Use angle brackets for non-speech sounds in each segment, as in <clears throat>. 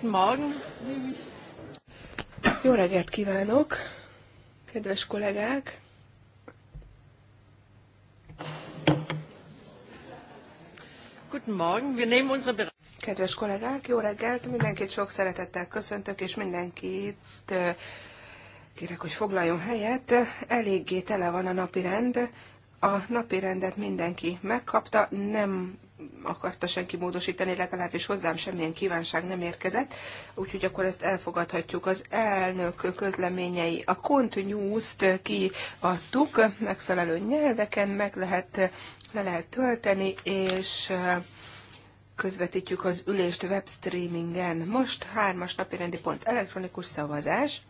Guten Morgen. Jó reggelt kívánok, kedves kollégák! Guten Morgen, wir nehmen unsere Kedves kollégák, jó reggelt! Mindenkit sok szeretettel köszöntök, és mindenkit kérek, hogy foglaljon helyet. Eléggé tele van a napi rend. A napi rendet mindenki megkapta, nem akarta senki módosítani, legalábbis hozzám semmilyen kívánság nem érkezett, úgyhogy akkor ezt elfogadhatjuk. Az elnök közleményei, a Continuous-t kiadtuk, megfelelő nyelveken meg lehet, le lehet tölteni, és eh, közvetítjük az ülést webstreamingen. Most hármas napi rendi pont elektronikus szavazás.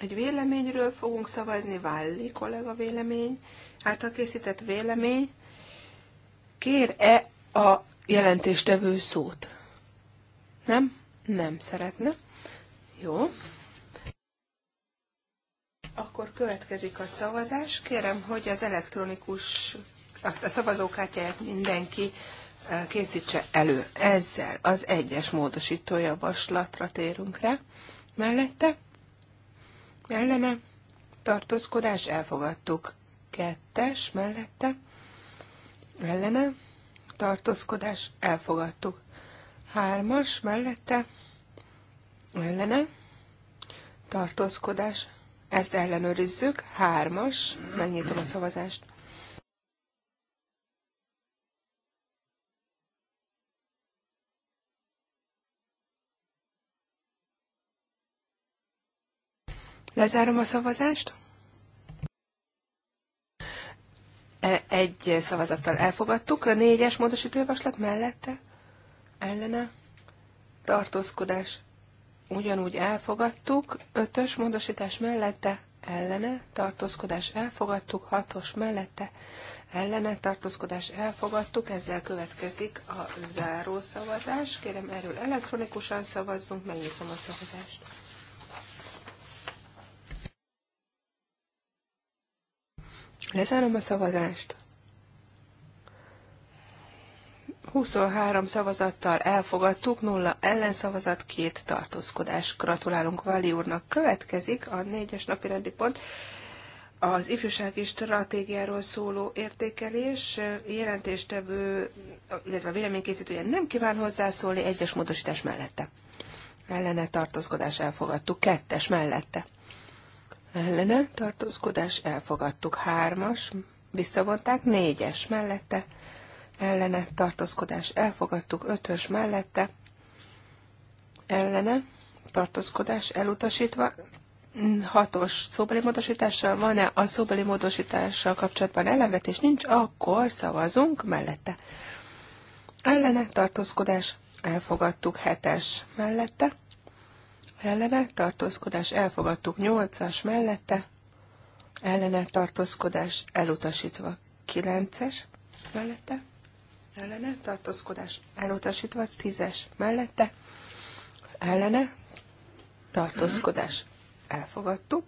Egy véleményről fogunk szavazni, Válli kollega vélemény által készített vélemény. Kér-e a jelentéstevő szót? Nem? Nem szeretne. Jó. Akkor következik a szavazás. Kérem, hogy az elektronikus, azt a szavazókártyáját mindenki készítse elő. Ezzel az egyes módosító javaslatra térünk rá. Mellette, ellene, tartózkodás elfogadtuk kettes mellette, ellene, tartózkodás, elfogadtuk. Hármas mellette, ellene, tartózkodás, ezt ellenőrizzük, hármas, megnyitom a szavazást. Lezárom a szavazást. E, egy szavazattal elfogadtuk. A négyes módosítójavaslat mellette ellene tartózkodás ugyanúgy elfogadtuk. Ötös módosítás mellette ellene tartózkodás elfogadtuk. Hatos mellette ellene tartózkodás elfogadtuk. Ezzel következik a záró szavazás. Kérem erről elektronikusan szavazzunk. Megnyitom a szavazást. Lezárom a szavazást. 23 szavazattal elfogadtuk, nulla ellenszavazat, két tartózkodás. Gratulálunk Vali úrnak. Következik a négyes napi rendi pont. Az ifjúsági stratégiáról szóló értékelés jelentéstevő, illetve a véleménykészítője nem kíván hozzászólni egyes módosítás mellette. Ellene tartózkodás elfogadtuk, kettes mellette ellene tartózkodás elfogadtuk. Hármas, visszavonták, négyes mellette, ellene tartózkodás elfogadtuk, ötös mellette, ellene tartózkodás elutasítva, hatos szóbeli módosítással van-e a szóbeli módosítással kapcsolatban ellenvetés? Nincs, akkor szavazunk mellette. Ellene tartózkodás elfogadtuk hetes mellette, ellene tartózkodás elfogadtuk nyolcas mellette, ellene tartózkodás elutasítva kilences mellette, ellene tartózkodás elutasítva tízes mellette, ellene tartózkodás elfogadtuk,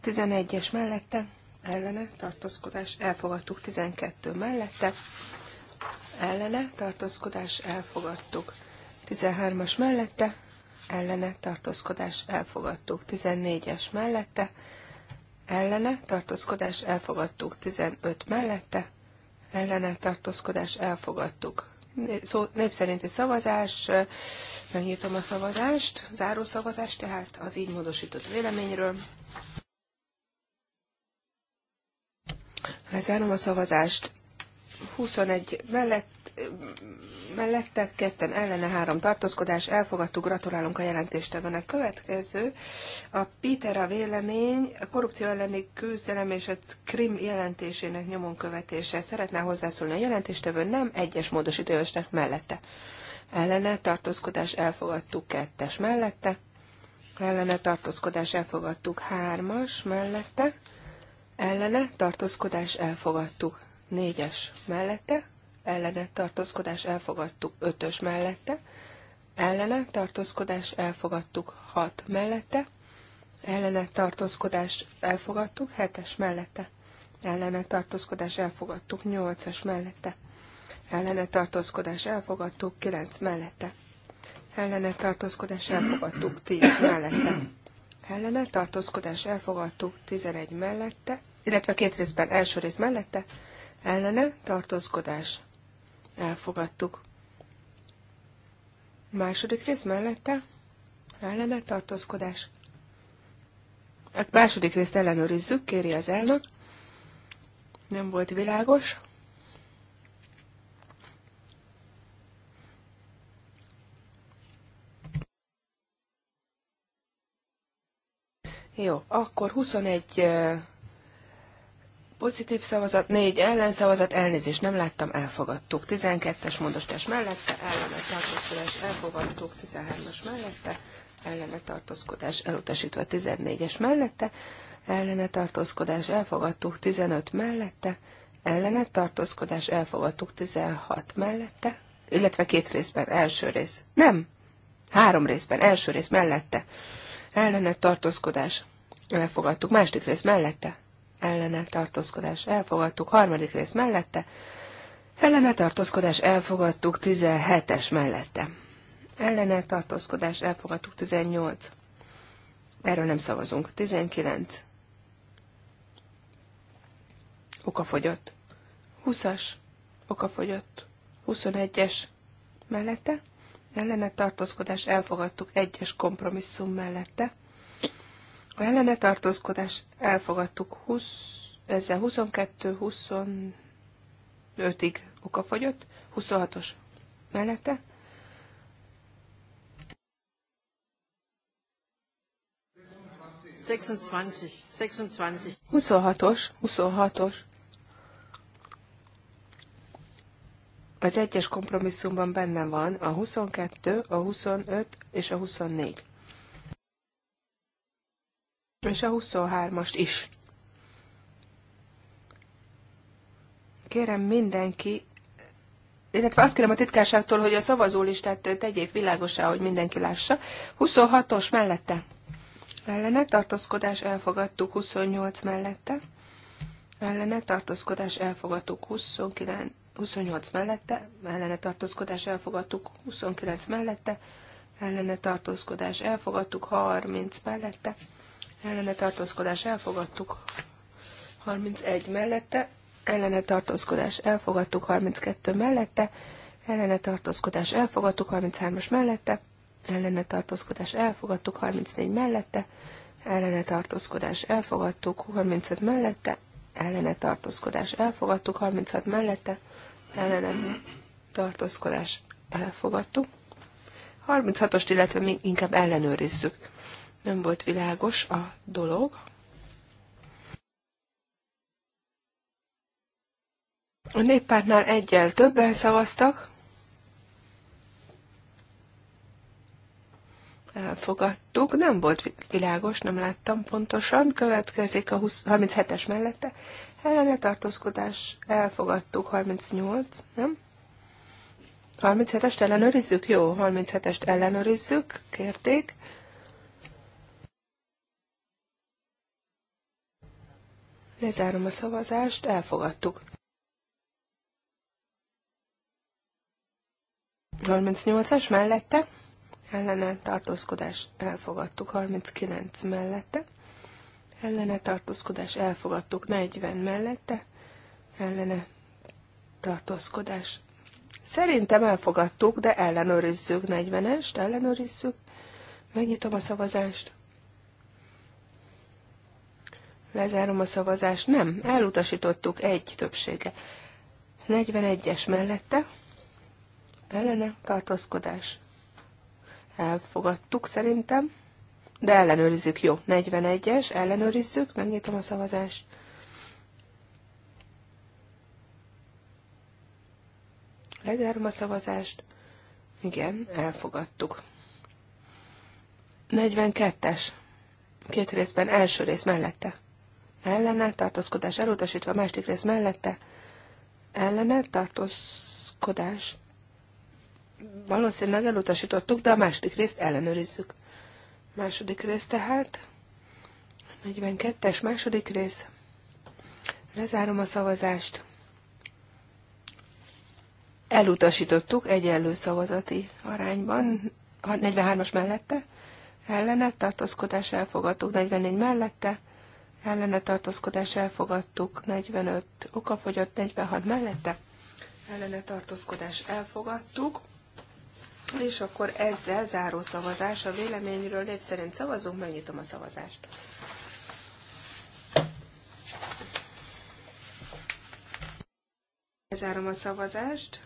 tizenegyes mellette, ellene tartózkodás elfogadtuk, tizenkettő mellette, ellene tartózkodás elfogadtuk, 13-as mellette, ellene tartózkodás elfogadtuk 14-es mellette, ellene tartózkodás elfogadtuk 15 mellette, ellene tartózkodás elfogadtuk. Szó, név szerinti szavazás, megnyitom a szavazást, záró szavazást, tehát az így módosított véleményről. Lezárom a szavazást. 21 mellett mellette, ketten ellene, három tartózkodás, elfogadtuk, gratulálunk a a Következő a Peter a vélemény, a korrupció elleni küzdelem és a krim jelentésének nyomon követése. Szeretne hozzászólni a jelentéstevő, nem egyes módosítójavaslat mellette. Ellene tartózkodás elfogadtuk kettes mellette, ellene tartózkodás elfogadtuk hármas mellette, ellene tartózkodás elfogadtuk négyes mellette, ellene tartózkodás elfogadtuk 5-ös mellette, ellene tartózkodás elfogadtuk 6 mellette, ellene tartózkodás elfogadtuk 7-es mellette, ellene tartózkodás elfogadtuk 8-as mellette, ellene tartózkodás elfogadtuk 9 mellette, ellene tartózkodás elfogadtuk 10 mellette, ellene tartózkodás elfogadtuk 11 mellette, illetve két részben első rész mellette, ellene tartózkodás elfogadtuk. Második rész mellette ellene tartózkodás. A hát második részt ellenőrizzük, kéri az elnök. Nem volt világos. Jó, akkor 21 Pozitív szavazat, négy ellenszavazat, elnézést nem láttam, elfogadtuk. 12-es módosítás mellette, ellene tartózkodás, elfogadtuk. 13-as mellette, ellene tartózkodás, elutasítva 14-es mellette, ellene tartózkodás, elfogadtuk. 15 mellette, ellene tartózkodás, elfogadtuk. 16 mellette, illetve két részben, első rész. Nem, három részben, első rész mellette, ellene tartózkodás, elfogadtuk. Második rész mellette, ellene tartózkodás elfogadtuk, harmadik rész mellette, ellene tartózkodás elfogadtuk, 17-es mellette. Ellene tartózkodás elfogadtuk, 18. Erről nem szavazunk. 19. Okafogyott. 20-as. Okafogyott. 21-es. Mellette. Ellene tartózkodás elfogadtuk, 1-es kompromisszum mellette ellene tartózkodás elfogadtuk 20, 22-25-ig okafogyott, 26-os mellette. Huszonhatos, 26 Az egyes kompromisszumban benne van a 22, a 25 és a 24 és a 23-ast is. Kérem mindenki, illetve azt kérem a titkárságtól, hogy a szavazólistát tegyék világosá, hogy mindenki lássa. 26-os mellette. Ellene tartózkodás elfogadtuk 28 mellette. Ellene tartózkodás elfogadtuk 29, 28 mellette. Ellene tartózkodás elfogadtuk 29 mellette. Ellene tartózkodás elfogadtuk 30 mellette ellene tartózkodás elfogadtuk 31 mellette, ellene tartózkodás elfogadtuk 32 mellette, ellene tartózkodás elfogadtuk 33-as mellette, ellene tartózkodás elfogadtuk 34 mellette, ellene tartózkodás elfogadtuk 35 mellette, ellene tartózkodás elfogadtuk 36 mellette, ellene tartózkodás elfogadtuk. 36-ost, illetve még inkább ellenőrizzük nem volt világos a dolog. A néppártnál egyel többen szavaztak, elfogadtuk. Nem volt világos, nem láttam pontosan. Következik a 37-es mellette. Ellene tartózkodás, elfogadtuk 38, nem? 37-est ellenőrizzük? Jó, 37-est ellenőrizzük, kérték. Lezárom a szavazást, elfogadtuk. 38-as mellette, ellene tartózkodás elfogadtuk, 39 mellette, ellene tartózkodás elfogadtuk, 40 mellette, ellene tartózkodás. Szerintem elfogadtuk, de ellenőrizzük 40-est, ellenőrizzük. Megnyitom a szavazást. Lezárom a szavazást. Nem, elutasítottuk egy többsége. 41-es mellette. Ellene tartózkodás. Elfogadtuk szerintem. De ellenőrizzük, jó. 41-es, ellenőrizzük, megnyitom a szavazást. Lezárom a szavazást. Igen, elfogadtuk. 42-es. Két részben, első rész mellette ellene, tartózkodás elutasítva, másik rész mellette, ellene, tartózkodás. Valószínűleg elutasítottuk, de a második részt ellenőrizzük. Második rész tehát, 42-es második rész, lezárom a szavazást. Elutasítottuk egyenlő szavazati arányban, 43-as mellette, ellene, tartózkodás elfogadtuk, 44 mellette, ellene tartózkodás elfogadtuk, 45 okafogyott, 46 mellette ellene tartózkodás elfogadtuk. És akkor ezzel záró szavazás a véleményről név szerint szavazunk, megnyitom a szavazást. Lezárom a szavazást.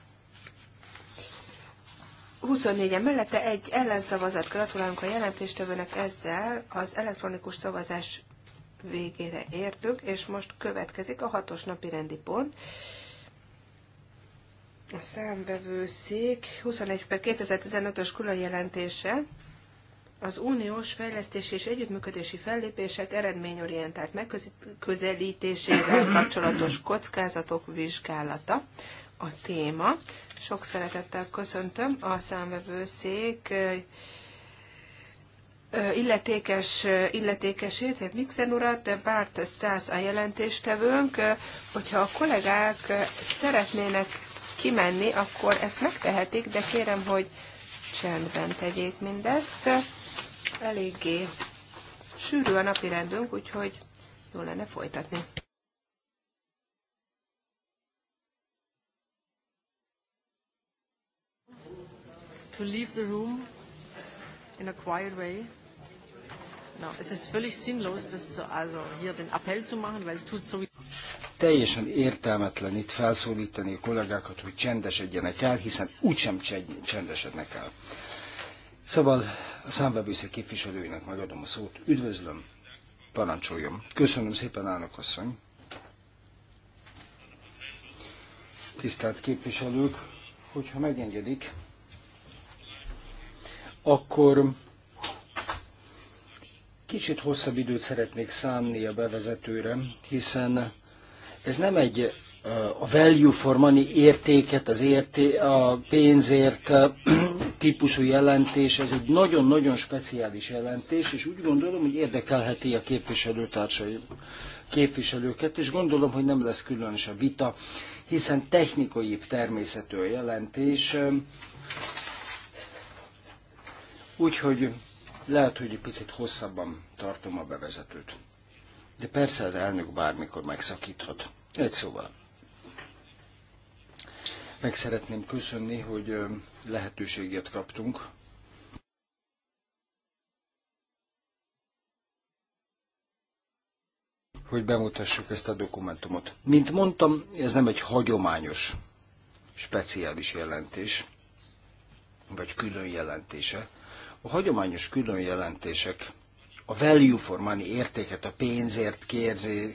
24-en mellette egy ellenszavazat. Gratulálunk a jelentéstevőnek ezzel az elektronikus szavazás végére értünk, és most következik a hatos napi rendi pont. A számbevőszék 21 per 2015-ös külön jelentése az uniós fejlesztési és együttműködési fellépések eredményorientált megközelítésével kapcsolatos kockázatok vizsgálata a téma. Sok szeretettel köszöntöm a számvevőszék illetékes, illetékesét, Mixen urat, Bárt Stász a jelentéstevőnk. Hogyha a kollégák szeretnének kimenni, akkor ezt megtehetik, de kérem, hogy csendben tegyék mindezt. Eléggé sűrű a napi rendünk, úgyhogy jó lenne folytatni. To leave the room in a quiet way es ist völlig sinnlos, das zu, also hier den Appell zu machen, weil es tut so. Teljesen értelmetlen itt felszólítani a kollégákat, hogy csendesedjenek el, hiszen úgysem csendesednek el. Szóval a számbevőszer képviselőinek megadom a szót. Üdvözlöm, parancsoljon. Köszönöm szépen, állnak asszony. Tisztelt képviselők, hogyha megengedik, akkor Kicsit hosszabb időt szeretnék szánni a bevezetőre, hiszen ez nem egy uh, a value for money értéket, az érté, a pénzért uh, <clears throat> típusú jelentés, ez egy nagyon-nagyon speciális jelentés, és úgy gondolom, hogy érdekelheti a képviselőtársaim képviselőket, és gondolom, hogy nem lesz különös a vita, hiszen technikai természetű a jelentés, úgyhogy lehet, hogy egy picit hosszabban tartom a bevezetőt. De persze az elnök bármikor megszakíthat. Egy szóval. Meg szeretném köszönni, hogy lehetőséget kaptunk hogy bemutassuk ezt a dokumentumot. Mint mondtam, ez nem egy hagyományos, speciális jelentés, vagy külön jelentése, a hagyományos különjelentések a value for money értéket, a pénzért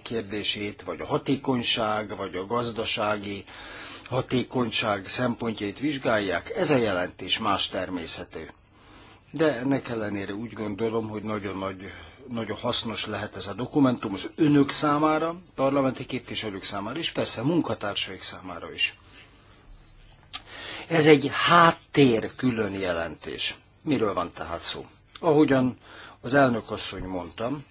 kérdését, vagy a hatékonyság, vagy a gazdasági hatékonyság szempontjait vizsgálják, ez a jelentés más természetű. De ennek ellenére úgy gondolom, hogy nagyon nagy nagyon hasznos lehet ez a dokumentum az önök számára, parlamenti képviselők számára is persze munkatársaik számára is. Ez egy háttér külön jelentés. Miről van tehát szó? Ahogyan az elnök asszony mondtam,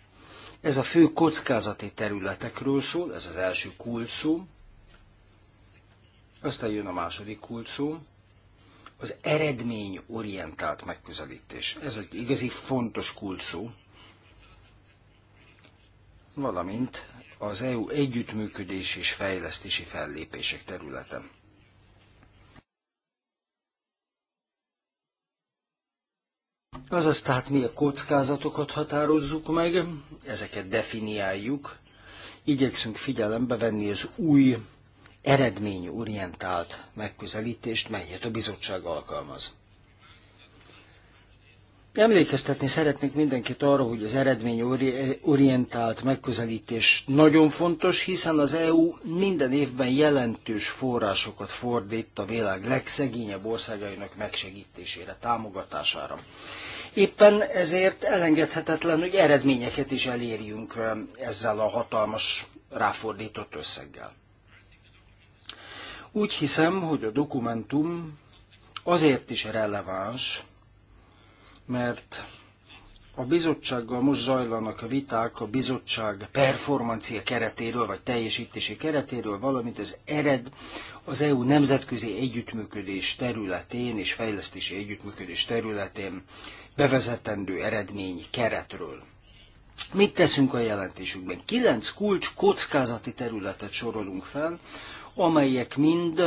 ez a fő kockázati területekről szól, ez az első kulcsú aztán jön a második kulcsú az eredményorientált megközelítés. Ez egy igazi fontos kulcsú valamint az EU együttműködés és fejlesztési fellépések területen. Azaz tehát mi a kockázatokat határozzuk meg, ezeket definiáljuk, igyekszünk figyelembe venni az új eredményorientált megközelítést, melyet a bizottság alkalmaz. Emlékeztetni szeretnék mindenkit arra, hogy az eredményorientált megközelítés nagyon fontos, hiszen az EU minden évben jelentős forrásokat fordít a világ legszegényebb országainak megsegítésére, támogatására. Éppen ezért elengedhetetlen, hogy eredményeket is elérjünk ezzel a hatalmas ráfordított összeggel. Úgy hiszem, hogy a dokumentum azért is releváns, mert a bizottsággal most zajlanak a viták a bizottság performancia keretéről, vagy teljesítési keretéről, valamint az ered az EU nemzetközi együttműködés területén és fejlesztési együttműködés területén bevezetendő eredmény keretről. Mit teszünk a jelentésükben? Kilenc kulcs kockázati területet sorolunk fel, amelyek mind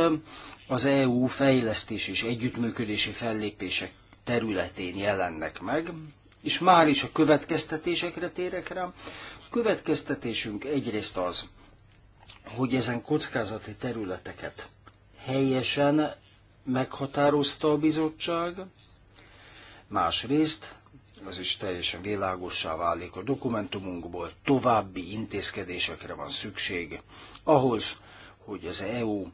az EU fejlesztés és együttműködési fellépések területén jelennek meg, és már is a következtetésekre térek rá. Következtetésünk egyrészt az, hogy ezen kockázati területeket helyesen meghatározta a bizottság, Másrészt, az is teljesen világossá válik a dokumentumunkból, további intézkedésekre van szükség ahhoz, hogy az EU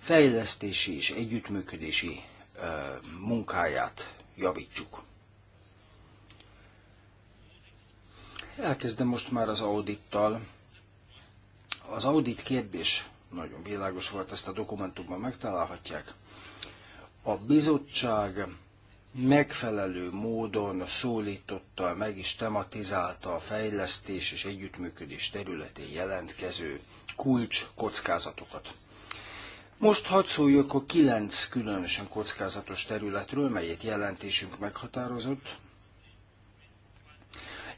fejlesztési és együttműködési munkáját javítsuk. Elkezdem most már az audittal. Az audit kérdés nagyon világos volt, ezt a dokumentumban megtalálhatják. A bizottság megfelelő módon szólította meg és tematizálta a fejlesztés és együttműködés területén jelentkező kulcs kockázatokat. Most hadd szóljuk a kilenc különösen kockázatos területről, melyet jelentésünk meghatározott.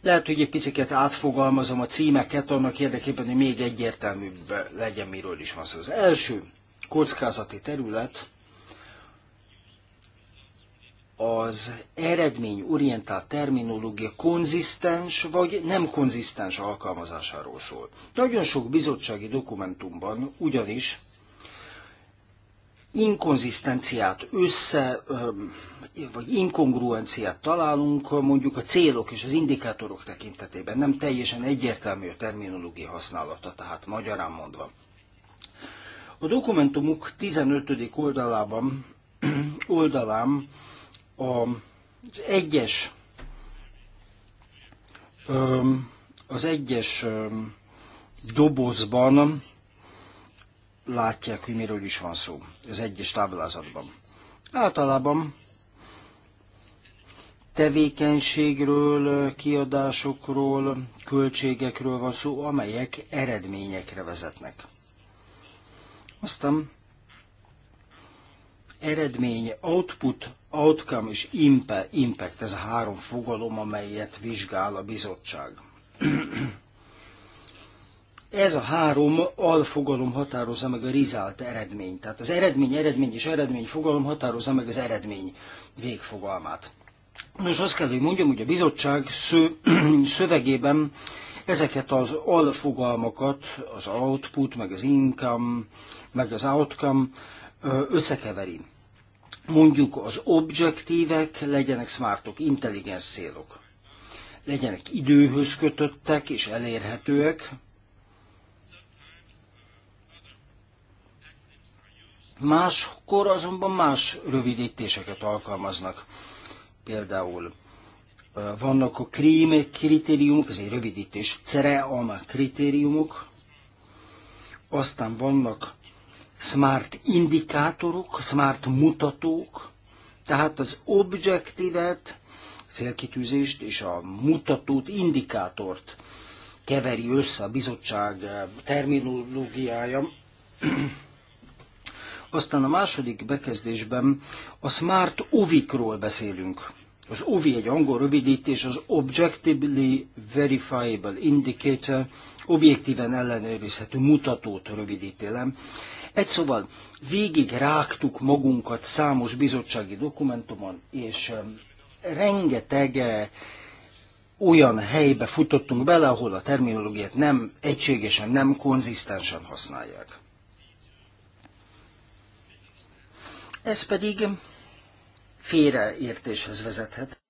Lehet, hogy egy picit átfogalmazom a címeket annak érdekében, hogy még egyértelműbb legyen, miről is van szó. Az első kockázati terület az eredményorientált terminológia konzisztens vagy nem konzisztens alkalmazásáról szól. Nagyon sok bizottsági dokumentumban ugyanis inkonzisztenciát össze, vagy inkongruenciát találunk mondjuk a célok és az indikátorok tekintetében. Nem teljesen egyértelmű a terminológia használata, tehát magyarán mondva. A dokumentumuk 15. oldalában <clears throat> oldalán az egyes az egyes dobozban látják, hogy miről is van szó, az egyes táblázatban. Általában tevékenységről, kiadásokról, költségekről van szó, amelyek eredményekre vezetnek. Aztán eredmény, output outcome és impact, ez a három fogalom, amelyet vizsgál a bizottság. <clears throat> Ez a három alfogalom határozza meg a rizált eredmény. Tehát az eredmény, eredmény és eredmény fogalom határozza meg az eredmény végfogalmát. Nos, azt kell, hogy mondjam, hogy a bizottság sző, <clears throat> szövegében ezeket az alfogalmakat, az output, meg az income, meg az outcome összekeveri. Mondjuk az objektívek legyenek smartok, intelligens célok. Legyenek időhöz kötöttek és elérhetőek. Máskor azonban más rövidítéseket alkalmaznak. Például vannak a krím kritériumok, ez egy rövidítés, CREAM kritériumok, aztán vannak smart indikátorok, smart mutatók, tehát az objektívet, célkitűzést és a mutatót, indikátort keveri össze a bizottság eh, terminológiája. <clears throat> Aztán a második bekezdésben a smart ovikról beszélünk. Az OVI egy angol rövidítés, az Objectively Verifiable Indicator, objektíven ellenőrizhető mutatót rövidítélem. Egy szóval végig rágtuk magunkat számos bizottsági dokumentumon, és rengeteg eh, olyan helybe futottunk bele, ahol a terminológiát nem egységesen, nem konzisztensen használják. Ez pedig félreértéshez vezethet.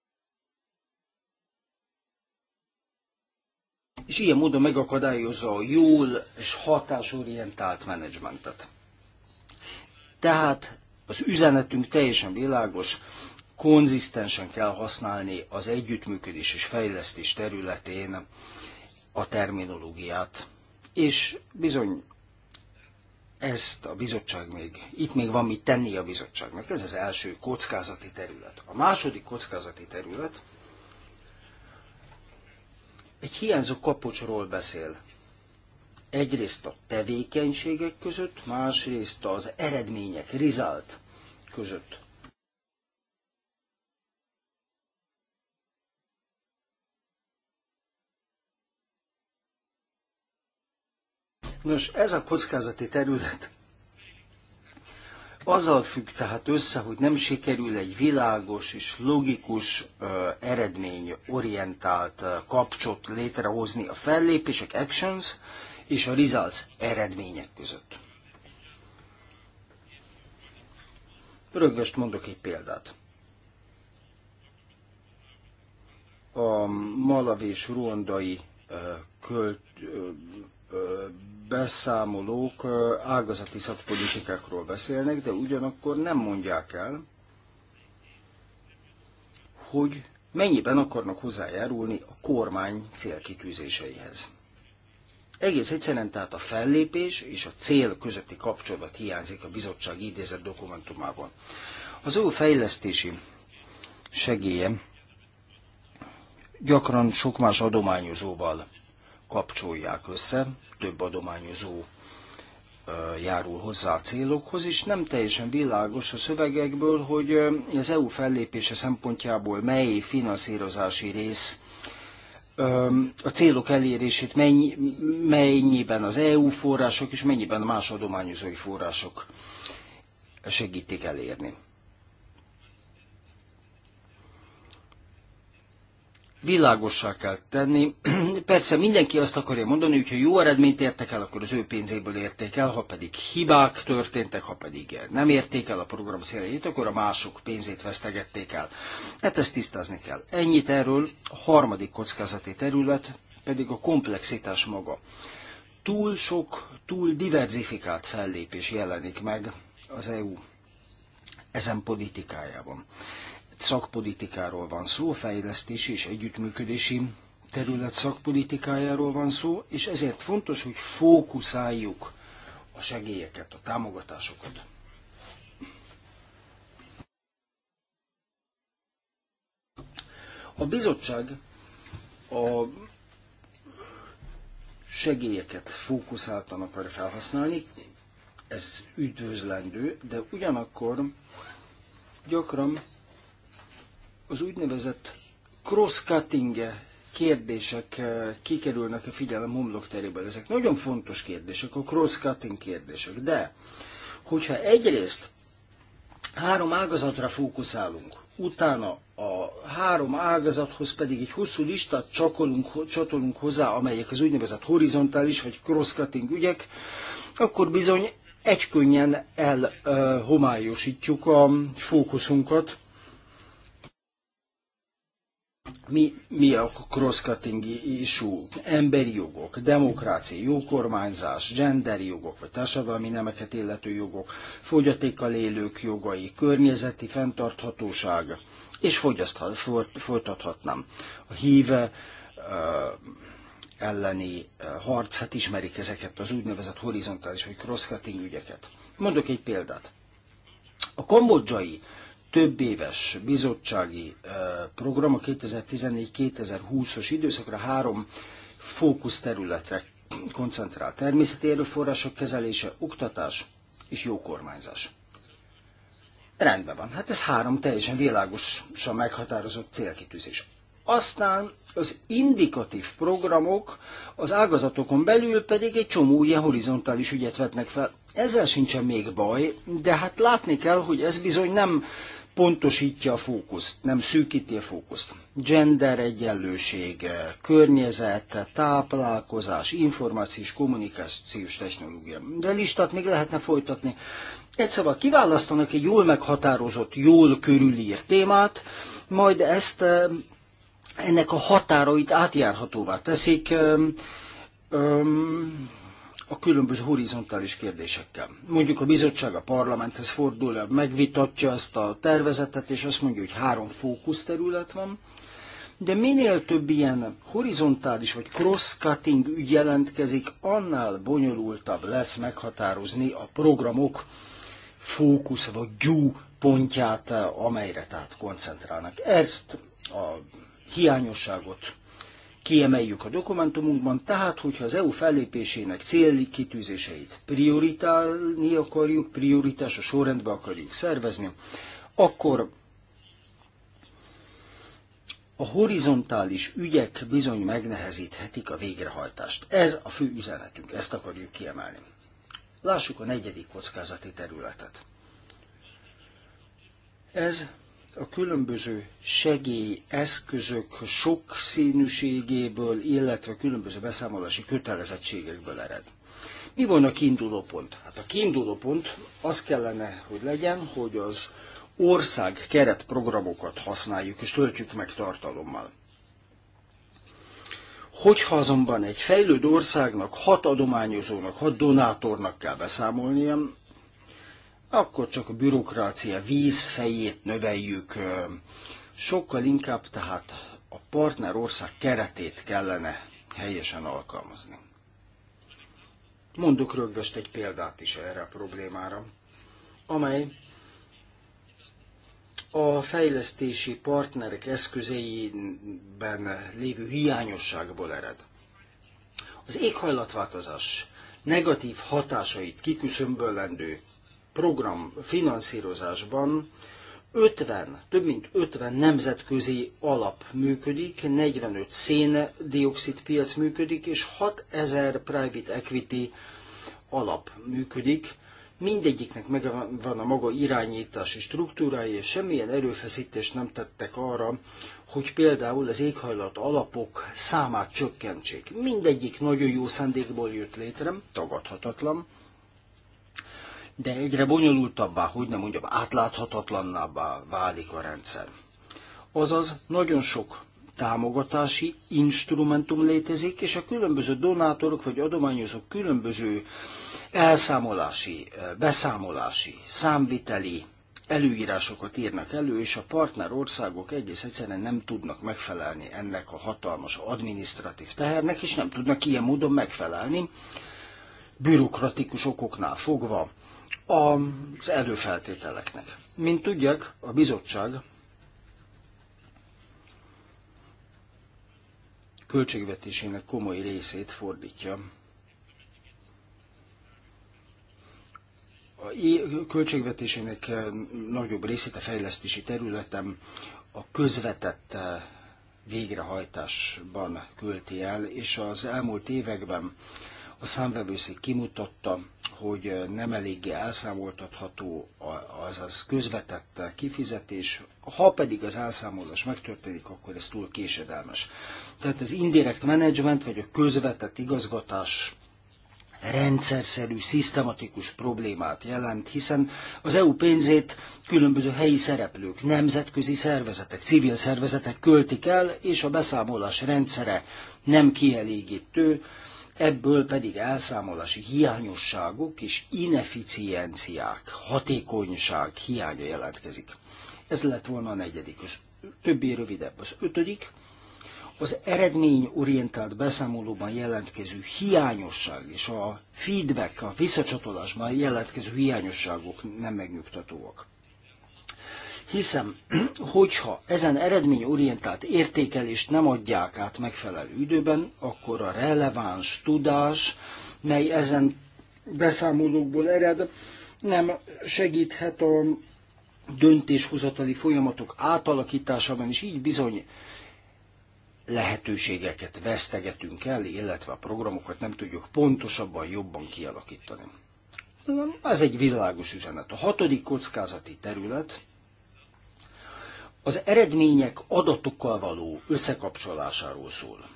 És ilyen módon megakadályozza a jól és hatásorientált menedzsmentet. Tehát az üzenetünk teljesen világos, konzisztensen kell használni az együttműködés és fejlesztés területén a terminológiát. És bizony ezt a bizottság még, itt még van mit tenni a bizottságnak. Ez az első kockázati terület. A második kockázati terület egy hiányzó kapocsról beszél egyrészt a tevékenységek között, másrészt az eredmények, result között. Nos, ez a kockázati terület azzal függ tehát össze, hogy nem sikerül egy világos és logikus uh, eredményorientált uh, kapcsot létrehozni a fellépések, actions és a results eredmények között. Rögvest mondok egy példát. A malav és ruandai költ, beszámolók ágazati szakpolitikákról beszélnek, de ugyanakkor nem mondják el, hogy mennyiben akarnak hozzájárulni a kormány célkitűzéseihez. Egész egyszerűen tehát a fellépés és a cél közötti kapcsolat hiányzik a bizottság idézett dokumentumában. Az ő fejlesztési segélye gyakran sok más adományozóval kapcsolják össze, több adományozó járul hozzá a célokhoz, és nem teljesen világos a szövegekből, hogy az EU fellépése szempontjából mely finanszírozási rész a célok elérését mennyi, mennyiben az EU források és mennyiben más adományozói források segítik elérni. világossá kell tenni. <clears throat> Persze mindenki azt akarja mondani, hogy ha jó eredményt értek el, akkor az ő pénzéből érték el, ha pedig hibák történtek, ha pedig nem érték el a program céljait, akkor a mások pénzét vesztegették el. Hát ezt tisztázni kell. Ennyit erről. A harmadik kockázati terület pedig a komplexitás maga. Túl sok, túl diverzifikált fellépés jelenik meg az EU ezen politikájában szakpolitikáról van szó, fejlesztési és együttműködési terület szakpolitikájáról van szó, és ezért fontos, hogy fókuszáljuk a segélyeket, a támogatásokat. A bizottság a segélyeket fókuszáltan akar felhasználni, ez üdvözlendő, de ugyanakkor gyakran az úgynevezett cross-cutting kérdések eh, kikerülnek a figyelem homlokteréből. Ezek nagyon fontos kérdések, a cross-cutting kérdések. De, hogyha egyrészt három ágazatra fókuszálunk, utána a három ágazathoz pedig egy hosszú listát csakolunk, csatolunk hozzá, amelyek az úgynevezett horizontális vagy cross-cutting ügyek, akkor bizony egykönnyen elhomályosítjuk eh, a fókuszunkat, mi, mi a cross-cutting issue? Emberi jogok, demokrácia, jó kormányzás, genderi jogok, vagy társadalmi nemeket illető jogok, fogyatékkal élők jogai, környezeti fenntarthatóság, és folytathatnám. A híve elleni harc, hát ismerik ezeket az úgynevezett horizontális vagy cross-cutting ügyeket. Mondok egy példát. A kambodzsai több éves bizottsági program a 2014-2020-os időszakra három fókuszterületre koncentrál. Természeti erőforrások kezelése, oktatás és jó kormányzás. Rendben van, hát ez három teljesen világosan meghatározott célkitűzés. Aztán az indikatív programok az ágazatokon belül pedig egy csomó ilyen horizontális ügyet vetnek fel. Ezzel sincsen még baj, de hát látni kell, hogy ez bizony nem pontosítja a fókuszt, nem szűkíti a fókuszt. Gender egyenlőség, eh, környezet, táplálkozás, információs, kommunikációs technológia. De listát még lehetne folytatni. Egy szóval kiválasztanak egy jól meghatározott, jól körülírt témát, majd ezt eh, ennek a határait átjárhatóvá teszik. Um, a különböző horizontális kérdésekkel. Mondjuk a bizottság a parlamenthez fordul, megvitatja ezt a tervezetet, és azt mondja, hogy három fókuszterület van, de minél több ilyen horizontális vagy cross-cutting ügy jelentkezik, annál bonyolultabb lesz meghatározni a programok fókusz vagy gyú pontját, amelyre tehát koncentrálnak. Ezt a hiányosságot kiemeljük a dokumentumunkban, tehát hogyha az EU fellépésének kitűzéseit prioritálni akarjuk, prioritás a sorrendbe akarjuk szervezni, akkor a horizontális ügyek bizony megnehezíthetik a végrehajtást. Ez a fő üzenetünk, ezt akarjuk kiemelni. Lássuk a negyedik kockázati területet. Ez a különböző segélyeszközök sok színűségéből, illetve különböző beszámolási kötelezettségekből ered. Mi van a kiinduló pont? Hát a kiinduló pont az kellene, hogy legyen, hogy az ország keretprogramokat használjuk és töltjük meg tartalommal. Hogyha azonban egy fejlődő országnak, hat adományozónak, hat donátornak kell beszámolnia, akkor csak a bürokrácia vízfejét növeljük, sokkal inkább tehát a partner ország keretét kellene helyesen alkalmazni. Mondok rögvest egy példát is erre a problémára, amely a fejlesztési partnerek eszközeiben lévő hiányosságból ered. Az éghajlatváltozás negatív hatásait kiküszömbölendő program finanszírozásban 50, több mint 50 nemzetközi alap működik, 45 széndiokszid piac működik, és 6000 private equity alap működik. Mindegyiknek megvan a maga irányítási struktúrája, és semmilyen erőfeszítést nem tettek arra, hogy például az éghajlat alapok számát csökkentsék. Mindegyik nagyon jó szándékból jött létre, tagadhatatlan, de egyre bonyolultabbá, hogy nem mondjam, átláthatatlanabbá válik a rendszer. Azaz nagyon sok támogatási instrumentum létezik, és a különböző donátorok vagy adományozók különböző elszámolási, eh, beszámolási, számviteli előírásokat írnak elő, és a partner országok egész egyszerűen nem tudnak megfelelni ennek a hatalmas administratív tehernek, és nem tudnak ilyen módon megfelelni, bürokratikus okoknál fogva az előfeltételeknek. Mint tudják, a bizottság költségvetésének komoly részét fordítja a költségvetésének nagyobb részét a fejlesztési területen a közvetett eh, végrehajtásban költi el, és az elmúlt években a számvevőszék kimutatta, hogy nem eléggé elszámoltatható, az közvetett kifizetés, ha pedig az elszámolás megtörténik, akkor ez túl késedelmes. Tehát az indirect management, vagy a közvetett igazgatás rendszerszerű, szisztematikus problémát jelent, hiszen az EU pénzét különböző helyi szereplők, nemzetközi szervezetek, civil szervezetek költik el, és a beszámolás rendszere nem kielégítő, ebből pedig elszámolási hiányosságok és ineficienciák, hatékonyság hiánya jelentkezik. Ez lett volna a negyedik, az többi rövidebb. Az ötödik, az eredményorientált beszámolóban jelentkező hiányosság és a feedback, a visszacsatolásban jelentkező hiányosságok nem megnyugtatóak. Hiszem, <clears throat> hogyha ezen eredményorientált értékelést nem adják át megfelelő időben, akkor a releváns tudás, mely ezen beszámolókból ered, nem segíthet a döntéshozatali folyamatok átalakításában, és így bizony lehetőségeket vesztegetünk el, illetve a programokat nem tudjuk pontosabban, jobban kialakítani. Ez egy világos üzenet. A hatodik kockázati terület az eredmények adatokkal való összekapcsolásáról szól.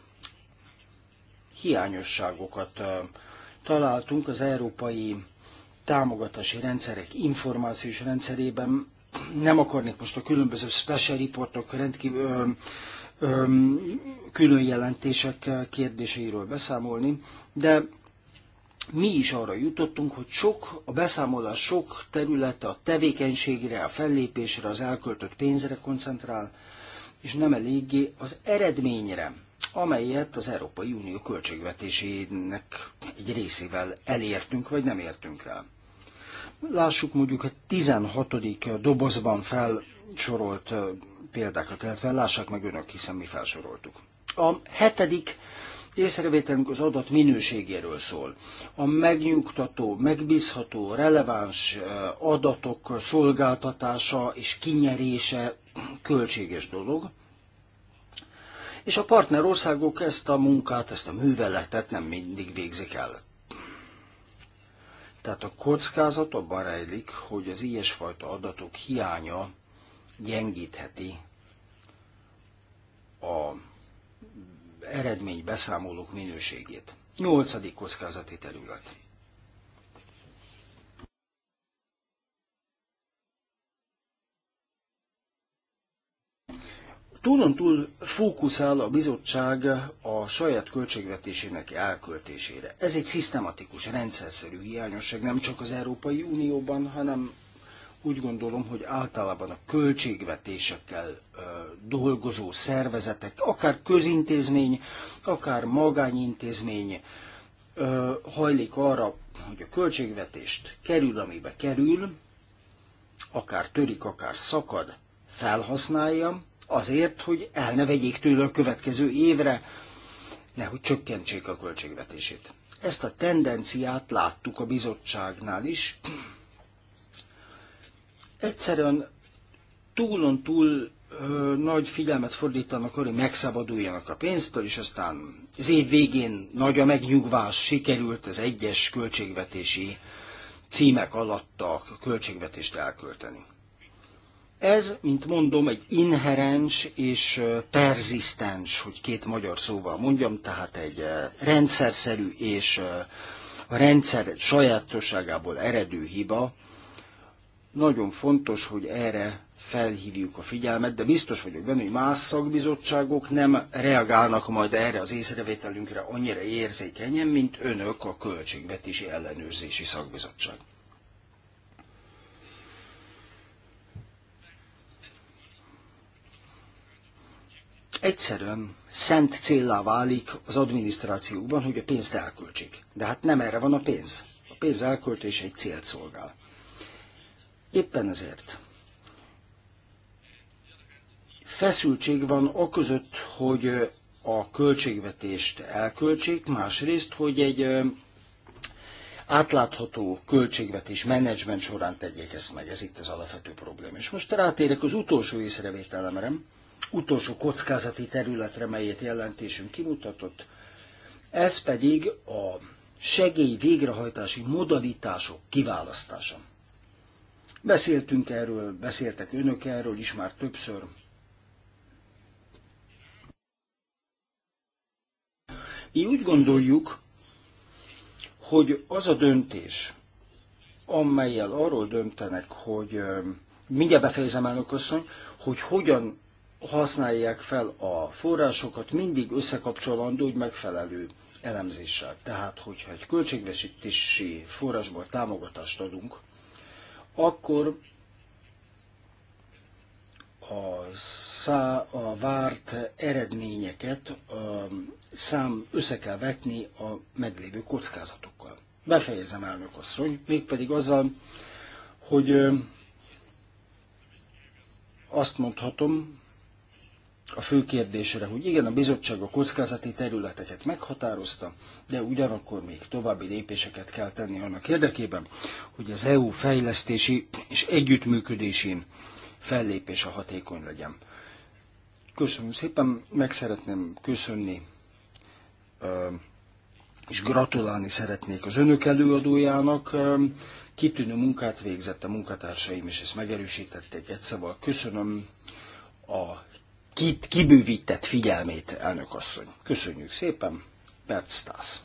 Hiányosságokat találtunk az európai támogatási rendszerek információs rendszerében. Nem akarnék most a különböző special reportok rendkívül külön jelentések kérdéseiről beszámolni, de mi is arra jutottunk, hogy sok, a beszámolás sok területe a tevékenységre, a fellépésre, az elköltött pénzre koncentrál, és nem eléggé az eredményre, amelyet az Európai Unió költségvetésének egy részével elértünk, vagy nem értünk el. Lássuk mondjuk a 16. dobozban felsorolt példákat, illetve lássák meg önök, hiszen mi felsoroltuk. A hetedik észrevételünk az adat minőségéről szól. A megnyugtató, megbízható, releváns eh, adatok szolgáltatása és kinyerése költséges dolog, és a partnerországok ezt a munkát, ezt a műveletet nem mindig végzik el. Tehát a kockázat abban rejlik, hogy az ilyesfajta adatok hiánya gyengítheti a eredmény beszámolók minőségét. 8. kockázati terület. Túlon túl fókuszál a bizottság a saját költségvetésének elköltésére. Ez egy szisztematikus, rendszerszerű hiányosság nem csak az Európai Unióban, hanem úgy gondolom, hogy általában a költségvetésekkel dolgozó szervezetek, akár közintézmény, akár magányintézmény hajlik arra, hogy a költségvetést kerül, amibe kerül, akár törik, akár szakad, felhasználja, azért, hogy el ne vegyék tőle a következő évre, nehogy csökkentsék a költségvetését. Ezt a tendenciát láttuk a bizottságnál is, egyszerűen túlon túl ö, nagy figyelmet fordítanak arra, hogy megszabaduljanak a pénztől, és aztán az év végén nagy a megnyugvás, sikerült az egyes költségvetési címek alatt a költségvetést elkölteni. Ez, mint mondom, egy inherens és perzisztens, hogy két magyar szóval mondjam, tehát egy rendszerszerű és a rendszer sajátosságából eredő hiba, nagyon fontos, hogy erre felhívjuk a figyelmet, de biztos vagyok benne, hogy más szakbizottságok nem reagálnak majd erre az észrevételünkre annyira érzékenyen, mint önök a Költségvetési Ellenőrzési Szakbizottság. egyszerűen szent céllá válik az adminisztrációkban, hogy a pénzt elköltsék. De hát nem erre van a pénz. A pénz elköltése egy célt szolgál. Éppen ezért feszültség van a között, hogy a költségvetést elköltsék, másrészt, hogy egy átlátható költségvetés menedzsment során tegyék ezt meg. Ez itt az alapvető probléma. És most rátérek az utolsó észrevételemre, utolsó kockázati területre, melyet jelentésünk kimutatott. Ez pedig a segély végrehajtási modalitások kiválasztása. Beszéltünk erről, beszéltek önök erről is már többször. Mi úgy gondoljuk, hogy az a döntés, amelyel arról döntenek, hogy mindjárt befejezem elnök asszony, hogy hogyan használják fel a forrásokat, mindig összekapcsolandó, hogy megfelelő elemzéssel. Tehát, hogyha egy költségvesítési forrásból támogatást adunk, akkor a, szá, a várt eredményeket a szám össze kell vetni a meglévő kockázatokkal. Befejezem, elnök asszony, mégpedig azzal, hogy azt mondhatom, a fő kérdésre, hogy igen, a bizottság a kockázati területeket meghatározta, de ugyanakkor még további lépéseket kell tenni annak érdekében, hogy az EU fejlesztési és együttműködésén fellépése hatékony legyen. Köszönöm szépen, meg szeretném köszönni, és gratulálni szeretnék az önök előadójának. Kitűnő munkát végzett a munkatársaim, és ezt megerősítették egy szóval. Köszönöm a kit, kibővített figyelmét, elnök asszony. Köszönjük szépen, Bert Stász.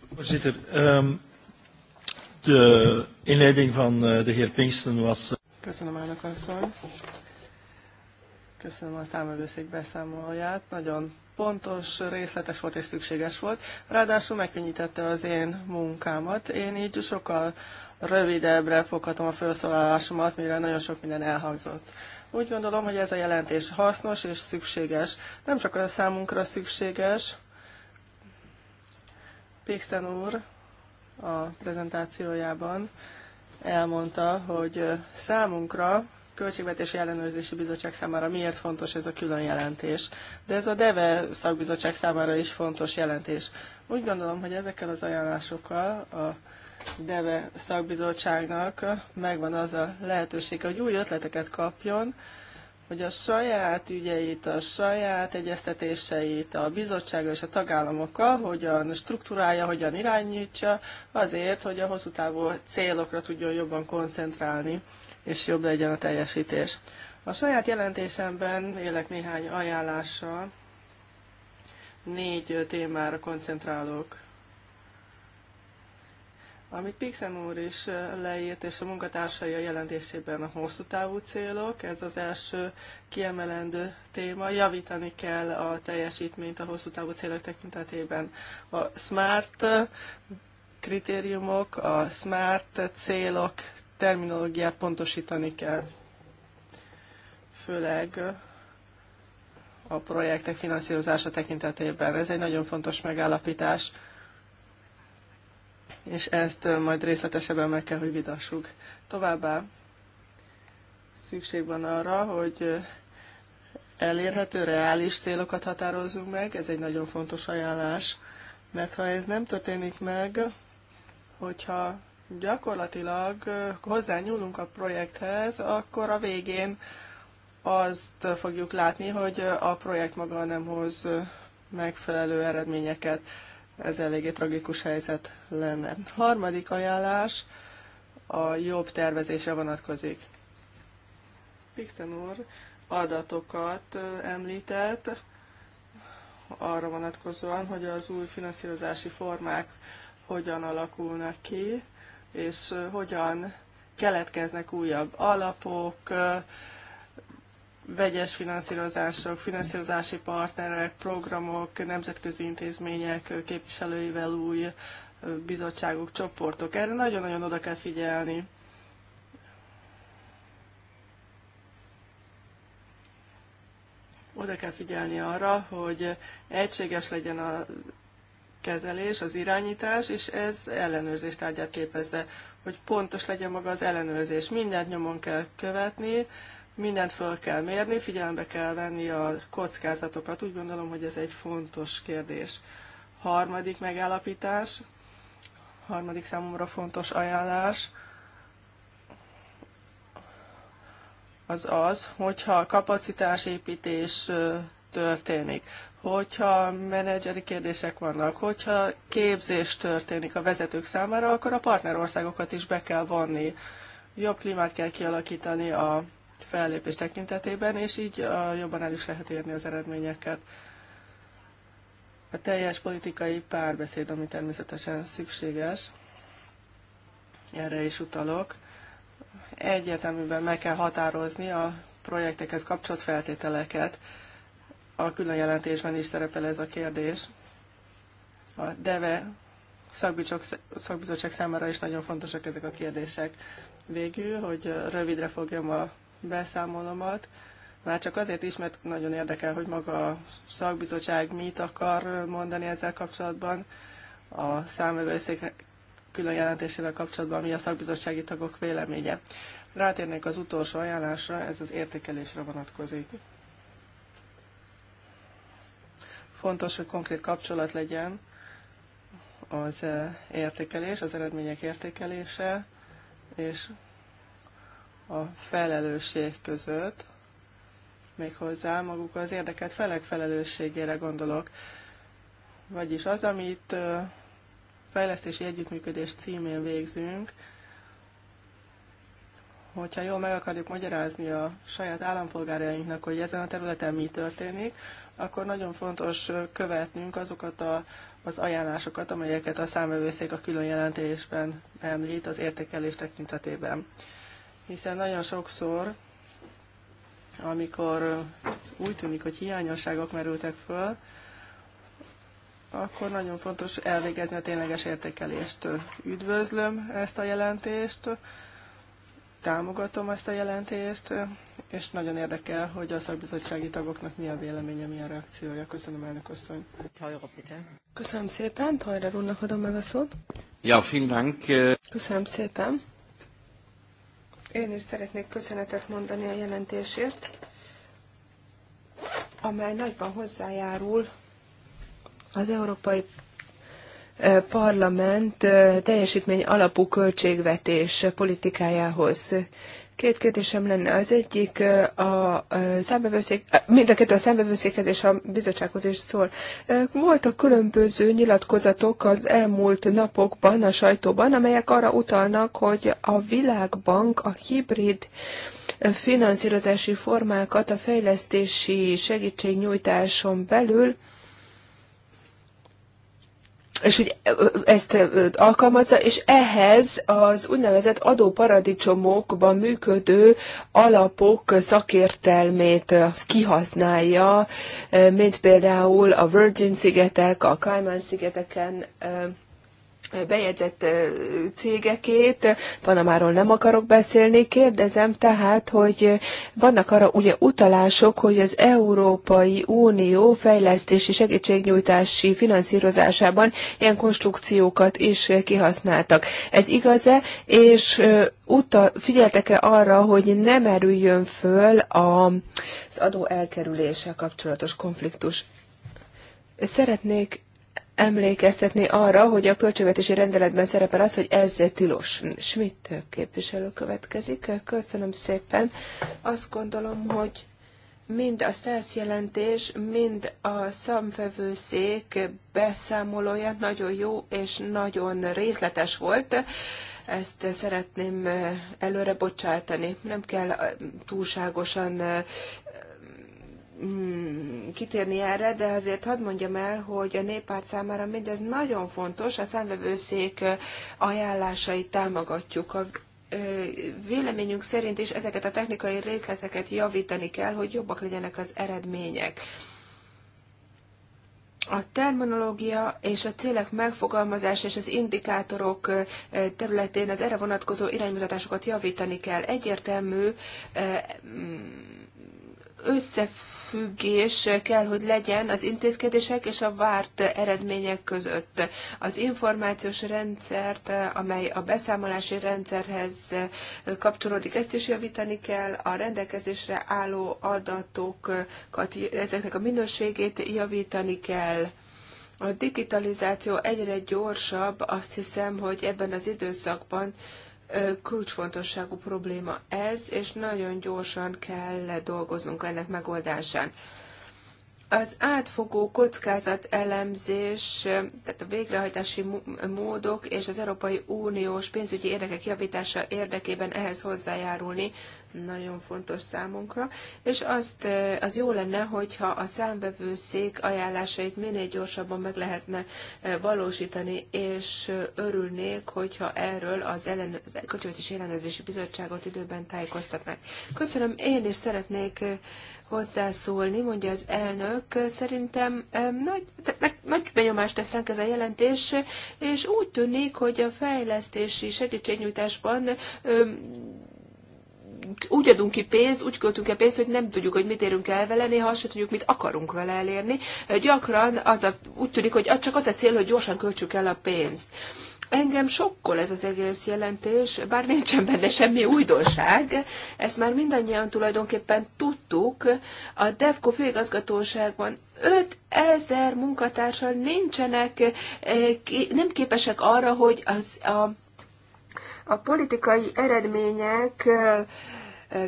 Ehm, van eh, de heer Pinkston was... Eh, Köszönöm, elnök asszony. Köszönöm a számövőszék beszámolóját. Nagyon pontos, részletes volt és szükséges volt. Ráadásul megkönnyítette az én munkámat. Én így sokkal rövidebbre foghatom a felszólalásomat, mivel nagyon sok minden elhangzott. Úgy gondolom, hogy ez a jelentés hasznos és szükséges. Nem csak a számunkra szükséges. Pixten úr a prezentációjában elmondta, hogy számunkra Költségvetési Ellenőrzési Bizottság számára miért fontos ez a külön jelentés. De ez a DEVE szakbizottság számára is fontos jelentés. Úgy gondolom, hogy ezekkel az ajánlásokkal a DEVE szakbizottságnak megvan az a lehetőség, hogy új ötleteket kapjon, hogy a saját ügyeit, a saját egyeztetéseit a bizottsággal és a tagállamokkal hogyan struktúrálja, hogyan irányítsa, azért, hogy a hosszú távú célokra tudjon jobban koncentrálni, és jobb legyen a teljesítés. A saját jelentésemben élek néhány ajánlással, négy témára koncentrálok. Amit Pixen úr is leírt, és a munkatársai a jelentésében a hosszú távú célok, ez az első kiemelendő téma, javítani kell a teljesítményt a hosszú távú célok tekintetében. A SMART kritériumok, a SMART célok terminológiát pontosítani kell, főleg a projektek finanszírozása tekintetében. Ez egy nagyon fontos megállapítás és ezt majd részletesebben meg kell, hogy vidassuk. Továbbá szükség van arra, hogy elérhető, reális célokat határozzunk meg, ez egy nagyon fontos ajánlás, mert ha ez nem történik meg, hogyha gyakorlatilag hozzányúlunk a projekthez, akkor a végén azt fogjuk látni, hogy a projekt maga nem hoz megfelelő eredményeket. Ez eléggé tragikus helyzet lenne. Harmadik ajánlás a jobb tervezésre vonatkozik. Pixen úr adatokat említett arra vonatkozóan, hogy az új finanszírozási formák hogyan alakulnak ki, és hogyan keletkeznek újabb alapok, vegyes finanszírozások, finanszírozási partnerek, programok, nemzetközi intézmények képviselőivel új bizottságok, csoportok. Erre nagyon-nagyon oda kell figyelni. Oda kell figyelni arra, hogy egységes legyen a kezelés, az irányítás, és ez ellenőrzés tárgyát képezze, hogy pontos legyen maga az ellenőrzés. Mindent nyomon kell követni, Mindent föl kell mérni, figyelembe kell venni a kockázatokat. Úgy gondolom, hogy ez egy fontos kérdés. Harmadik megállapítás, harmadik számomra fontos ajánlás az az, hogyha kapacitásépítés történik, hogyha menedzseri kérdések vannak, hogyha képzés történik a vezetők számára, akkor a partnerországokat is be kell vonni. Jobb klímát kell kialakítani a fellépés tekintetében, és így jobban el is lehet érni az eredményeket. A teljes politikai párbeszéd, ami természetesen szükséges, erre is utalok, egyértelműen meg kell határozni a projektekhez kapcsolt feltételeket. A külön jelentésben is szerepel ez a kérdés. A DEVE szakbizottság számára is nagyon fontosak ezek a kérdések. Végül, hogy rövidre fogjam a beszámolomat, már csak azért is, mert nagyon érdekel, hogy maga a szakbizottság mit akar mondani ezzel kapcsolatban, a számvevőszék külön jelentésével kapcsolatban mi a szakbizottsági tagok véleménye. Rátérnék az utolsó ajánlásra, ez az értékelésre vonatkozik. Fontos, hogy konkrét kapcsolat legyen az eh, értékelés, az eredmények értékelése, és a felelősség között, méghozzá maguk az érdeket felek felelősségére gondolok. Vagyis az, amit fejlesztési együttműködés címén végzünk, hogyha jól meg akarjuk magyarázni a saját állampolgárainknak, hogy ezen a területen mi történik, akkor nagyon fontos követnünk azokat a, az ajánlásokat, amelyeket a számvevőszék a külön jelentésben említ az értékelés tekintetében hiszen nagyon sokszor, amikor úgy tűnik, hogy hiányosságok merültek föl, akkor nagyon fontos elvégezni a tényleges értékelést. Üdvözlöm ezt a jelentést, támogatom ezt a jelentést, és nagyon érdekel, hogy a szakbizottsági tagoknak mi a véleménye, mi a reakciója. Köszönöm, elnök asszony. Köszönöm szépen, Tajra úrnak adom meg a szót. Ja, vielen Dank. Äh, Köszönöm szépen. Én is szeretnék köszönetet mondani a jelentésért, amely nagyban hozzájárul az Európai e, Parlament e, teljesítmény alapú költségvetés politikájához. Két kérdésem lenne. Az egyik a szembevőszék, mind a kettő a szembevőszékhez és a bizottsághoz is szól. Voltak különböző nyilatkozatok az elmúlt napokban a sajtóban, amelyek arra utalnak, hogy a Világbank a hibrid finanszírozási formákat a fejlesztési segítségnyújtáson belül és hogy ezt alkalmazza, és ehhez az úgynevezett adóparadicsomokban működő alapok szakértelmét kihasználja, mint például a Virgin szigetek, a Cayman szigeteken bejegyzett cégekét, Panamáról nem akarok beszélni, kérdezem tehát, hogy vannak arra ugye utalások, hogy az Európai Unió fejlesztési segítségnyújtási finanszírozásában ilyen konstrukciókat is kihasználtak. Ez igaz-e, és utal, figyeltek-e arra, hogy nem merüljön föl az adó elkerüléssel kapcsolatos konfliktus? Szeretnék emlékeztetni arra, hogy a költségvetési rendeletben szerepel az, hogy ez tilos. Schmidt képviselő következik. Köszönöm szépen. Azt gondolom, hogy mind a STARS jelentés, mind a szamfevőszék beszámolója nagyon jó és nagyon részletes volt. Ezt szeretném előre bocsátani. Nem kell túlságosan Mm, kitérni erre, de azért hadd mondjam el, hogy a néppárt számára mindez nagyon fontos, a szemvevőszék ajánlásait támogatjuk. A véleményünk szerint is ezeket a technikai részleteket javítani kell, hogy jobbak legyenek az eredmények. A terminológia és a célek megfogalmazása és az indikátorok területén az erre vonatkozó iránymutatásokat javítani kell. Egyértelmű mm, összefügg összefüggés kell, hogy legyen az intézkedések és a várt eredmények között. Az információs rendszert, amely a beszámolási rendszerhez kapcsolódik, ezt is javítani kell, a rendelkezésre álló adatokat, ezeknek a minőségét javítani kell. A digitalizáció egyre gyorsabb, azt hiszem, hogy ebben az időszakban kulcsfontosságú probléma ez, és nagyon gyorsan kell dolgoznunk ennek megoldásán. Az átfogó kockázat elemzés, tehát a végrehajtási módok és az Európai Uniós pénzügyi érdekek javítása érdekében ehhez hozzájárulni nagyon fontos számunkra, és azt, az jó lenne, hogyha a számvevőszék ajánlásait minél gyorsabban meg lehetne valósítani, és örülnék, hogyha erről az, ellen, az Költségvetési Ellenőrzési Bizottságot időben tájékoztatnák. Köszönöm, én is szeretnék hozzászólni, mondja az elnök. Szerintem nagy, te, nagy benyomást tesz ránk ez a jelentés, és úgy tűnik, hogy a fejlesztési segítségnyújtásban öm, úgy adunk ki pénzt, úgy költünk el pénzt, hogy nem tudjuk, hogy mit érünk el vele, néha azt se tudjuk, mit akarunk vele elérni. Gyakran az a, úgy tűnik, hogy az csak az a cél, hogy gyorsan költsük el a pénzt. Engem sokkol ez az egész jelentés, bár nincsen benne semmi újdonság, ezt már mindannyian tulajdonképpen tudtuk. A DEVCO főigazgatóságban 5000 munkatársal nincsenek, eh, nem képesek arra, hogy az a a politikai eredmények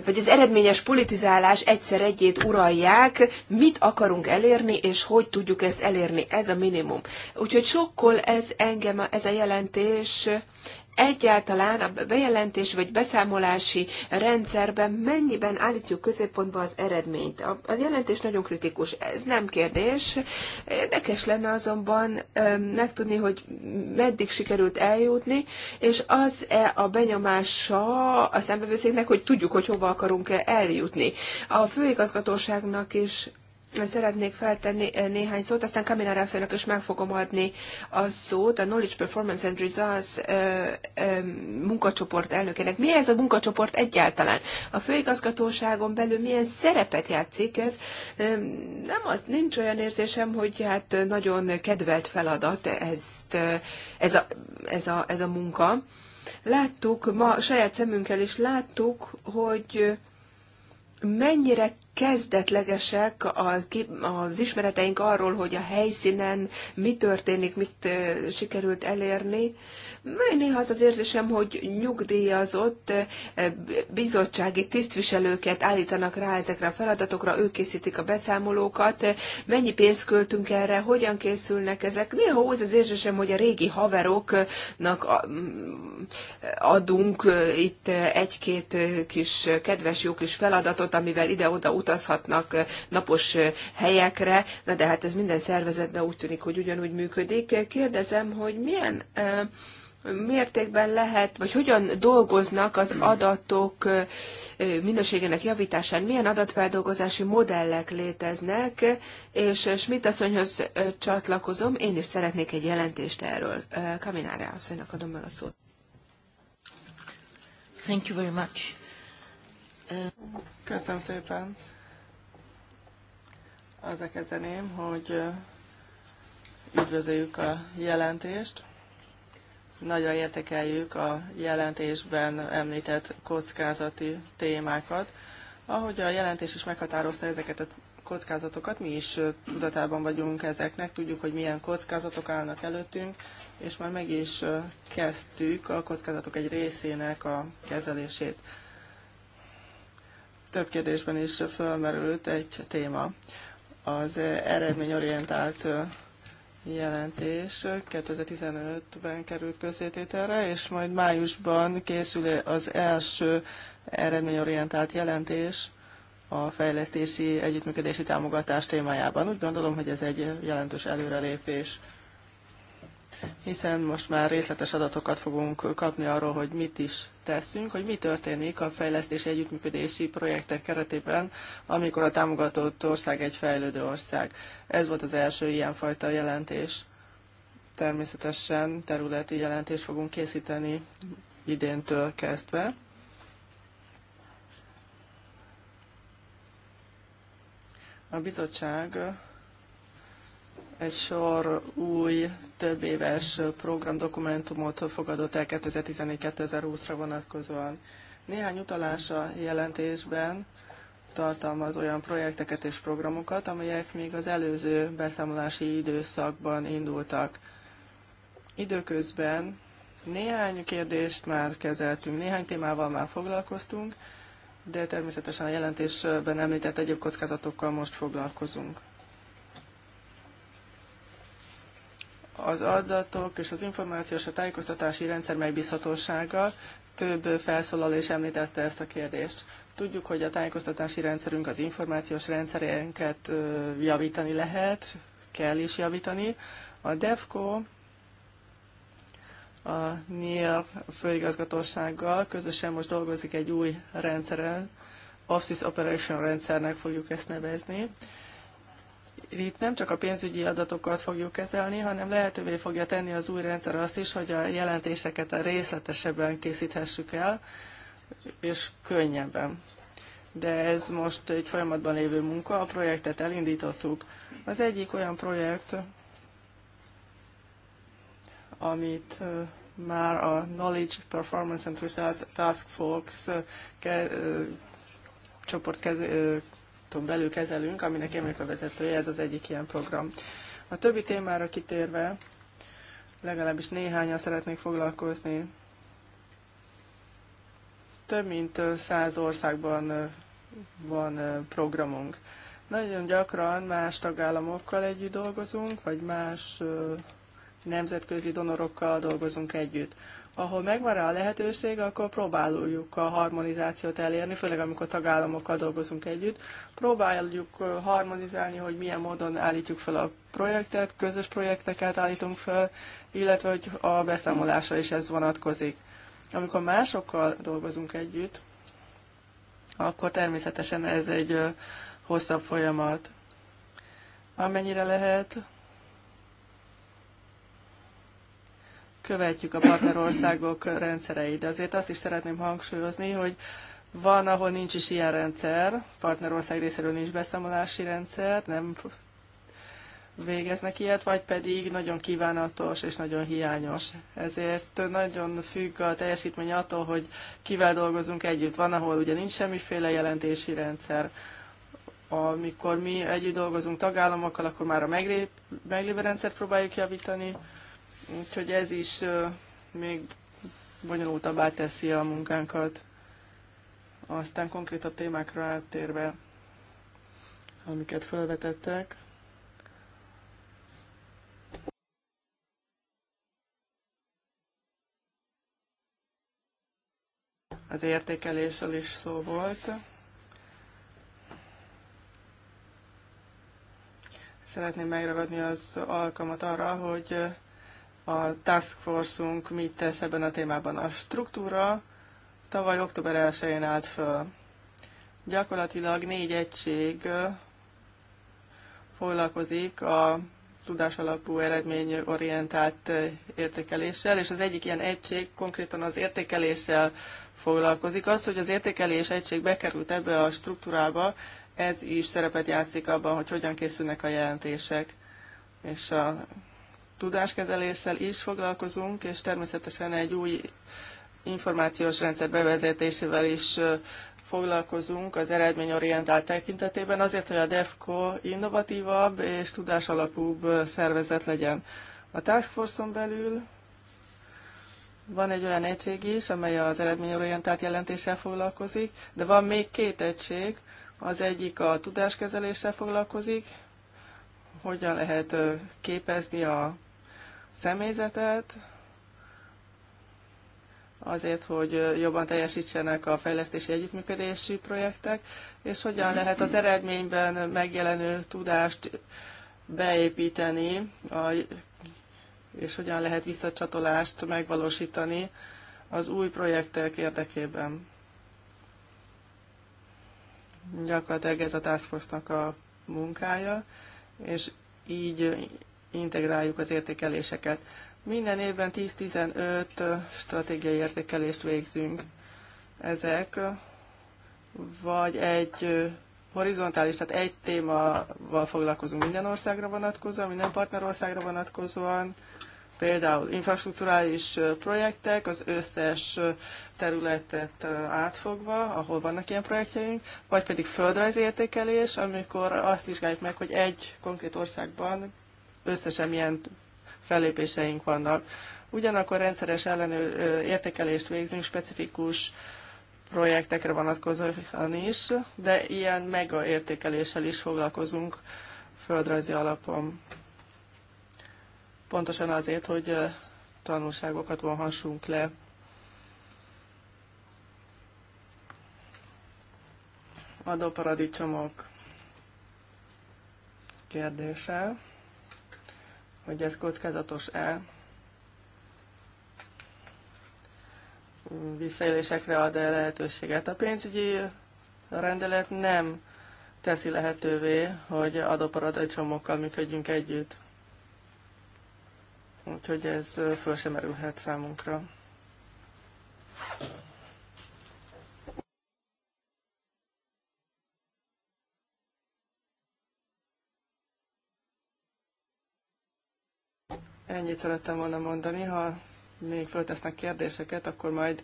vagy az eredményes politizálás egyszer egyét uralják, mit akarunk elérni, és hogy tudjuk ezt elérni. Ez a minimum. Úgyhogy sokkol ez engem, ez a jelentés, egyáltalán a bejelentési vagy beszámolási rendszerben mennyiben állítjuk középpontba az eredményt. A, a jelentés nagyon kritikus, ez nem kérdés. Érdekes lenne azonban megtudni, hogy meddig sikerült eljutni, és az-e a benyomása a szembevőszéknek, hogy tudjuk, hogy hova akarunk eljutni. A főigazgatóságnak is szeretnék feltenni eh, néhány szót, aztán Kaminára asszonynak is meg fogom adni a szót, a Knowledge Performance and Results eh, eh, munkacsoport elnökének. Mi ez a munkacsoport egyáltalán? A főigazgatóságon belül milyen szerepet játszik ez? Nem, az nincs olyan érzésem, hogy hát nagyon kedvelt feladat ezt, ez, a, ez, a, ez a munka. Láttuk, ma saját szemünkkel is láttuk, hogy mennyire kezdetlegesek az ismereteink arról, hogy a helyszínen mi történik, mit sikerült elérni, Néha az az érzésem, hogy nyugdíjazott eh, bizottsági tisztviselőket állítanak rá ezekre a feladatokra, ők készítik a beszámolókat, mennyi pénzt költünk erre, hogyan készülnek ezek. Néha az az érzésem, hogy a régi haveroknak mm, adunk eh, itt eh, egy-két kis kedves jó kis feladatot, amivel ide-oda utazhatnak napos helyekre, na de hát ez minden szervezetben úgy tűnik, hogy ugyanúgy működik. Kérdezem, hogy milyen mértékben lehet, vagy hogyan dolgoznak az adatok minőségének javításán, milyen adatfeldolgozási modellek léteznek, és Schmidt asszonyhoz csatlakozom, én is szeretnék egy jelentést erről. Kaminára asszonynak adom meg a szót. Thank you very much. Köszönöm szépen. a kezdeném, hogy üdvözöljük a jelentést Nagyra értékeljük a jelentésben említett kockázati témákat. Ahogy a jelentés is meghatározta ezeket a kockázatokat, mi is tudatában vagyunk ezeknek, tudjuk, hogy milyen kockázatok állnak előttünk, és már meg is kezdtük a kockázatok egy részének a kezelését. Több kérdésben is fölmerült egy téma. Az eredményorientált jelentés 2015-ben került közzétételre, és majd májusban készül az első eredményorientált jelentés a fejlesztési együttműködési támogatás témájában. Úgy gondolom, hogy ez egy jelentős előrelépés hiszen most már részletes adatokat fogunk kapni arról, hogy mit is teszünk, hogy mi történik a fejlesztési együttműködési projektek keretében, amikor a támogatott ország egy fejlődő ország. Ez volt az első ilyenfajta jelentés. Természetesen területi jelentést fogunk készíteni idéntől kezdve. A bizottság egy sor új több éves programdokumentumot fogadott el 2014-2020-ra vonatkozóan. Néhány utalás a jelentésben tartalmaz olyan projekteket és programokat, amelyek még az előző beszámolási időszakban indultak. Időközben néhány kérdést már kezeltünk, néhány témával már foglalkoztunk, de természetesen a jelentésben említett egyéb kockázatokkal most foglalkozunk. az adatok és az információs a tájékoztatási rendszer megbízhatósága. Több felszólaló is említette ezt a kérdést. Tudjuk, hogy a tájékoztatási rendszerünk, az információs rendszerünket javítani lehet, kell is javítani. A DEFCO a NIR főigazgatósággal közösen most dolgozik egy új rendszeren, Office Operation rendszernek fogjuk ezt nevezni itt nem csak a pénzügyi adatokat fogjuk kezelni, hanem lehetővé fogja tenni az új rendszer azt is, hogy a jelentéseket a részletesebben készíthessük el, és könnyebben. De ez most egy folyamatban lévő munka, a projektet elindítottuk. Az egyik olyan projekt, amit már a Knowledge Performance and Results Task Force csoport csoporton belül kezelünk, aminek én vagyok a vezetője, ez az egyik ilyen program. A többi témára kitérve, legalábbis néhányan szeretnék foglalkozni. Több mint száz országban van programunk. Nagyon gyakran más tagállamokkal együtt dolgozunk, vagy más nemzetközi donorokkal dolgozunk együtt ahol megvan rá a lehetőség, akkor próbáljuk a harmonizációt elérni, főleg amikor tagállamokkal dolgozunk együtt. Próbáljuk harmonizálni, hogy milyen módon állítjuk fel a projektet, közös projekteket állítunk fel, illetve hogy a beszámolásra is ez vonatkozik. Amikor másokkal dolgozunk együtt, akkor természetesen ez egy hosszabb folyamat. Amennyire lehet, követjük a partnerországok rendszereit. De azért azt is szeretném hangsúlyozni, hogy van, ahol nincs is ilyen rendszer, partnerország részéről nincs beszámolási rendszer, nem végeznek ilyet, vagy pedig nagyon kívánatos és nagyon hiányos. Ezért nagyon függ a teljesítmény attól, hogy kivel dolgozunk együtt. Van, ahol ugye nincs semmiféle jelentési rendszer. Amikor mi együtt dolgozunk tagállamokkal, akkor már a meglévő rendszert próbáljuk javítani, Úgyhogy ez is még bonyolultabbá teszi a munkánkat. Aztán konkrét a témákra áttérve, amiket felvetettek. Az értékelésről is szó volt. Szeretném megragadni az alkalmat arra, hogy a task force-unk mit tesz ebben a témában. A struktúra tavaly október 1-én állt föl. Gyakorlatilag négy egység foglalkozik a tudásalapú eredményorientált értékeléssel, és az egyik ilyen egység konkrétan az értékeléssel foglalkozik. Az, hogy az értékelés egység bekerült ebbe a struktúrába, ez is szerepet játszik abban, hogy hogyan készülnek a jelentések, és a tudáskezeléssel is foglalkozunk, és természetesen egy új információs rendszer bevezetésével is foglalkozunk az eredményorientált tekintetében, azért, hogy a DEFCO innovatívabb és tudásalapúbb szervezet legyen. A Task Force-on belül van egy olyan egység is, amely az eredményorientált jelentéssel foglalkozik, de van még két egység, az egyik a tudáskezeléssel foglalkozik, hogyan lehet képezni a személyzetet, azért, hogy jobban teljesítsenek a fejlesztési együttműködési projektek, és hogyan lehet az eredményben megjelenő tudást beépíteni, és hogyan lehet visszacsatolást megvalósítani az új projektek érdekében. Gyakorlatilag ez a Task a munkája, és így integráljuk az értékeléseket. Minden évben 10-15 stratégiai értékelést végzünk. Ezek vagy egy horizontális, tehát egy témával foglalkozunk minden országra vonatkozóan, minden partnerországra vonatkozóan, például infrastruktúrális projektek az összes területet átfogva, ahol vannak ilyen projektjeink, vagy pedig földrajzértékelés, amikor azt vizsgáljuk meg, hogy egy konkrét országban összesen milyen fellépéseink vannak. Ugyanakkor rendszeres ellenő értékelést végzünk specifikus projektekre vonatkozóan is, de ilyen megaértékeléssel is foglalkozunk földrajzi alapon pontosan azért, hogy tanulságokat vonhassunk le. Adóparadicsomok kérdése, hogy ez kockázatos-e, visszaélésekre ad -e lehetőséget. A pénzügyi rendelet nem teszi lehetővé, hogy adóparadicsomokkal működjünk együtt. Úgyhogy ez föl sem merülhet számunkra. Ennyit szerettem volna mondani. Ha még föltesznek kérdéseket, akkor majd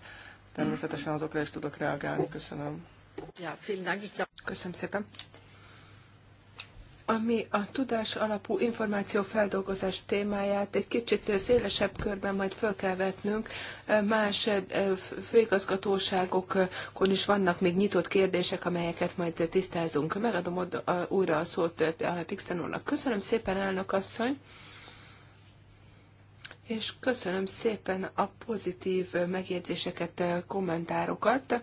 természetesen azokra is tudok reagálni. Köszönöm. Ja, Köszönöm szépen ami a tudás alapú információfeldolgozás témáját egy kicsit szélesebb körben majd föl kell vetnünk. Más eh, főigazgatóságokon is vannak még nyitott kérdések, amelyeket majd tisztázunk. Megadom újra a szót eh, a Pixten úrnak. Köszönöm szépen, elnök asszony! És köszönöm szépen a pozitív megjegyzéseket, eh, kommentárokat.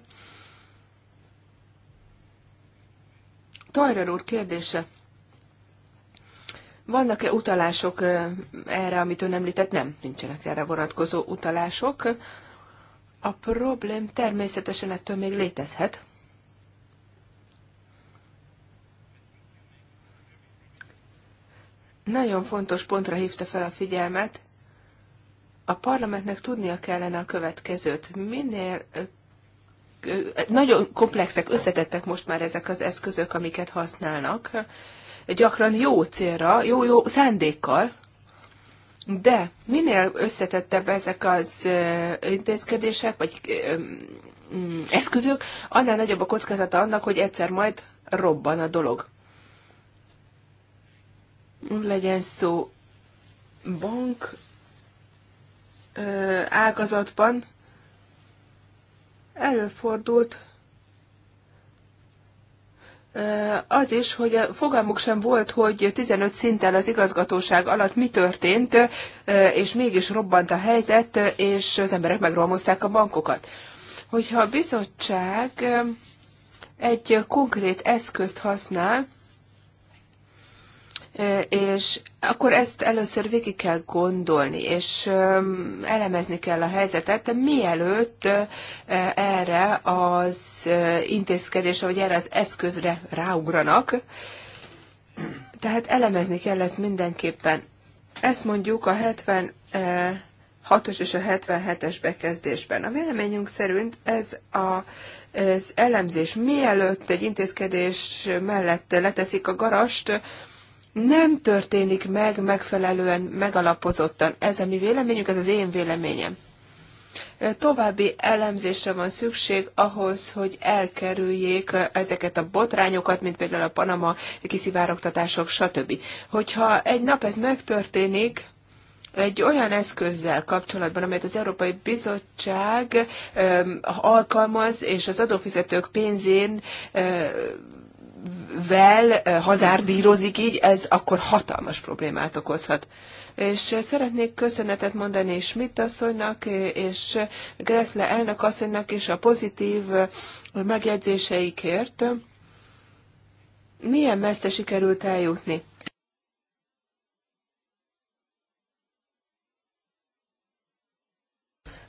Tajrer úr kérdése. Vannak-e utalások erre, amit ön említett? Nem, nincsenek erre vonatkozó utalások. A problém természetesen ettől még létezhet. Nagyon fontos pontra hívta fel a figyelmet. A parlamentnek tudnia kellene a következőt. Minél nagyon komplexek, összetettek most már ezek az eszközök, amiket használnak gyakran jó célra, jó, jó szándékkal, de minél összetettebb ezek az intézkedések, vagy mm, eszközök, annál nagyobb a kockázata annak, hogy egyszer majd robban a dolog. Legyen szó bank ágazatban előfordult, az is, hogy a fogalmuk sem volt, hogy 15 szinttel az igazgatóság alatt mi történt, és mégis robbant a helyzet, és az emberek megromozták a bankokat. Hogyha a bizottság egy konkrét eszközt használ, és akkor ezt először végig kell gondolni, és elemezni kell a helyzetet, de mielőtt erre az intézkedésre, vagy erre az eszközre ráugranak, tehát elemezni kell ezt mindenképpen. Ezt mondjuk a 70 os és a 77-es bekezdésben. A véleményünk szerint ez a az elemzés, mielőtt egy intézkedés mellett leteszik a garast, nem történik meg megfelelően, megalapozottan. Ez a mi véleményünk, ez az én véleményem. További elemzésre van szükség ahhoz, hogy elkerüljék ezeket a botrányokat, mint például a Panama kiszivárogtatások, stb. Hogyha egy nap ez megtörténik, egy olyan eszközzel kapcsolatban, amelyet az Európai Bizottság alkalmaz, és az adófizetők pénzén vel eh, hazárdírozik így, ez akkor hatalmas problémát okozhat. És szeretnék köszönetet mondani Schmidt asszonynak és Gressle elnök asszonynak is a pozitív eh, megjegyzéseikért. Milyen messze sikerült eljutni?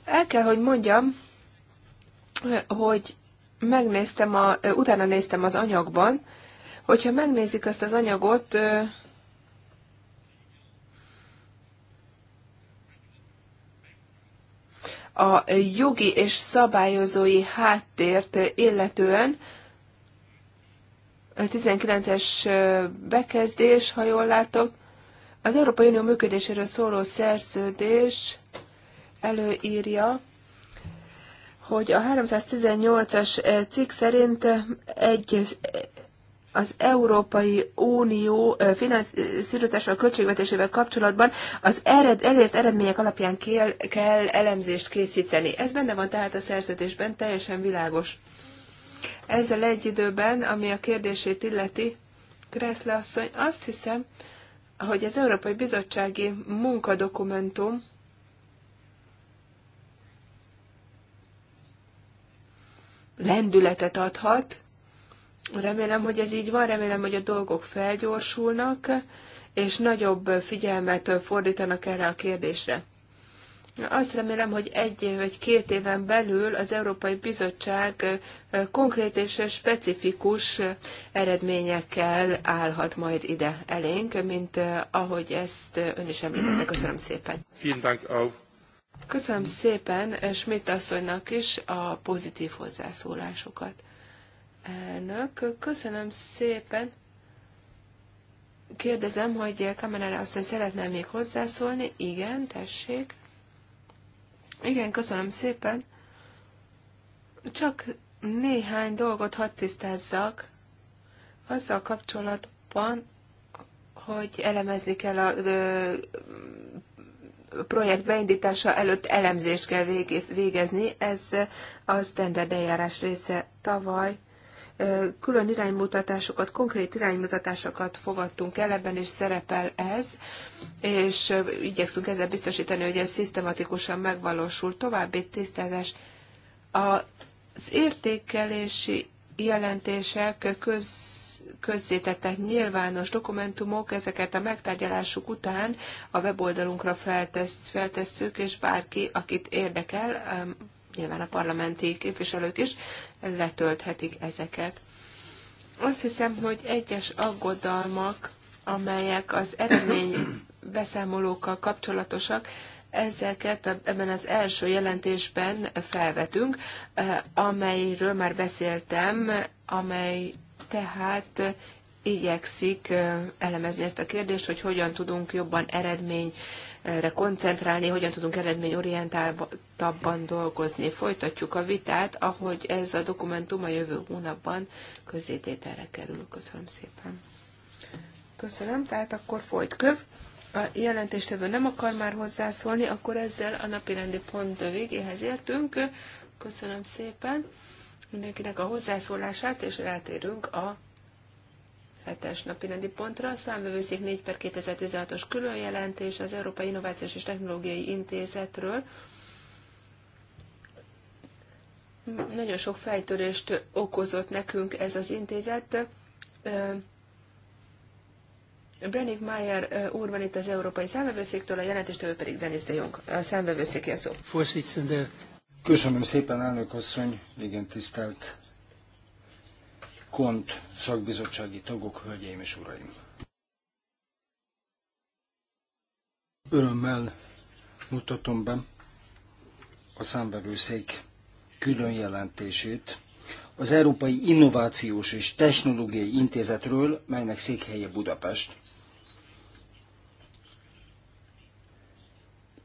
El kell, hogy mondjam, hogy megnéztem, a, utána néztem az anyagban, hogyha megnézik azt az anyagot, a jogi és szabályozói háttért illetően, 19-es bekezdés, ha jól látom, az Európai Unió működéséről szóló szerződés előírja, hogy a 318-as eh, cikk szerint egy, eh, az Európai Unió eh, finanszírozása költségvetésével kapcsolatban az ered, elért eredmények alapján kell, kell elemzést készíteni. Ez benne van tehát a szerződésben, teljesen világos. Ezzel egy időben, ami a kérdését illeti, Kreszle asszony, azt hiszem, hogy az Európai Bizottsági munkadokumentum lendületet adhat. Remélem, hogy ez így van, remélem, hogy a dolgok felgyorsulnak, és nagyobb figyelmet fordítanak erre a kérdésre. Azt remélem, hogy egy vagy két éven belül az Európai Bizottság konkrét és specifikus eredményekkel állhat majd ide elénk, mint ahogy ezt ön is említette. Köszönöm szépen. Vielen Dank auch Köszönöm szépen Smit asszonynak is a pozitív hozzászólásokat. Elnök, köszönöm szépen. Kérdezem, hogy Kamerára asszony szeretne még hozzászólni? Igen, tessék. Igen, köszönöm szépen. Csak néhány dolgot hadd tisztázzak azzal kapcsolatban, hogy elemezni kell a projekt beindítása előtt elemzést kell végezni. Ez a standard eljárás része tavaly. Külön iránymutatásokat, konkrét iránymutatásokat fogadtunk el, ebben is szerepel ez, és igyekszünk ezzel biztosítani, hogy ez szisztematikusan megvalósul. További tisztázás. Az értékelési jelentések köz közzétettek nyilvános dokumentumok, ezeket a megtárgyalásuk után a weboldalunkra feltesz, feltesszük, és bárki, akit érdekel, um, nyilván a parlamenti képviselők is letölthetik ezeket. Azt hiszem, hogy egyes aggodalmak, amelyek az eredmény beszámolókkal kapcsolatosak, ezeket ebben az első jelentésben felvetünk, eh, amelyről már beszéltem, amely tehát igyekszik elemezni ezt a kérdést, hogy hogyan tudunk jobban eredményre koncentrálni, hogyan tudunk eredményorientáltabban dolgozni. Folytatjuk a vitát, ahogy ez a dokumentum a jövő hónapban közétételre kerül. Köszönöm szépen. Köszönöm, tehát akkor folyt köv. A jelentéstevő nem akar már hozzászólni, akkor ezzel a napirendi pont végéhez értünk. Köszönöm szépen mindenkinek a hozzászólását, és rátérünk a hetes napi rendi pontra. Számvevőszék 4 per 2016-os különjelentés az Európai Innovációs és Technológiai Intézetről. Nagyon sok fejtörést okozott nekünk ez az intézet. Brenik Mayer úr van itt az Európai Számvevőszéktől, a jelentéstől pedig Denis de Jong, a számvevőszéki szó. Köszönöm szépen, elnök asszony, igen tisztelt KONT szakbizottsági tagok, hölgyeim és uraim. Örömmel mutatom be a számvevőszék külön jelentését az Európai Innovációs és Technológiai Intézetről, melynek székhelye Budapest,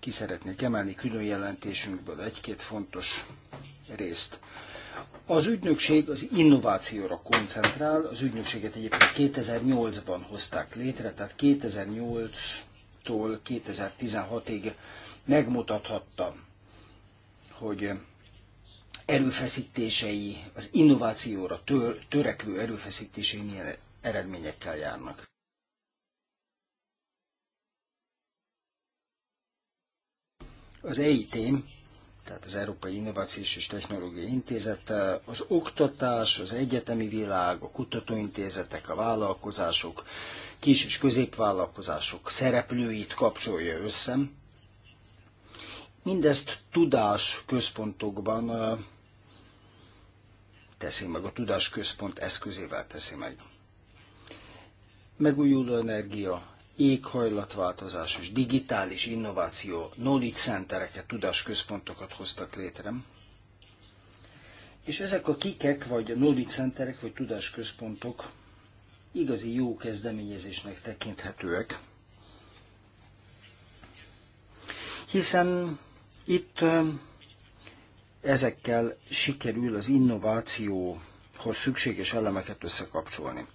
ki szeretnék emelni külön jelentésünkből egy-két fontos részt. Az ügynökség az innovációra koncentrál, az ügynökséget egyébként 2008-ban hozták létre, tehát 2008-tól 2016-ig megmutathatta, hogy erőfeszítései, az innovációra tör, törekvő erőfeszítései milyen eredményekkel járnak. Az eit tehát az Európai Innovációs és Technológiai Intézet, az oktatás, az egyetemi világ, a kutatóintézetek, a vállalkozások, kis- és középvállalkozások szereplőit kapcsolja össze. Mindezt tudás központokban teszi meg, a tudásközpont eszközével teszi meg. Megújuló energia, éghajlatváltozás és digitális innováció knowledge centereket, tudásközpontokat hoztak létre. És ezek a kikek, vagy a knowledge centerek, vagy tudásközpontok igazi jó kezdeményezésnek tekinthetőek, hiszen itt ezekkel sikerül az innovációhoz szükséges elemeket összekapcsolni.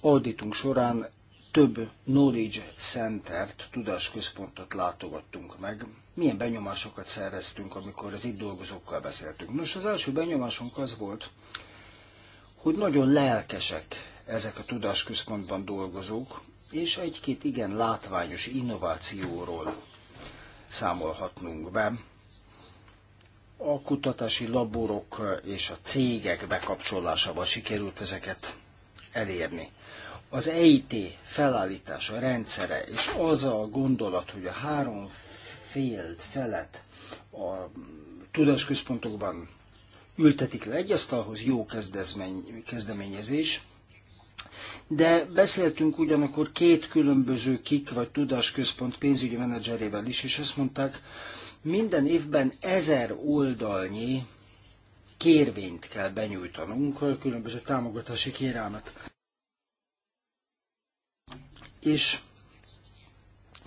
Auditunk során több Knowledge Centert, tudásközpontot látogattunk meg. Milyen benyomásokat szereztünk, amikor az itt dolgozókkal beszéltünk? Nos, az első benyomásunk az volt, hogy nagyon lelkesek ezek a tudásközpontban dolgozók, és egy-két igen látványos innovációról számolhatnunk be. A kutatási laborok és a cégek bekapcsolásával sikerült ezeket elérni az EIT felállítása, rendszere, és az a gondolat, hogy a három fél felett a tudásközpontokban ültetik le egy asztalhoz, jó kezdeményezés, de beszéltünk ugyanakkor két különböző kik vagy tudásközpont pénzügyi menedzserével is, és azt mondták, minden évben ezer oldalnyi kérvényt kell benyújtanunk, különböző támogatási kérelmet és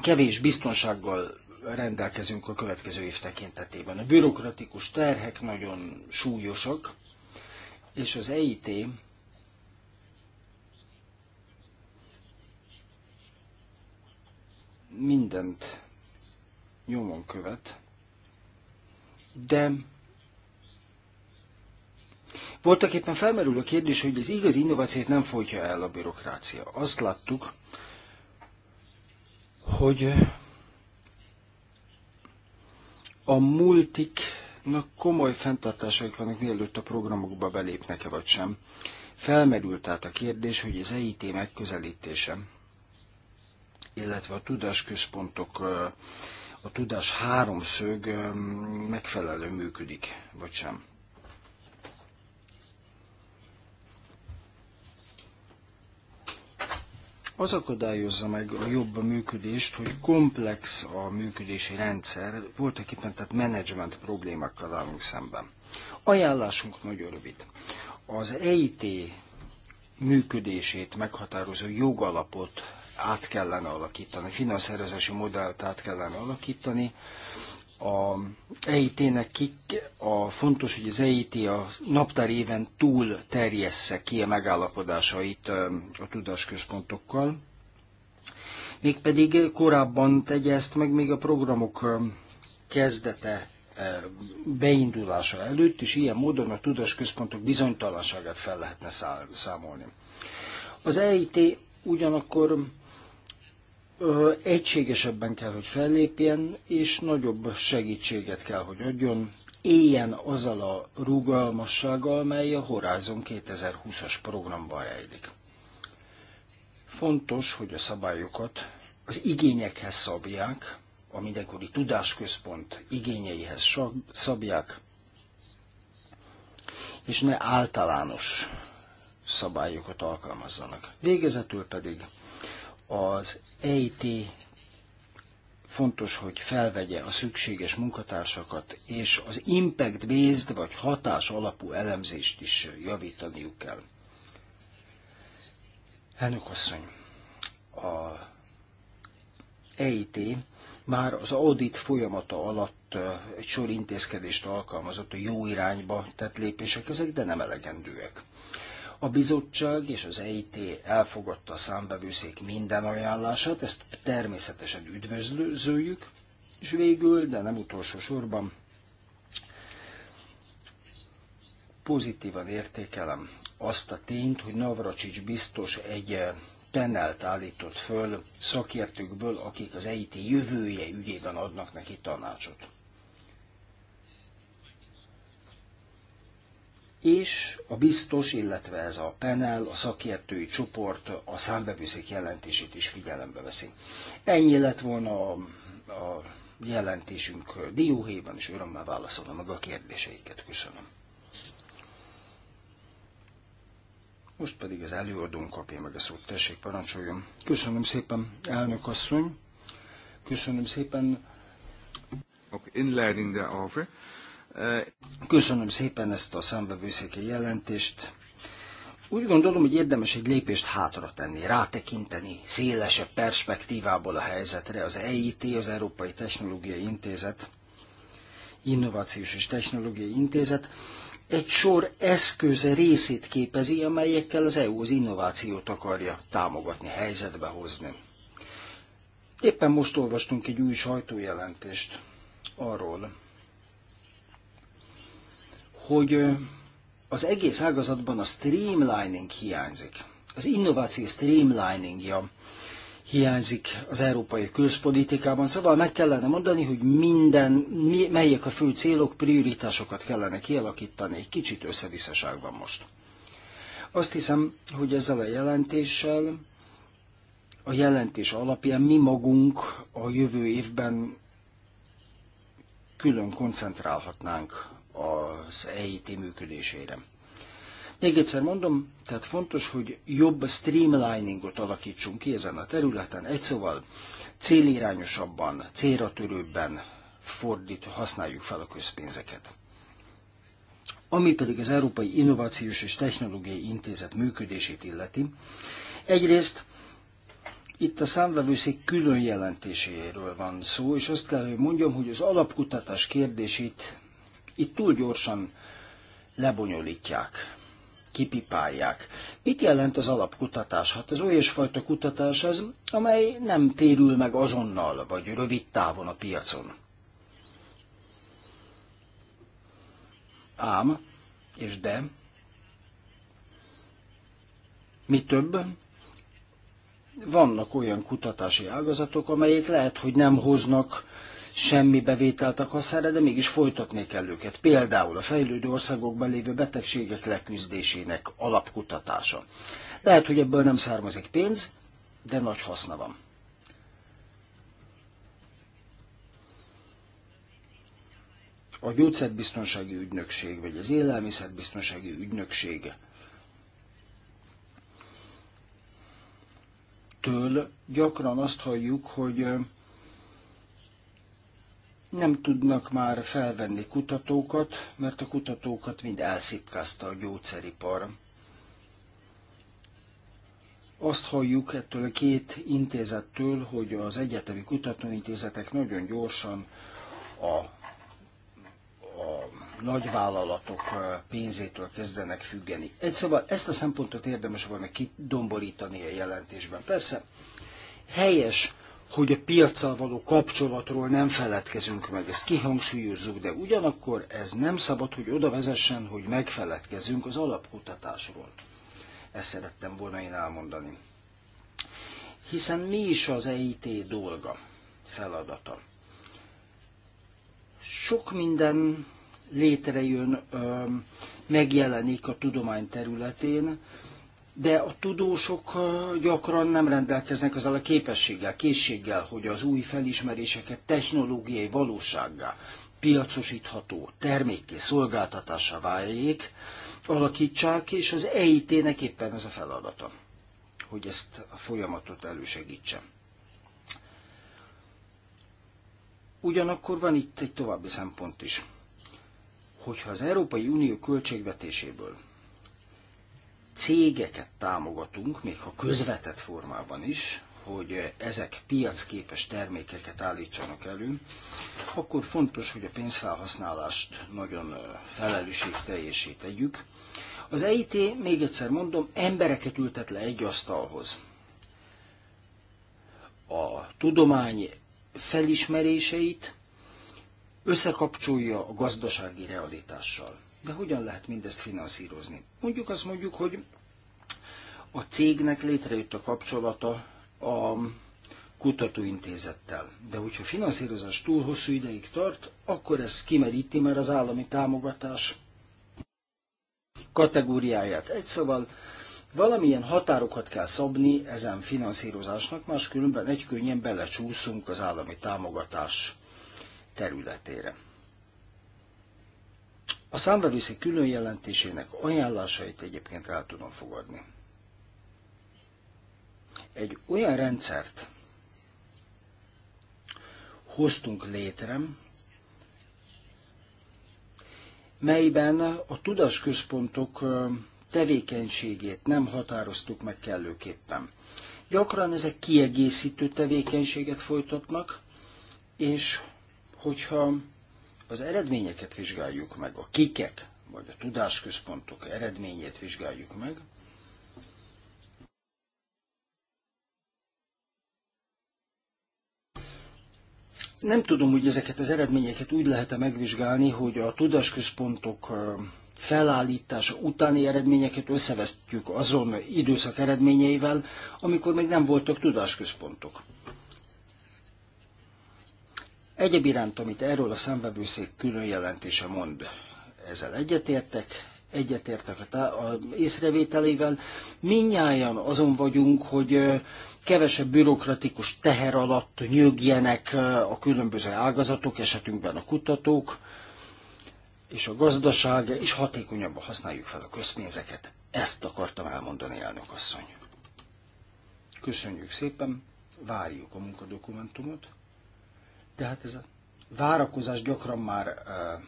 kevés biztonsággal rendelkezünk a következő év tekintetében. A bürokratikus terhek nagyon súlyosak, és az EIT mindent nyomon követ, de voltak éppen felmerül a kérdés, hogy az igazi innovációt nem folytja el a bürokrácia. Azt láttuk, hogy a multiknak komoly fenntartásaik vannak, mielőtt a programokba belépnek-e vagy sem. Felmerült tehát a kérdés, hogy az EIT megközelítése, illetve a tudásközpontok, a tudás háromszög megfelelő működik, vagy sem. az akadályozza meg a jobb működést, hogy komplex a működési rendszer, voltak éppen tehát menedzsment problémákkal állunk szemben. Ajánlásunk nagyon rövid. Az EIT működését meghatározó jogalapot át kellene alakítani, finanszírozási modellt át kellene alakítani, a EIT-nek kik, a fontos, hogy az EIT a naptár éven túl terjessze ki a megállapodásait a tudásközpontokkal. Mégpedig korábban tegye ezt meg még a programok kezdete beindulása előtt, és ilyen módon a tudásközpontok bizonytalanságát fel lehetne számolni. Az EIT ugyanakkor egységesebben kell, hogy fellépjen, és nagyobb segítséget kell, hogy adjon, éljen azzal a rugalmassággal, mely a Horizon 2020-as programban rejlik. Fontos, hogy a szabályokat az igényekhez szabják, a mindenkori tudásközpont igényeihez szabják, és ne általános szabályokat alkalmazzanak. Végezetül pedig az EIT fontos, hogy felvegye a szükséges munkatársakat, és az impact-based vagy hatás alapú elemzést is javítaniuk kell. Elnök asszony, a EIT már az audit folyamata alatt egy sor intézkedést alkalmazott a jó irányba tett lépések, ezek de nem elegendőek. A bizottság és az EIT elfogadta a számbevőszék minden ajánlását, ezt természetesen üdvözlőjük, és végül, de nem utolsó sorban, pozitívan értékelem azt a tényt, hogy Navracsics biztos egy penelt állított föl szakértőkből, akik az EIT jövője ügyében adnak neki tanácsot. és a biztos, illetve ez a panel, a szakértői csoport a számbevőszék jelentését is figyelembe veszi. Ennyi lett volna a, a jelentésünk dióhéjban, és örömmel válaszolom meg a kérdéseiket. Köszönöm. Most pedig az előadón kapja meg a szót. Tessék, parancsoljon. Köszönöm szépen, elnök asszony. Köszönöm szépen. Ook inleiding daarover. Köszönöm szépen ezt a számbevőszéki jelentést. Úgy gondolom, hogy érdemes egy lépést hátra tenni, rátekinteni szélesebb perspektívából a helyzetre. Az EIT, az Európai Technológiai Intézet, Innovációs és Technológiai Intézet egy sor eszköze részét képezi, amelyekkel az EU az innovációt akarja támogatni, helyzetbe hozni. Éppen most olvastunk egy új sajtójelentést arról, hogy az egész ágazatban a streamlining hiányzik. Az innováció streamliningja hiányzik az európai közpolitikában, szóval meg kellene mondani, hogy minden, melyek a fő célok, prioritásokat kellene kialakítani. Egy kicsit összevisszaság van most. Azt hiszem, hogy ezzel a jelentéssel, a jelentés alapján mi magunk a jövő évben külön koncentrálhatnánk az EIT működésére. Még egyszer mondom, tehát fontos, hogy jobb streamliningot alakítsunk ki ezen a területen, egy szóval célirányosabban, célra törőbben fordít, használjuk fel a közpénzeket. Ami pedig az Európai Innovációs és Technológiai Intézet működését illeti, egyrészt itt a számvevőszék külön jelentéséről van szó, és azt kell, hogy mondjam, hogy az alapkutatás kérdését itt túl gyorsan lebonyolítják, kipipálják. Mit jelent az alapkutatás? Hát az olyasfajta kutatás az, amely nem térül meg azonnal, vagy rövid távon a piacon. Ám, és de, mi több, vannak olyan kutatási ágazatok, amelyek lehet, hogy nem hoznak semmi bevételt akarsz erre, de mégis folytatni kell őket. Például a fejlődő országokban lévő betegségek leküzdésének alapkutatása. Lehet, hogy ebből nem származik pénz, de nagy haszna van. A gyógyszerbiztonsági ügynökség, vagy az élelmiszerbiztonsági ügynökség től gyakran azt halljuk, hogy nem tudnak már felvenni kutatókat, mert a kutatókat mind elszipkázta a gyógyszeripar. Azt halljuk ettől a két intézettől, hogy az egyetemi kutatóintézetek nagyon gyorsan a, a nagyvállalatok pénzétől kezdenek függeni. Egy szóval ezt a szempontot érdemes volna kidomborítani a jelentésben. Persze helyes hogy a piaccal való kapcsolatról nem feledkezünk meg. Ezt kihangsúlyozzuk, de ugyanakkor ez nem szabad, hogy oda vezessen, hogy megfeledkezünk az alapkutatásról. Ezt szerettem volna én elmondani. Hiszen mi is az EIT dolga, feladata? Sok minden létrejön, megjelenik a tudomány területén, de a tudósok gyakran nem rendelkeznek ezzel a képességgel, készséggel, hogy az új felismeréseket technológiai valósággá, piacosítható termékké, szolgáltatássá váljék, alakítsák, és az EIT-nek éppen ez a feladata, hogy ezt a folyamatot elősegítse. Ugyanakkor van itt egy további szempont is. Hogyha az Európai Unió költségvetéséből cégeket támogatunk, még ha közvetett formában is, hogy ezek piacképes termékeket állítsanak elő, akkor fontos, hogy a pénzfelhasználást nagyon felelősségteljesé tegyük. Az EIT, még egyszer mondom, embereket ültet le egy asztalhoz. A tudomány felismeréseit összekapcsolja a gazdasági realitással. De hogyan lehet mindezt finanszírozni? Mondjuk azt mondjuk, hogy a cégnek létrejött a kapcsolata a kutatóintézettel. De hogyha finanszírozás túl hosszú ideig tart, akkor ez kimeríti már az állami támogatás kategóriáját. Egy szóval valamilyen határokat kell szabni ezen finanszírozásnak, máskülönben egy könnyen belecsúszunk az állami támogatás területére. A számvevőszék külön jelentésének ajánlásait egyébként el tudom fogadni. Egy olyan rendszert hoztunk létre, melyben a tudásközpontok tevékenységét nem határoztuk meg kellőképpen. Gyakran ezek kiegészítő tevékenységet folytatnak, és hogyha az eredményeket vizsgáljuk meg, a kikek, vagy a tudásközpontok eredményét vizsgáljuk meg, Nem tudom, hogy ezeket az eredményeket úgy lehet-e megvizsgálni, hogy a tudásközpontok felállítása utáni eredményeket összevesztjük azon időszak eredményeivel, amikor még nem voltak tudásközpontok. Egyéb iránt, amit erről a szembevőszék külön jelentése mond, ezzel egyetértek, egyetértek a, tá- a észrevételével. Minnyáján azon vagyunk, hogy kevesebb bürokratikus teher alatt nyögjenek a különböző ágazatok, esetünkben a kutatók, és a gazdaság, és hatékonyabban használjuk fel a közpénzeket. Ezt akartam elmondani, elnök asszony. Köszönjük szépen, várjuk a munkadokumentumot. Tehát ez a várakozás gyakran már uh,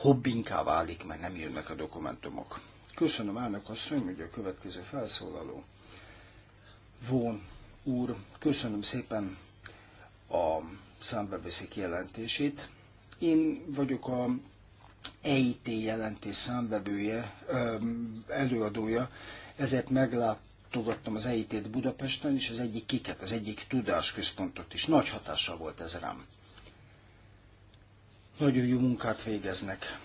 hobbinká válik, mert nem jönnek a dokumentumok. Köszönöm elnök asszony, hogy a következő felszólaló. Von úr, köszönöm szépen a számbeveszik jelentését. Én vagyok a EIT jelentés számbevője, előadója, ezért meglát, tartogattam az EIT-t Budapesten, és az egyik kiket, az egyik tudásközpontot is. Nagy hatással volt ez rám. Nagyon jó munkát végeznek.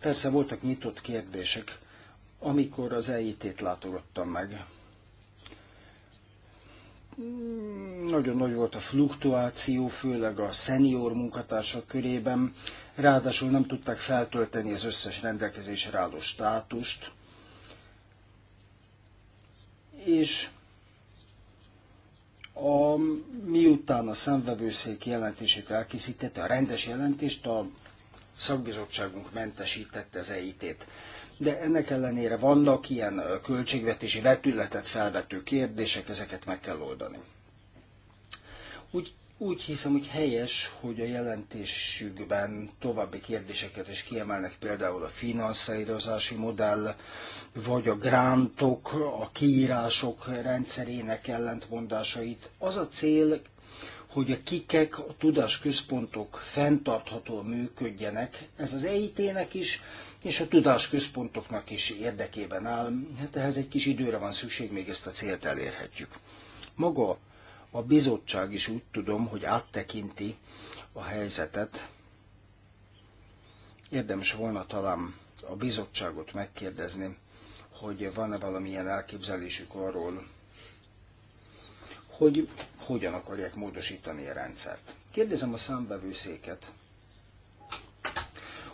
Persze voltak nyitott kérdések, amikor az EIT-t látogattam meg. Nagyon nagy volt a fluktuáció, főleg a szenior munkatársak körében. Ráadásul nem tudták feltölteni az összes rendelkezésre álló státust és a, miután a szemvevőszék jelentését elkészítette, a rendes jelentést, a szakbizottságunk mentesítette az EIT-t. De ennek ellenére vannak ilyen költségvetési vetületet felvető kérdések, ezeket meg kell oldani. Úgy úgy hiszem, hogy helyes, hogy a jelentésükben további kérdéseket is kiemelnek, például a finanszírozási modell, vagy a grántok, a kiírások rendszerének ellentmondásait. Az a cél, hogy a kikek, a tudásközpontok fenntarthatóan működjenek. Ez az EIT-nek is, és a tudásközpontoknak is érdekében áll. Hát ehhez egy kis időre van szükség, még ezt a célt elérhetjük. Maga a bizottság is úgy tudom, hogy áttekinti a helyzetet. Érdemes volna talán a bizottságot megkérdezni, hogy van-e valamilyen elképzelésük arról, hogy hogyan akarják módosítani a rendszert. Kérdezem a számbevőszéket,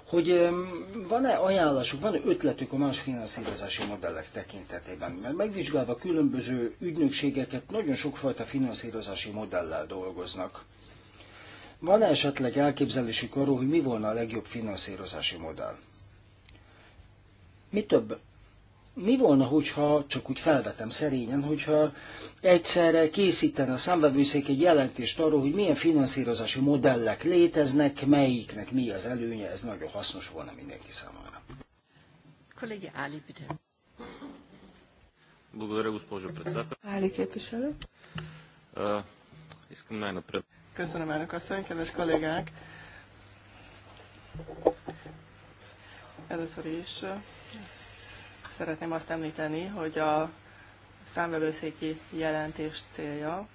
hogy van-e ajánlásuk, van-e ötletük a más finanszírozási modellek tekintetében? Mert megvizsgálva különböző ügynökségeket nagyon sokfajta finanszírozási modellel dolgoznak. Van -e esetleg elképzelésük arról, hogy mi volna a legjobb finanszírozási modell? Mi több, mi volna, hogyha, csak úgy felvetem szerényen, hogyha egyszerre készítene a számvevőszék egy jelentést arról, hogy milyen finanszírozási modellek léteznek, melyiknek mi az előnye, ez nagyon hasznos volna mindenki számára. Kollégia Áli, bitte. Áli képviselő. Köszönöm, elnök asszony, kedves kollégák! Először is szeretném azt említeni, hogy a számvevőszéki jelentés célja,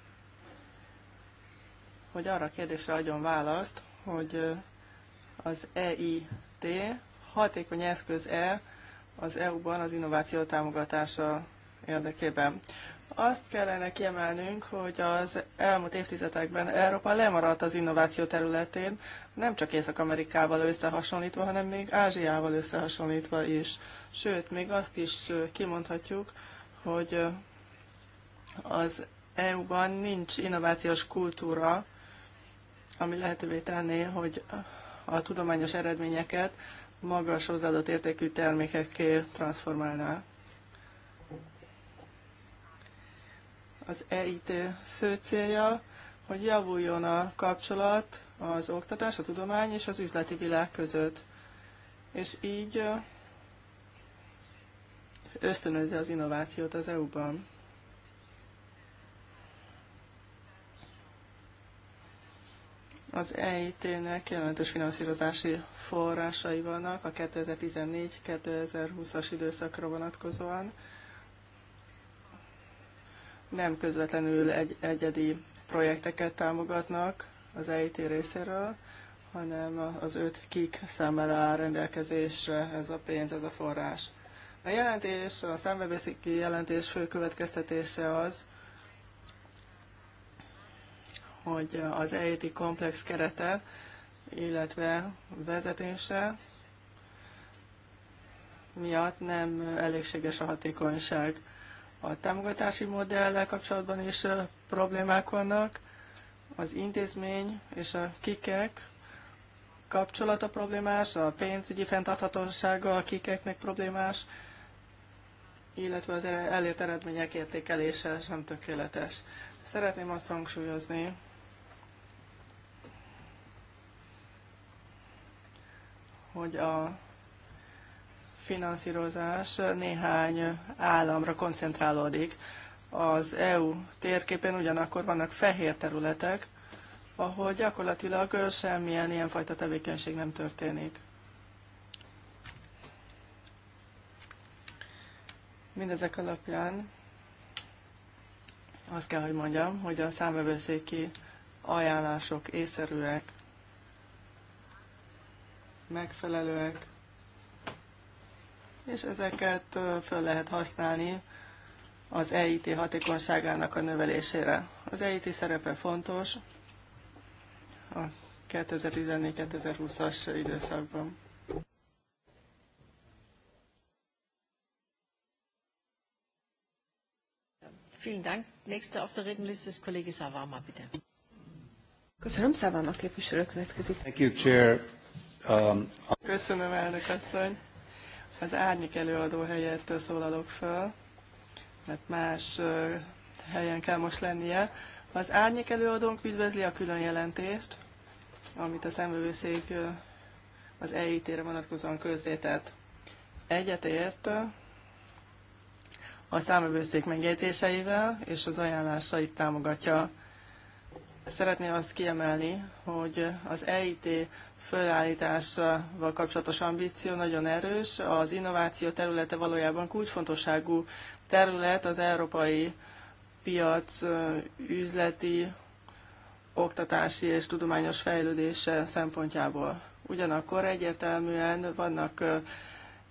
hogy arra a kérdésre adjon választ, hogy az EIT hatékony eszköz-e az EU-ban az innováció támogatása érdekében. Azt kellene kiemelnünk, hogy az elmúlt évtizedekben Európa lemaradt az innováció területén, nem csak Észak-Amerikával összehasonlítva, hanem még Ázsiával összehasonlítva is. Sőt, még azt is kimondhatjuk, hogy az EU-ban nincs innovációs kultúra, ami lehetővé tenné, hogy a tudományos eredményeket magas hozzáadott értékű termékekké transformálná. Az EIT fő célja, hogy javuljon a kapcsolat az oktatás, a tudomány és az üzleti világ között. És így ösztönözze az innovációt az EU-ban. Az EIT-nek jelentős finanszírozási forrásai vannak a 2014-2020-as időszakra vonatkozóan nem közvetlenül egy egyedi projekteket támogatnak az EIT részéről, hanem az öt kik számára áll rendelkezésre ez a pénz, ez a forrás. A jelentés, a számvevőszéki jelentés fő következtetése az, hogy az EIT komplex kerete, illetve vezetése miatt nem elégséges a hatékonyság. A támogatási modellel kapcsolatban is problémák vannak. Az intézmény és a kikek kapcsolata problémás, a pénzügyi fenntarthatósága a kikeknek problémás, illetve az elért eredmények értékelése sem tökéletes. Szeretném azt hangsúlyozni, hogy a finanszírozás néhány államra koncentrálódik. Az EU térképen ugyanakkor vannak fehér területek, ahol gyakorlatilag semmilyen ilyenfajta tevékenység nem történik. Mindezek alapján azt kell, hogy mondjam, hogy a számvevőszéki ajánlások észszerűek, megfelelőek, és ezeket föl lehet használni az EIT hatékonyságának a növelésére. Az EIT szerepe fontos a 2014-2020-as időszakban. Vielen Dank. Nächster auf der Rednerliste ist Kollege Savama, bitte. Köszönöm, Savama képviselő következik. Thank you, Chair. Um, Köszönöm, elnök asszony. Az árnyék előadó helyett szólalok föl, mert más helyen kell most lennie. Az árnyék előadónk üdvözli a külön jelentést, amit a szemövőszék az EIT-re vonatkozóan közzétett. Egyetért a számövőszék megjegyzéseivel és az ajánlásait támogatja. Szeretném azt kiemelni, hogy az EIT fölállításával kapcsolatos ambíció nagyon erős. Az innováció területe valójában kulcsfontosságú terület az európai piac üzleti, oktatási és tudományos fejlődése szempontjából. Ugyanakkor egyértelműen vannak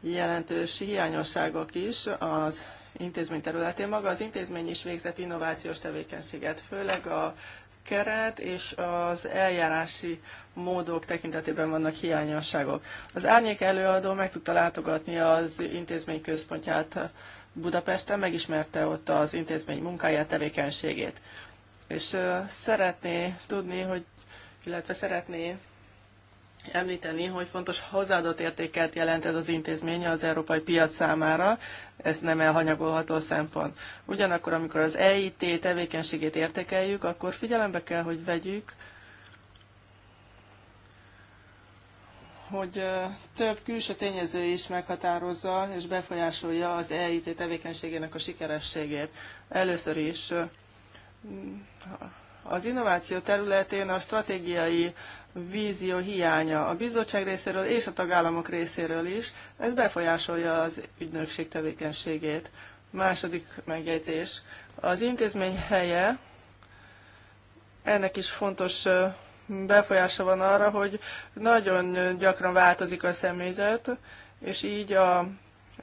jelentős hiányosságok is az intézmény területén. Maga az intézmény is végzett innovációs tevékenységet, főleg a keret és az eljárási módok tekintetében vannak hiányosságok. Az árnyék előadó meg tudta látogatni az intézmény központját Budapesten, megismerte ott az intézmény munkáját, tevékenységét. És szeretné tudni, hogy, illetve szeretné említeni, hogy fontos hozzáadott értéket jelent ez az intézmény az európai piac számára, ez nem elhanyagolható szempont. Ugyanakkor, amikor az EIT tevékenységét értékeljük, akkor figyelembe kell, hogy vegyük, hogy több külső tényező is meghatározza és befolyásolja az EIT tevékenységének a sikerességét. Először is az innováció területén a stratégiai vízió hiánya a bizottság részéről és a tagállamok részéről is, ez befolyásolja az ügynökség tevékenységét. Második megjegyzés. Az intézmény helye, ennek is fontos befolyása van arra, hogy nagyon gyakran változik a személyzet, és így a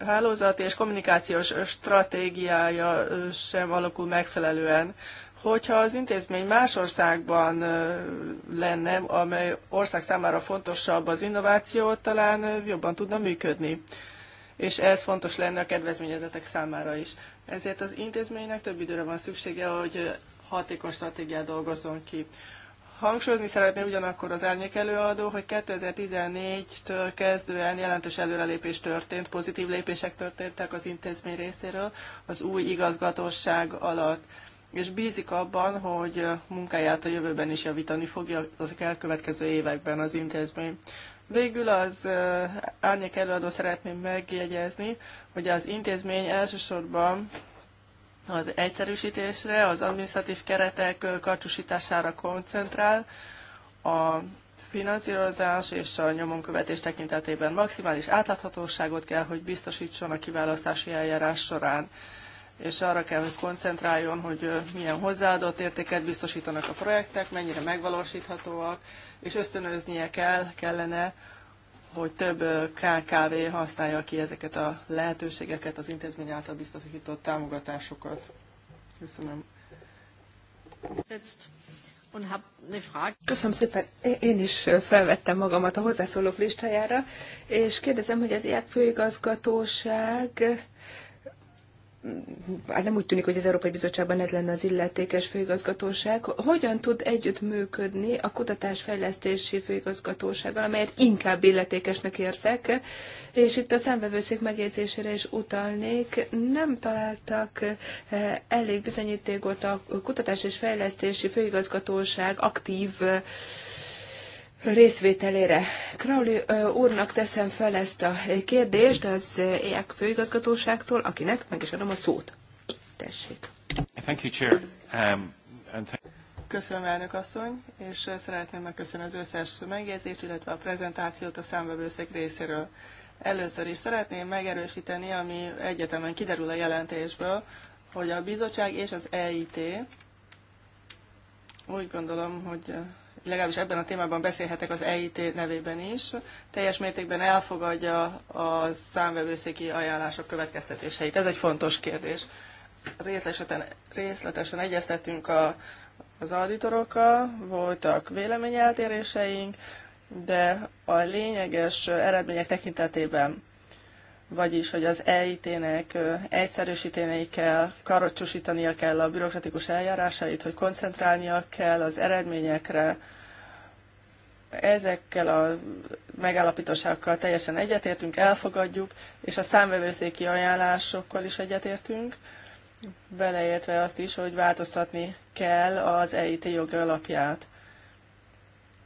hálózat és kommunikációs stratégiája sem alakul megfelelően. Hogyha az intézmény más országban lenne, amely ország számára fontosabb az innováció, talán jobban tudna működni. És ez fontos lenne a kedvezményezetek számára is. Ezért az intézménynek több időre van szüksége, hogy hatékony stratégiát dolgozzon ki. Hangsúlyozni szeretné ugyanakkor az árnyék előadó, hogy 2014-től kezdően jelentős előrelépés történt, pozitív lépések történtek az intézmény részéről az új igazgatóság alatt és bízik abban, hogy munkáját a jövőben is javítani fogja az elkövetkező években az intézmény. Végül az árnyék előadó szeretném megjegyezni, hogy az intézmény elsősorban az egyszerűsítésre, az administratív keretek kartusítására koncentrál, a finanszírozás és a nyomonkövetés tekintetében maximális átláthatóságot kell, hogy biztosítson a kiválasztási eljárás során és arra kell, hogy koncentráljon, hogy milyen hozzáadott értéket biztosítanak a projektek, mennyire megvalósíthatóak, és ösztönöznie kell, kellene, hogy több KKV használja ki ezeket a lehetőségeket, az intézmény által biztosított támogatásokat. Köszönöm. Köszönöm szépen. Én is felvettem magamat a hozzászólók listájára, és kérdezem, hogy az ilyen főigazgatóság hát nem úgy tűnik, hogy az Európai Bizottságban ez lenne az illetékes főigazgatóság, hogyan tud együtt működni a kutatásfejlesztési főigazgatósággal, amelyet inkább illetékesnek érzek, és itt a szemvevőszék megjegyzésére is utalnék, nem találtak eh, elég bizonyítékot a kutatás és fejlesztési főigazgatóság aktív eh, részvételére. Crowley úrnak teszem fel ezt a kérdést az EAK főigazgatóságtól, akinek meg is adom a szót. Tessék. Thank you, Chair. Um, and thank Köszönöm, elnök asszony, és szeretném megköszönni az összes megjegyzést, illetve a prezentációt a számvevőszék részéről. Először is szeretném megerősíteni, ami egyetemen kiderül a jelentésből, hogy a bizottság és az EIT úgy gondolom, hogy legalábbis ebben a témában beszélhetek az EIT nevében is, teljes mértékben elfogadja a számvevőszéki ajánlások következtetéseit. Ez egy fontos kérdés. Részletesen, részletesen egyeztettünk a, az auditorokkal, voltak véleményeltéréseink, de a lényeges eredmények tekintetében vagyis hogy az EIT-nek egyszerűsíteni kell, karocsúsítania kell a bürokratikus eljárásait, hogy koncentrálnia kell az eredményekre. Ezekkel a megállapításokkal teljesen egyetértünk, elfogadjuk, és a számvevőszéki ajánlásokkal is egyetértünk, beleértve azt is, hogy változtatni kell az EIT jogi alapját.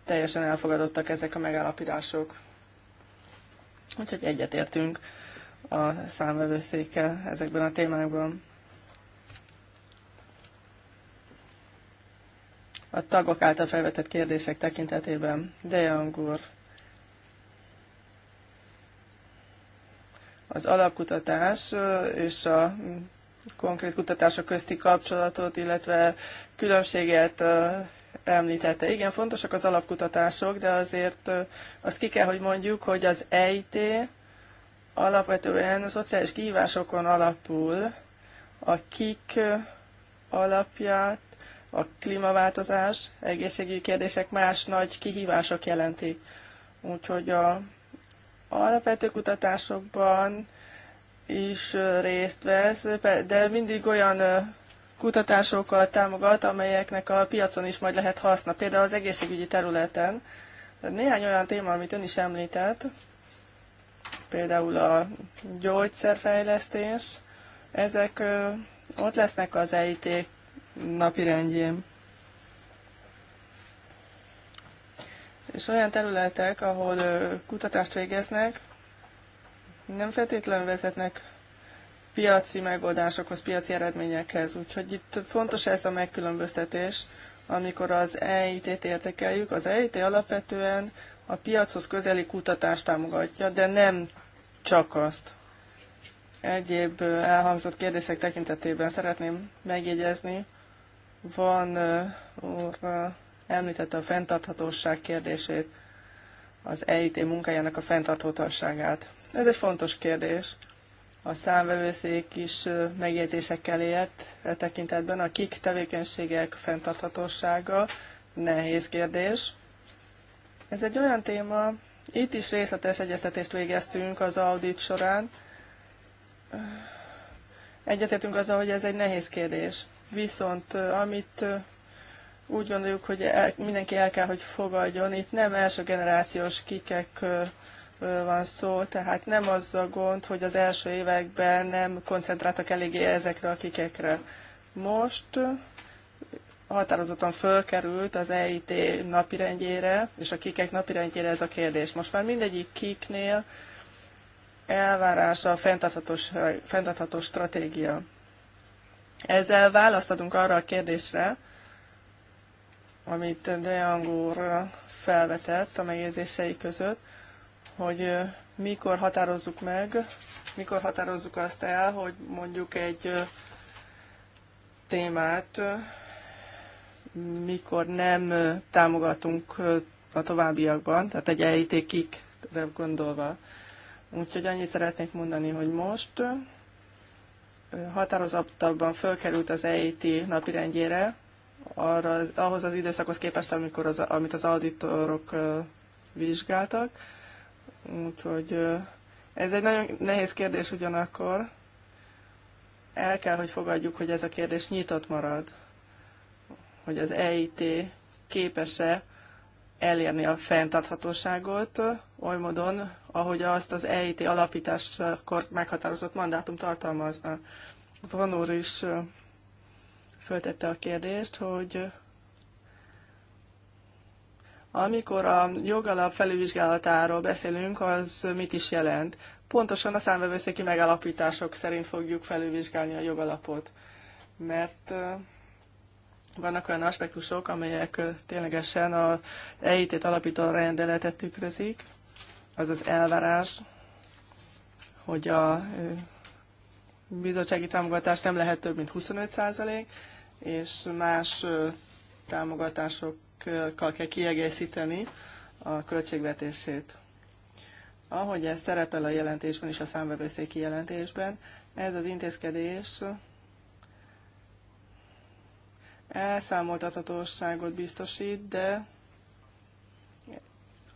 Teljesen elfogadottak ezek a megállapítások. Úgyhogy egyetértünk a számvevőszékkel ezekben a témákban. A tagok által felvetett kérdések tekintetében Dejang úr az alapkutatás és a konkrét kutatások közti kapcsolatot, illetve különbséget említette. Igen, fontosak az alapkutatások, de azért azt ki kell, hogy mondjuk, hogy az EIT alapvetően a szociális kihívásokon alapul, a kik alapját, a klímaváltozás, egészségügyi kérdések más nagy kihívások jelentik. Úgyhogy a alapvető kutatásokban is részt vesz, de mindig olyan kutatásokkal támogat, amelyeknek a piacon is majd lehet haszna. Például az egészségügyi területen. Néhány olyan téma, amit ön is említett, például a gyógyszerfejlesztés, ezek ott lesznek az EIT rendjén. És olyan területek, ahol kutatást végeznek, nem feltétlenül vezetnek piaci megoldásokhoz, piaci eredményekhez. Úgyhogy itt fontos ez a megkülönböztetés, amikor az EIT-t értekeljük. Az EIT alapvetően a piachoz közeli kutatást támogatja, de nem csak azt. Egyéb elhangzott kérdések tekintetében szeretném megjegyezni, van úr említette a fenntarthatóság kérdését, az EIT munkájának a fenntarthatóságát. Ez egy fontos kérdés. A számvevőszék is megjegyzésekkel élt e tekintetben. A KIK tevékenységek fenntarthatósága nehéz kérdés. Ez egy olyan téma, itt is részletes egyeztetést végeztünk az audit során. Egyetértünk azzal, hogy ez egy nehéz kérdés. Viszont amit úgy gondoljuk, hogy el, mindenki el kell, hogy fogadjon, itt nem első generációs kikek van szó, tehát nem az a gond, hogy az első években nem koncentráltak eléggé ezekre a kikekre. Most határozottan fölkerült az EIT napirendjére, és a kikek napirendjére ez a kérdés. Most már mindegyik kiknél elvárása a fenntarthatós, fenntartható stratégia. Ezzel választ adunk arra a kérdésre, amit Deang úr felvetett a megjegyzései között, hogy mikor határozzuk meg, mikor határozzuk azt el, hogy mondjuk egy témát mikor nem támogatunk a továbbiakban, tehát egy elítékikre gondolva. Úgyhogy annyit szeretnék mondani, hogy most határozottabban fölkerült az EIT napirendjére, arra, ahhoz az időszakhoz képest, amikor az, amit az auditorok vizsgáltak. Úgyhogy ez egy nagyon nehéz kérdés ugyanakkor. El kell, hogy fogadjuk, hogy ez a kérdés nyitott marad hogy az EIT képes-e elérni a fenntarthatóságot oly módon, ahogy azt az EIT alapításkor meghatározott mandátum tartalmazna. Van úr is föltette a kérdést, hogy amikor a jogalap felülvizsgálatáról beszélünk, az mit is jelent? Pontosan a számvevőszéki megállapítások szerint fogjuk felülvizsgálni a jogalapot, mert vannak olyan aspektusok, amelyek ténylegesen a EIT-t alapító rendeletet tükrözik, az az elvárás, hogy a bizottsági támogatás nem lehet több, mint 25%, és más támogatásokkal kell kiegészíteni a költségvetését. Ahogy ez szerepel a jelentésben és a számbevőszéki jelentésben, ez az intézkedés elszámoltathatóságot biztosít, de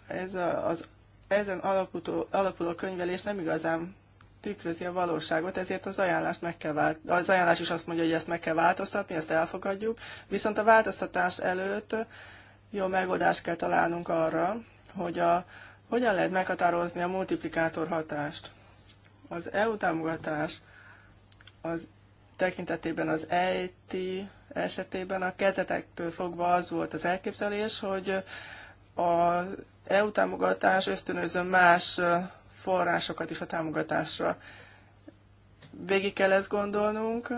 ez a, az, ezen alapuló, alapuló könyvelés nem igazán tükrözi a valóságot, ezért az ajánlást meg kell vált, az ajánlás is azt mondja, hogy ezt meg kell változtatni, ezt elfogadjuk, viszont a változtatás előtt jó megoldást kell találnunk arra, hogy a, hogyan lehet meghatározni a multiplikátor hatást. Az EU támogatás az tekintetében az EIT esetében a kezdetektől fogva az volt az elképzelés, hogy az EU támogatás ösztönözön más forrásokat is a támogatásra. Végig kell ezt gondolnunk,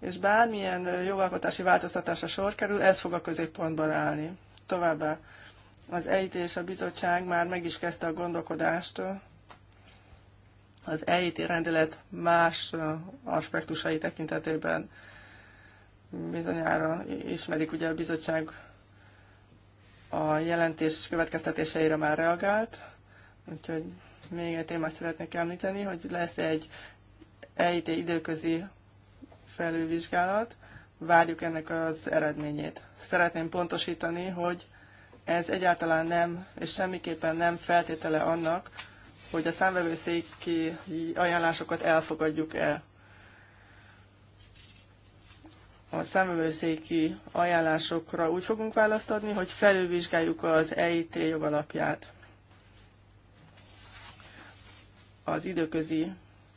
és bármilyen jogalkotási változtatásra sor kerül, ez fog a középpontban állni. Továbbá az EIT és a bizottság már meg is kezdte a gondolkodást az EIT rendelet más aspektusai tekintetében bizonyára ismerik, ugye a bizottság a jelentés következtetéseire már reagált, úgyhogy még egy témát szeretnék említeni, hogy lesz egy EIT időközi felülvizsgálat, várjuk ennek az eredményét. Szeretném pontosítani, hogy ez egyáltalán nem, és semmiképpen nem feltétele annak, hogy a számvevőszéki ajánlásokat elfogadjuk-e. A számvevőszéki ajánlásokra úgy fogunk választ adni, hogy felülvizsgáljuk az EIT jogalapját. Az időközi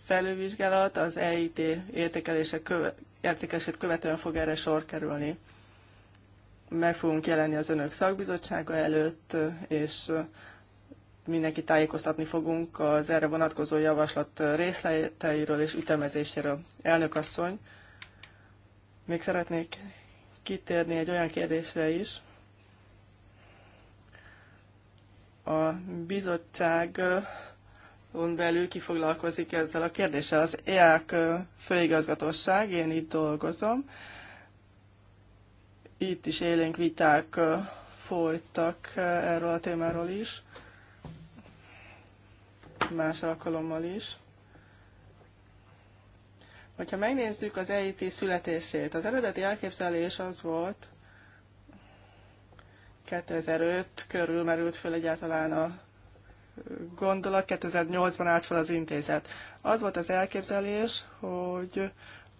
felülvizsgálat az EIT értékelése követ, értékelését követően fog erre sor kerülni. Meg fogunk jelenni az önök szakbizottsága előtt, és mindenki tájékoztatni fogunk az erre vonatkozó javaslat részleteiről és ütemezéséről. Elnök asszony, még szeretnék kitérni egy olyan kérdésre is. A bizottság belül kifoglalkozik ezzel a kérdéssel. Az EAK főigazgatóság, én itt dolgozom, itt is élénk viták folytak erről a témáról is más alkalommal is. Hogyha megnézzük az EIT születését, az eredeti elképzelés az volt, 2005 körül merült föl egyáltalán a gondolat, 2008-ban állt fel az intézet. Az volt az elképzelés, hogy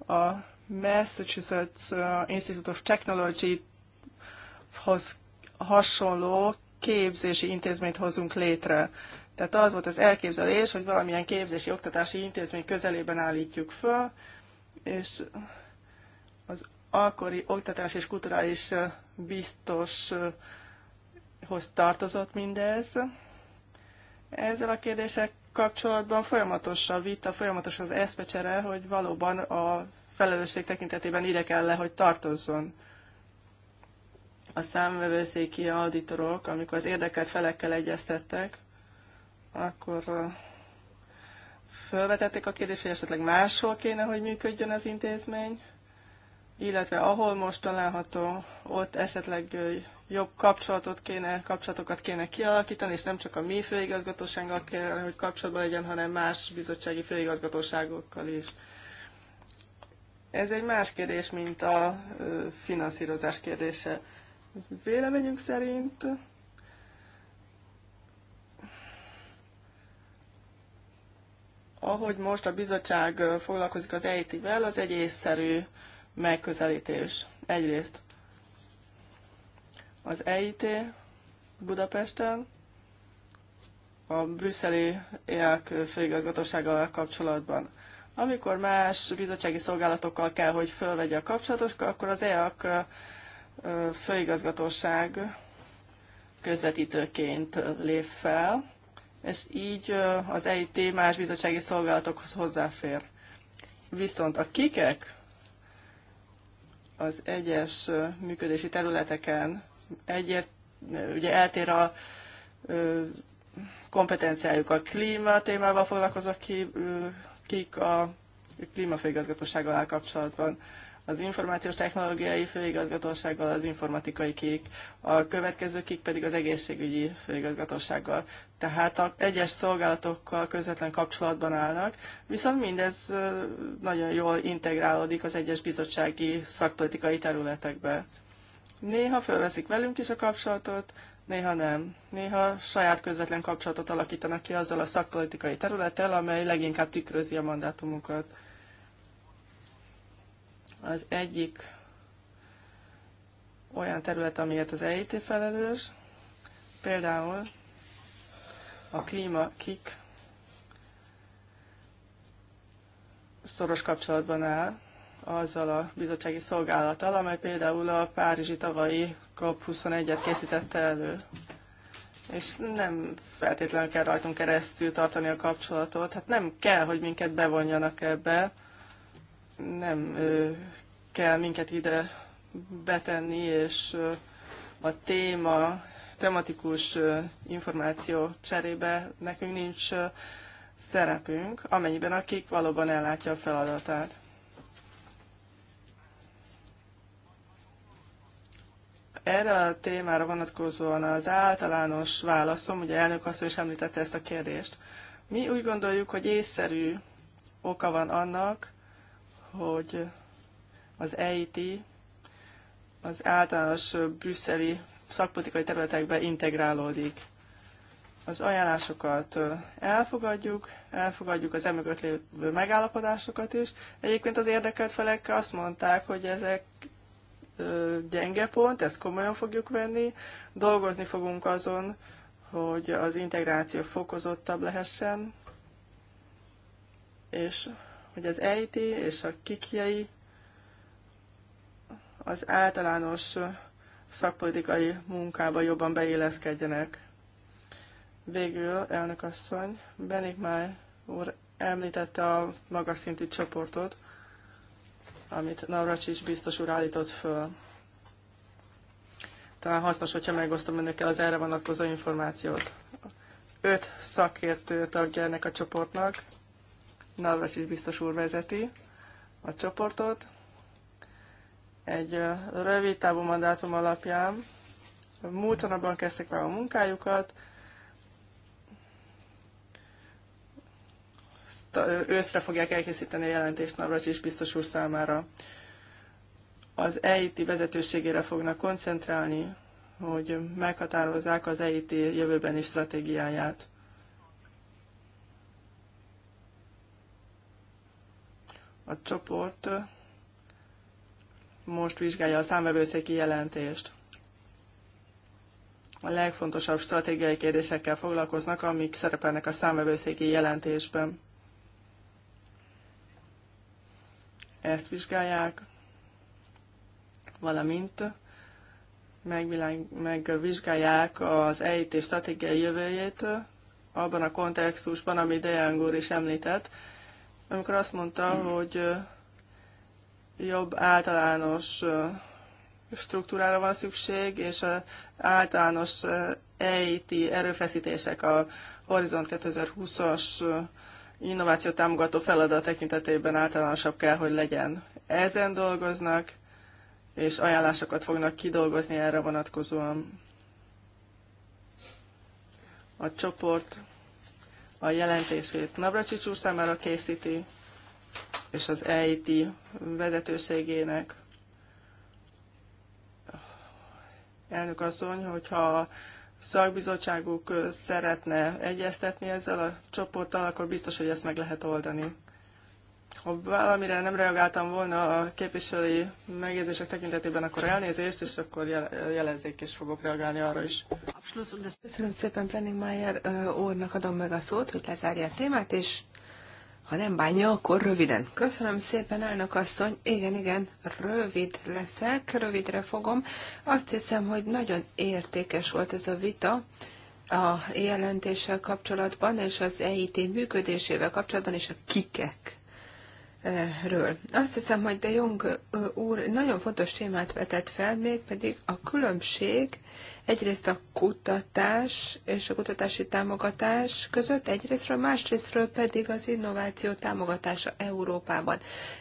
a Massachusetts uh, Institute of Technology-hoz hasonló képzési intézményt hozunk létre. Tehát az volt az elképzelés, hogy valamilyen képzési oktatási intézmény közelében állítjuk föl, és az akkori oktatás és kulturális biztoshoz tartozott mindez. Ezzel a kérdések kapcsolatban folyamatos a vita, folyamatos az eszpecsere, hogy valóban a felelősség tekintetében ide kell le, hogy tartozzon a számvevőszéki auditorok, amikor az érdekelt felekkel egyeztettek, akkor fölvetették a kérdést, hogy esetleg máshol kéne, hogy működjön az intézmény, illetve ahol most található, ott esetleg jobb kapcsolatot kéne, kapcsolatokat kéne kialakítani, és nem csak a mi főigazgatósággal kell, hogy kapcsolatban legyen, hanem más bizottsági főigazgatóságokkal is. Ez egy más kérdés, mint a finanszírozás kérdése. Véleményünk szerint Ahogy most a bizottság foglalkozik az EIT-vel, az egy észszerű megközelítés. Egyrészt az EIT Budapesten, a brüsszeli EAK főigazgatósággal kapcsolatban. Amikor más bizottsági szolgálatokkal kell, hogy fölvegye a kapcsolatot, akkor az EAK főigazgatóság közvetítőként lép fel, és így az EIT más bizottsági szolgálatokhoz hozzáfér. Viszont a kikek az egyes működési területeken egyért, ugye eltér a kompetenciájuk a klíma témával foglalkozó ki, kik a klímafőigazgatósággal alá kapcsolatban az információs technológiai főigazgatósággal, az informatikai kék, a következő kék pedig az egészségügyi főigazgatósággal. Tehát a egyes szolgálatokkal közvetlen kapcsolatban állnak, viszont mindez nagyon jól integrálódik az egyes bizottsági szakpolitikai területekbe. Néha fölveszik velünk is a kapcsolatot, néha nem. Néha saját közvetlen kapcsolatot alakítanak ki azzal a szakpolitikai területtel, amely leginkább tükrözi a mandátumukat. Az egyik olyan terület, amiért az EIT felelős, például a klíma kik szoros kapcsolatban áll azzal a bizottsági szolgálattal, amely például a Párizsi tavalyi COP21-et készítette elő. És nem feltétlenül kell rajtunk keresztül tartani a kapcsolatot, hát nem kell, hogy minket bevonjanak ebbe, nem kell minket ide betenni, és a téma, tematikus információ cserébe nekünk nincs szerepünk, amennyiben akik valóban ellátja a feladatát. Erre a témára vonatkozóan az általános válaszom, ugye elnök asszony is említette ezt a kérdést. Mi úgy gondoljuk, hogy észszerű oka van annak, hogy az EIT az általános brüsszeli szakpolitikai területekbe integrálódik. Az ajánlásokat elfogadjuk, elfogadjuk az emögött lévő megállapodásokat is. Egyébként az érdekelt felek azt mondták, hogy ezek gyenge pont, ezt komolyan fogjuk venni, dolgozni fogunk azon, hogy az integráció fokozottabb lehessen, és hogy az EIT és a kikjei az általános szakpolitikai munkába jobban beilleszkedjenek. Végül, elnök asszony, Benik Máj úr említette a magas szintű csoportot, amit Navracsics biztos úr állított föl. Talán hasznos, hogyha megosztom önökkel az erre vonatkozó információt. Öt szakértő tagja ennek a csoportnak, Navracsics biztos úr vezeti a csoportot. Egy rövid távú mandátum alapján múlt hónapban kezdtek meg a munkájukat, őszre fogják elkészíteni a jelentést Navracsics biztos úr számára. Az EIT vezetőségére fognak koncentrálni, hogy meghatározzák az EIT jövőbeni stratégiáját. A csoport most vizsgálja a számvevőszéki jelentést. A legfontosabb stratégiai kérdésekkel foglalkoznak, amik szerepelnek a számvevőszéki jelentésben. Ezt vizsgálják, valamint megvizsgálják az EIT stratégiai jövőjét abban a kontextusban, amit Dejan úr is említett, amikor azt mondta, hogy jobb általános struktúrára van szükség, és az általános EIT erőfeszítések a Horizont 2020-as innováció támogató feladat tekintetében általánosabb kell, hogy legyen. Ezen dolgoznak, és ajánlásokat fognak kidolgozni erre vonatkozóan. A csoport a jelentését Navracsics úr számára készíti, és az EIT vezetőségének. Elnök asszony, hogyha szakbizottságuk szeretne egyeztetni ezzel a csoporttal, akkor biztos, hogy ezt meg lehet oldani ha valamire nem reagáltam volna a képviselői megjegyzések tekintetében, akkor elnézést, és akkor jelezzék, és fogok reagálni arra is. Köszönöm szépen Brenning Mayer úrnak adom meg a szót, hogy lezárja a témát, és ha nem bánja, akkor röviden. Köszönöm szépen, elnök asszony. Igen, igen, rövid leszek, rövidre fogom. Azt hiszem, hogy nagyon értékes volt ez a vita a jelentéssel kapcsolatban, és az EIT működésével kapcsolatban, és a kikek ről. Azt hiszem, hogy de Jong úr nagyon fontos témát vetett fel, mégpedig a különbség egyrészt a kutatás és a kutatási támogatás között, egyrésztről, másrésztről pedig az innováció támogatása Európában.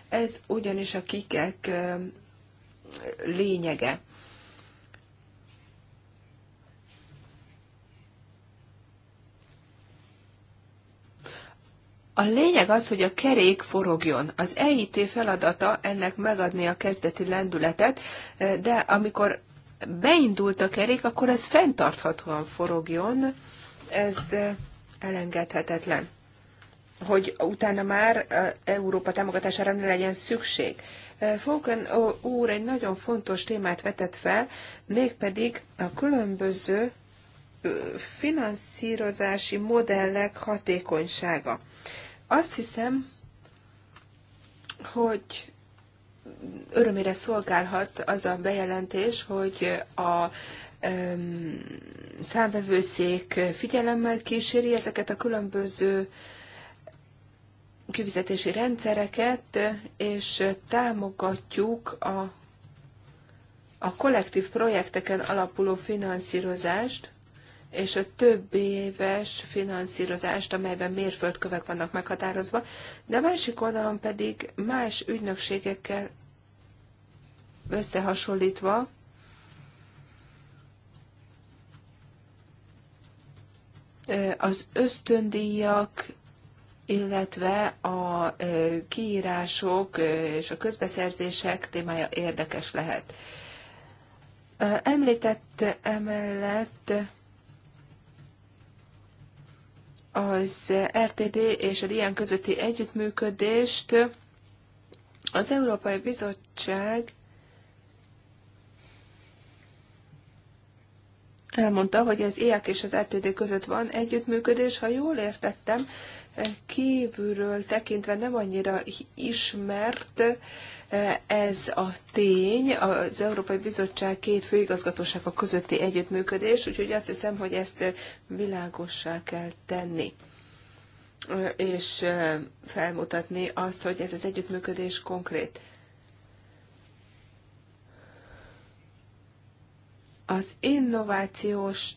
Ez ugyanis a kikek lényege. A lényeg az, hogy a kerék forogjon. Az EIT feladata ennek megadni a kezdeti lendületet, eh, de amikor beindult a kerék, akkor ez fenntarthatóan forogjon. Ez eh, elengedhetetlen hogy utána már eh, Európa támogatására ne legyen szükség. Fóken úr egy nagyon fontos témát vetett fel, mégpedig a különböző finanszírozási modellek hatékonysága. Azt hiszem, hogy örömére szolgálhat az a bejelentés, hogy a öm, számvevőszék figyelemmel kíséri ezeket a különböző kivizetési rendszereket, és támogatjuk a, a kollektív projekteken alapuló finanszírozást, és a több éves finanszírozást, amelyben mérföldkövek vannak meghatározva, de a másik oldalon pedig más ügynökségekkel összehasonlítva, az ösztöndíjak, illetve a kiírások és a közbeszerzések témája érdekes lehet. Említett emellett az RTD és a DIAN közötti együttműködést az Európai Bizottság elmondta, hogy az IAK e és az RTD között van együttműködés, ha jól értettem, kívülről tekintve nem annyira ismert ez a tény, az Európai Bizottság két főigazgatósága közötti együttműködés, úgyhogy azt hiszem, hogy ezt világossá kell tenni és felmutatni azt, hogy ez az együttműködés konkrét. Az innovációs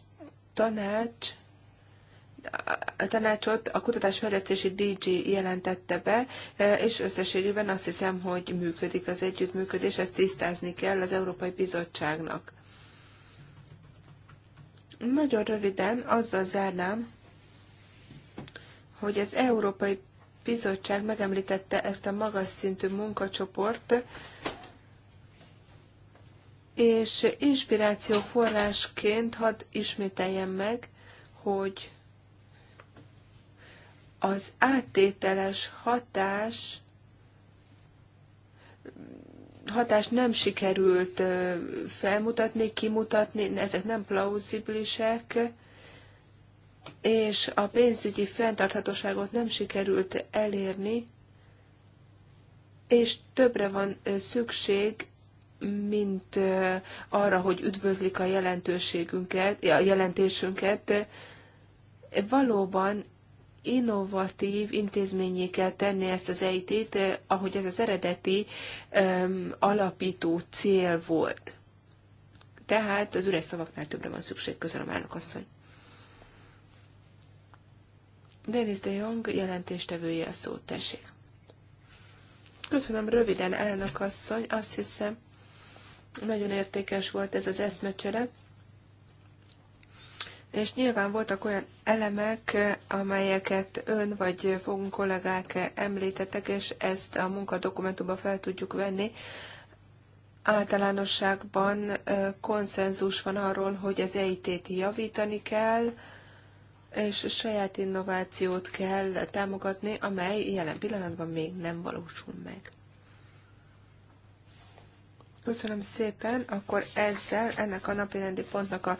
tanács a tanácsot a kutatásfejlesztési DG jelentette be, eh, és összességében azt hiszem, hogy működik az együttműködés, ezt tisztázni kell az Európai Bizottságnak. Nagyon röviden azzal zárnám, hogy az Európai Bizottság megemlítette ezt a magas szintű munkacsoport, és inspiráció forrásként hadd ismételjem meg, hogy az áttételes hatás hatást nem sikerült felmutatni, kimutatni, ezek nem plauzibilisek, és a pénzügyi fenntarthatóságot nem sikerült elérni, és többre van szükség, mint arra, hogy üdvözlik a jelentőségünket, a jelentésünket. Valóban innovatív intézményé kell tenni ezt az EIT-t, eh, ahogy ez az eredeti um, alapító cél volt. Tehát az üres szavaknál többre van szükség, köszönöm elnök asszony. Denis de Jong jelentéstevője a szót, tessék. Köszönöm röviden, elnök asszony, azt hiszem, nagyon értékes volt ez az eszmecsere és nyilván voltak olyan elemek, amelyeket ön vagy fogunk kollégák említettek, és ezt a munkadokumentumba fel tudjuk venni. Általánosságban konszenzus van arról, hogy az EIT-t javítani kell, és saját innovációt kell támogatni, amely jelen pillanatban még nem valósul meg. Köszönöm szépen, akkor ezzel ennek a napirendi pontnak a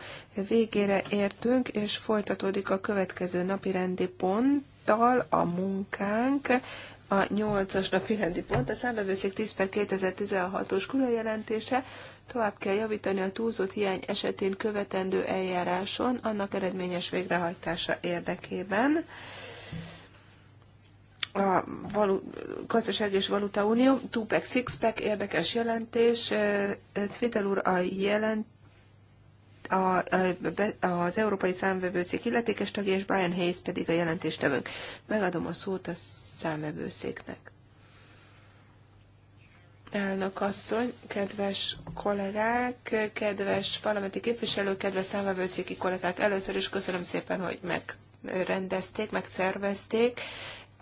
végére értünk, és folytatódik a következő napirendi ponttal a munkánk. A nyolcas napirendi pont, a számbevőszék 10 per 2016-os különjelentése, tovább kell javítani a túlzott hiány esetén követendő eljáráson, annak eredményes végrehajtása érdekében a valu, gazdaság és valuta unió, Tupac Sixpack, érdekes jelentés, Svitel úr a jelent, a, a, az Európai Számvevőszék illetékes tagja, és Brian Hayes pedig a jelentéstevőnk. Megadom a szót a számvevőszéknek. Elnök asszony, kedves kollégák, kedves parlamenti képviselők, kedves számvevőszéki kollégák, először is köszönöm szépen, hogy megrendezték, megszervezték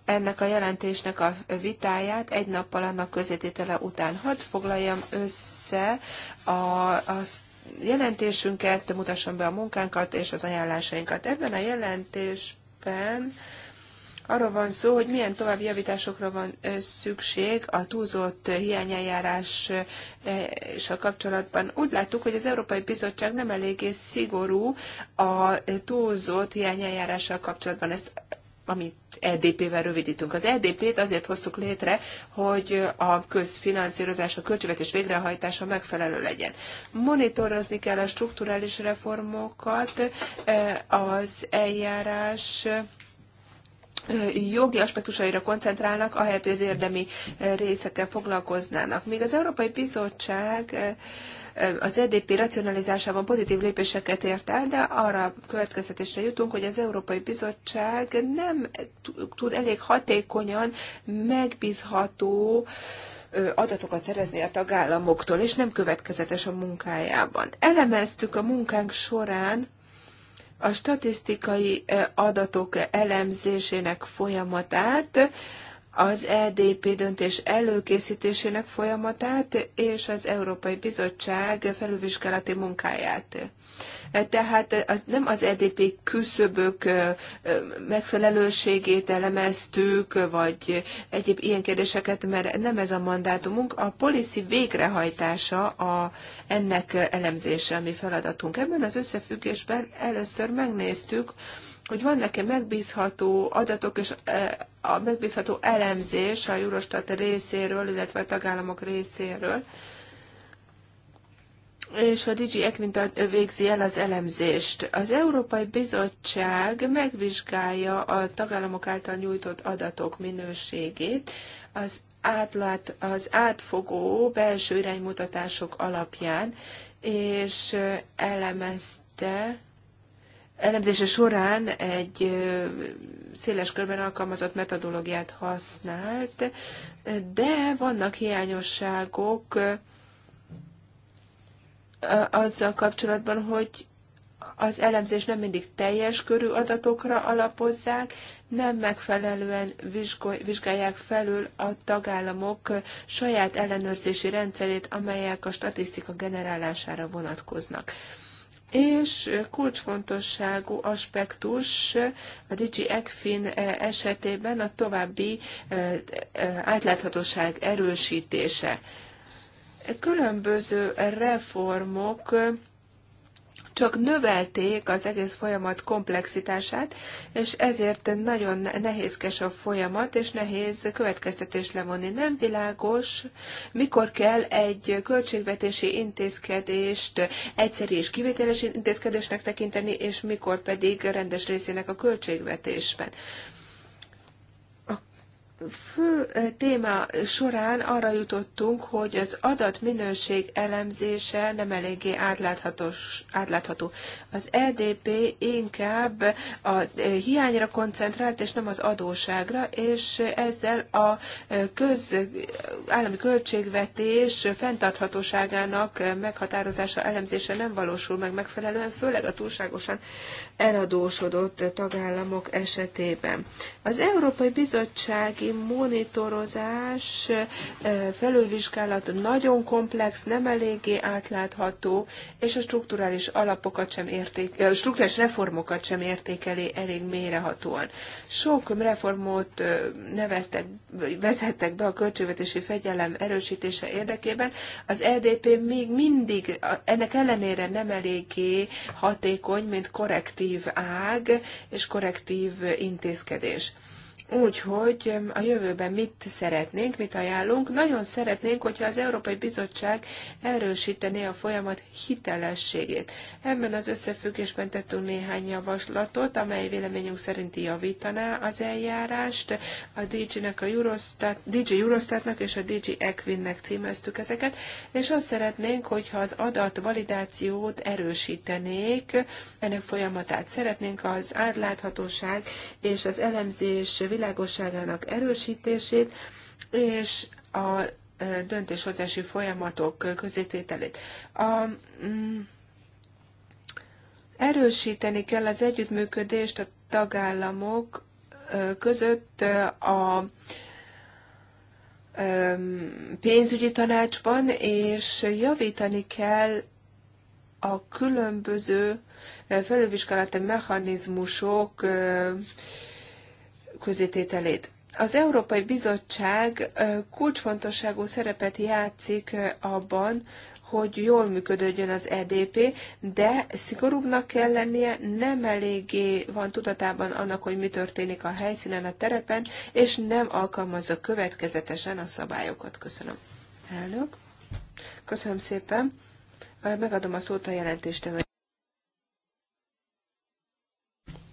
ennek a jelentésnek a vitáját egy nappal annak közététele után. Hadd foglaljam össze a, a jelentésünket, mutassam be a munkánkat és az ajánlásainkat. Ebben a jelentésben arról van szó, hogy milyen további javításokra van szükség a túlzott hiányeljárás a e, kapcsolatban. Úgy láttuk, hogy az Európai Bizottság nem eléggé szigorú a túlzott hiányeljárással kapcsolatban. Ezt amit EDP-vel rövidítünk. Az EDP-t azért hoztuk létre, hogy a közfinanszírozás, a költségvetés végrehajtása megfelelő legyen. Monitorozni kell a strukturális reformokat, eh, az eljárás eh, jogi aspektusaira koncentrálnak, ahelyett, hogy az érdemi eh, részekkel foglalkoznának. Míg az Európai Bizottság az EDP racionalizásában pozitív lépéseket ért el, de arra következtetésre jutunk, hogy az Európai Bizottság nem tud elég hatékonyan, megbízható adatokat szerezni a tagállamoktól, és nem következetes a munkájában. Elemeztük a munkánk során a statisztikai adatok elemzésének folyamatát, az EDP döntés előkészítésének folyamatát és az Európai Bizottság felülvizsgálati munkáját. Tehát az, nem az EDP küszöbök megfelelőségét elemeztük, vagy egyéb ilyen kérdéseket, mert nem ez a mandátumunk. A policy végrehajtása a, ennek elemzése a mi feladatunk. Ebben az összefüggésben először megnéztük, hogy vannak-e megbízható adatok és e, a megbízható elemzés a Eurostat részéről, illetve a tagállamok részéről, és a DG Equinta végzi el az elemzést. Az Európai Bizottság megvizsgálja a tagállamok által nyújtott adatok minőségét az, átlát, az átfogó belső iránymutatások alapján, és elemezte elemzése során egy széles körben alkalmazott metodológiát használt, de vannak hiányosságok azzal kapcsolatban, hogy az elemzés nem mindig teljes körű adatokra alapozzák, nem megfelelően vizsgálják felül a tagállamok saját ellenőrzési rendszerét, amelyek a statisztika generálására vonatkoznak és kulcsfontosságú aspektus a Digi ECFIN eh, esetében a további eh, eh, átláthatóság erősítése. Különböző reformok csak növelték az egész folyamat komplexitását, és ezért nagyon nehézkes a folyamat, és nehéz következtetés levonni. Nem világos, mikor kell egy költségvetési intézkedést egyszerű és kivételes intézkedésnek tekinteni, és mikor pedig rendes részének a költségvetésben fő téma során arra jutottunk, hogy az adatminőség elemzése nem eléggé átlátható. Az EDP inkább a hiányra koncentrált, és nem az adóságra, és ezzel a köz, állami költségvetés fenntarthatóságának meghatározása, elemzése nem valósul meg megfelelően, főleg a túlságosan eladósodott tagállamok esetében. Az Európai Bizottsági Monitorozás felülvizsgálat nagyon komplex, nem eléggé átlátható, és a strukturális alapokat sem érték, strukturális reformokat sem értékeli elég mélyrehatóan. Sok reformot neveztek, vezettek be a költségvetési fegyelem erősítése érdekében, az EDP még mindig ennek ellenére nem eléggé hatékony, mint korrektív korrektív ág és korrektív intézkedés. Úgyhogy a jövőben mit szeretnénk, mit ajánlunk? Nagyon szeretnénk, hogyha az Európai Bizottság erősítené a folyamat hitelességét. Ebben az összefüggésben tettünk néhány javaslatot, amely véleményünk szerint javítaná az eljárást. A DG-nek a Eurostat, DG Eurostatnak és a DG Equinnek címeztük ezeket, és azt szeretnénk, hogyha az adat validációt erősítenék, ennek folyamatát szeretnénk az átláthatóság és az elemzés világ világosságának erősítését, és a e, döntéshozási folyamatok közétételét. A, mm, erősíteni kell az együttműködést a tagállamok e, között e, a pénzügyi tanácsban, és javítani kell a különböző felülvizsgálati mechanizmusok közétételét. Az Európai Bizottság kulcsfontosságú szerepet játszik abban, hogy jól működjön az EDP, de szigorúbbnak kell lennie, nem eléggé van tudatában annak, hogy mi történik a helyszínen, a terepen, és nem alkalmazza következetesen a szabályokat. Köszönöm. Elnök. Köszönöm szépen. Megadom a szót a jelentéstevőnek.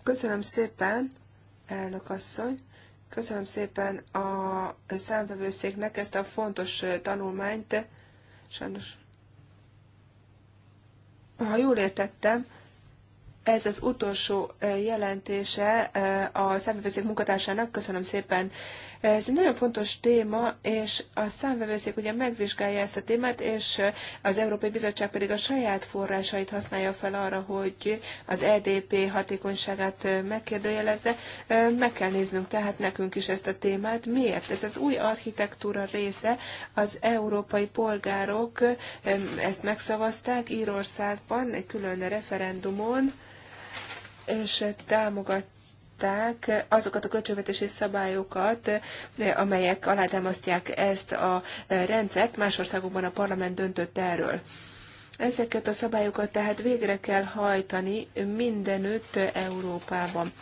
Köszönöm szépen elnök asszony. Köszönöm szépen a számvevőszéknek ezt a fontos tanulmányt. Sajnos, ha jól értettem, ez az utolsó jelentése a számvevőszék munkatársának. Köszönöm szépen ez egy nagyon fontos téma, és a számvevőszék ugye megvizsgálja ezt a témát, és az Európai Bizottság pedig a saját forrásait használja fel arra, hogy az EDP hatékonyságát megkérdőjelezze. Meg kell néznünk tehát nekünk is ezt a témát. Miért? Ez az új architektúra része, az európai polgárok ezt megszavazták Írországban, egy külön referendumon, és támogat támogatták azokat a költségvetési szabályokat, amelyek alátámasztják ezt a rendszert. Más országokban a parlament döntött erről. Ezeket a szabályokat tehát végre kell hajtani mindenütt Európában.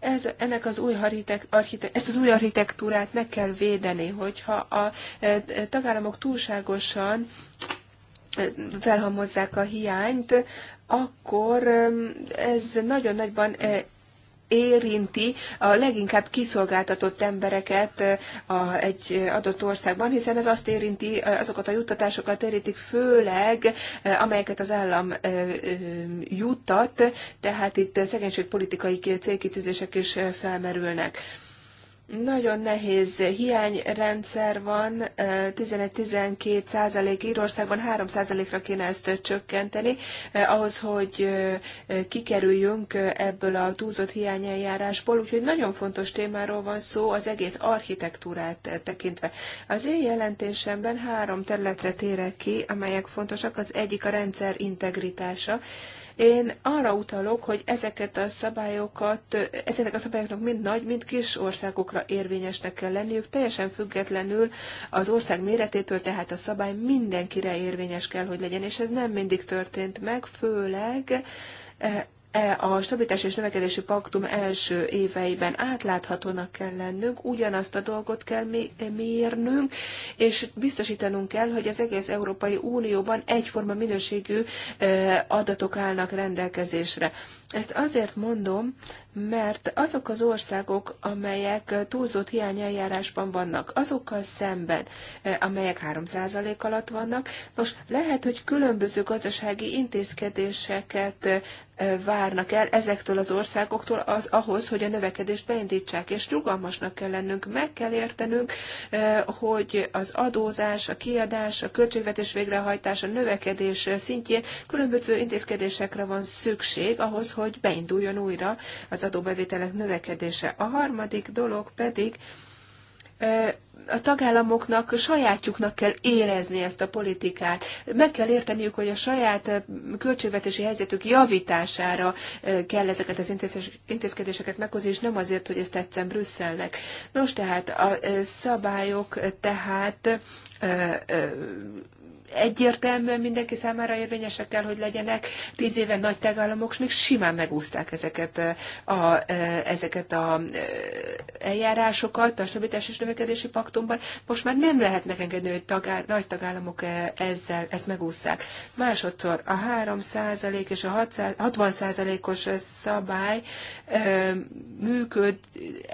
Ez, ennek az új architek, architek, ezt az új architektúrát meg kell védeni, hogyha a e, e, tagállamok túlságosan e, felhamozzák a hiányt, akkor ez nagyon nagyban érinti a leginkább kiszolgáltatott embereket a, egy adott országban, hiszen ez azt érinti, azokat a juttatásokat érintik főleg, amelyeket az állam juttat, tehát itt szegénységpolitikai célkitűzések is felmerülnek. Nagyon nehéz hiányrendszer van, 11-12 százalék Írországban, 3 százalékra kéne ezt csökkenteni, ahhoz, hogy kikerüljünk ebből a túlzott hiányeljárásból, úgyhogy nagyon fontos témáról van szó az egész architektúrát tekintve. Az én jelentésemben három területre térek ki, amelyek fontosak, az egyik a rendszer integritása, én arra utalok, hogy ezeket a szabályokat, ezeknek a szabályoknak mind nagy, mind kis országokra érvényesnek kell lenniük, teljesen függetlenül az ország méretétől, tehát a szabály mindenkire érvényes kell, hogy legyen, és ez nem mindig történt meg, főleg eh, E, a stabilitás és növekedési paktum első éveiben átláthatónak kell lennünk, ugyanazt a dolgot kell mérnünk, és biztosítanunk kell, hogy az egész Európai Unióban egyforma minőségű e, adatok állnak rendelkezésre. Ezt azért mondom, mert azok az országok, amelyek túlzott hiányeljárásban vannak, azokkal szemben, eh, amelyek 3% alatt vannak, nos, lehet, hogy különböző gazdasági intézkedéseket eh, várnak el ezektől az országoktól az ahhoz, hogy a növekedést beindítsák, és rugalmasnak kell lennünk, meg kell értenünk, eh, hogy az adózás, a kiadás, a költségvetés végrehajtás, a növekedés szintjén különböző intézkedésekre van szükség ahhoz, hogy beinduljon újra az adóbevételek növekedése. A harmadik dolog pedig, a tagállamoknak sajátjuknak kell érezni ezt a politikát. Meg kell érteniük, hogy a saját költségvetési helyzetük javítására kell ezeket az intézkedéseket meghozni, és nem azért, hogy ezt tetszen Brüsszelnek. Nos, tehát a szabályok tehát egyértelműen mindenki számára érvényesek kell, hogy legyenek. Tíz éve nagy tagállamok még simán megúzták eh, eh, ezeket a, ezeket eh, a eljárásokat a stabilitás és növekedési paktumban. Most már nem lehet megengedni, hogy tagá, nagy tagállamok ezzel ezt megúszszák. Másodszor a 3% és a 60%-os szabály működ,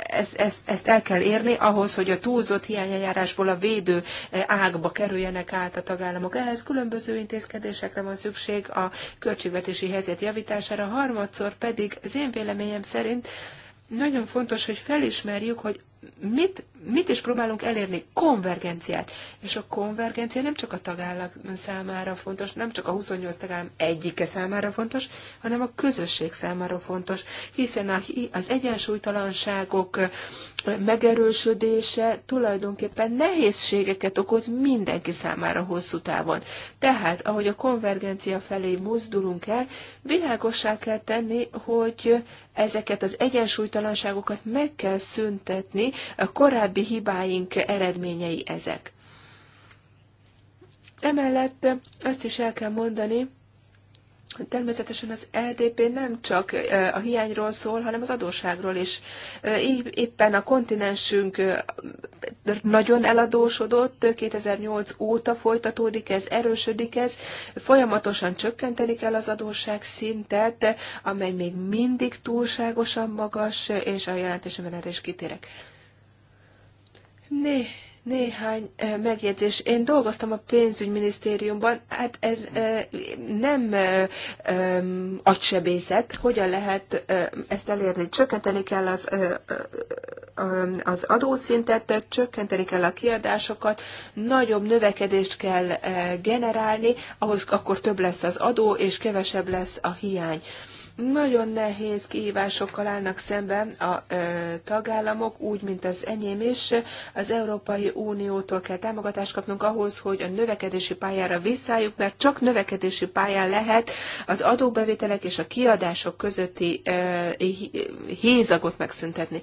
ezt, ezt, ezt el kell érni ahhoz, hogy a túlzott hiányeljárásból a védő ágba kerüljenek át a tagállamok tagállamok. Ehhez különböző intézkedésekre van szükség a költségvetési helyzet javítására, harmadszor pedig az én véleményem szerint nagyon fontos, hogy felismerjük, hogy mit, mit is próbálunk elérni? Konvergenciát. És a konvergencia nem csak a tagállam számára fontos, nem csak a 28 tagállam egyike számára fontos, hanem a közösség számára fontos, hiszen a, az egyensúlytalanságok megerősödése tulajdonképpen nehézségeket okoz mindenki számára hosszú távon. Tehát, ahogy a konvergencia felé mozdulunk el, világossá kell tenni, hogy ezeket az egyensúlytalanságokat meg kell szüntetni, a korábbi hibáink eredményei ezek. Emellett azt is el kell mondani, Természetesen az LDP nem csak a hiányról szól, hanem az adósságról is. Éppen a kontinensünk nagyon eladósodott, 2008 óta folytatódik ez, erősödik ez, folyamatosan csökkenteni kell az adósság szintet, amely még mindig túlságosan magas, és a jelentésemben erre is kitérek. Né, néhány megjegyzés. Én dolgoztam a pénzügyminisztériumban, hát ez nem agysebészet, hogyan lehet ezt elérni. Csökkenteni kell az, az adószintet, csökkenteni kell a kiadásokat, nagyobb növekedést kell generálni, ahhoz akkor több lesz az adó, és kevesebb lesz a hiány. Nagyon nehéz kihívásokkal állnak szemben a tagállamok, úgy, mint az enyém is. Az Európai Uniótól kell támogatást kapnunk ahhoz, hogy a növekedési pályára visszálljuk, mert csak növekedési pályán lehet az adóbevételek és a kiadások közötti hézagot megszüntetni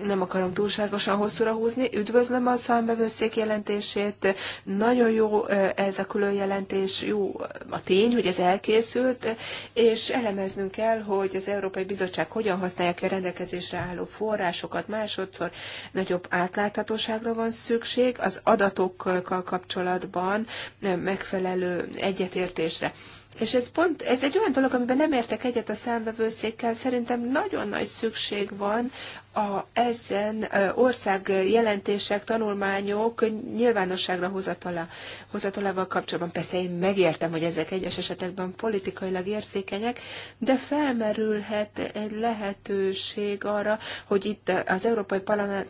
nem akarom túlságosan hosszúra húzni. Üdvözlöm a számbevőszék jelentését, nagyon jó ez a külön jelentés, jó a tény, hogy ez elkészült, és elemeznünk kell, hogy az Európai Bizottság hogyan használja ki a rendelkezésre álló forrásokat. Másodszor nagyobb átláthatóságra van szükség az adatokkal kapcsolatban megfelelő egyetértésre. És ez pont, ez egy olyan dolog, amiben nem értek egyet a számvevőszékkel, szerintem nagyon nagy szükség van a, ezen ország jelentések, tanulmányok nyilvánosságra hozatala, hozatalával kapcsolatban. Persze én megértem, hogy ezek egyes esetekben politikailag érzékenyek, de felmerülhet egy lehetőség arra, hogy itt az Európai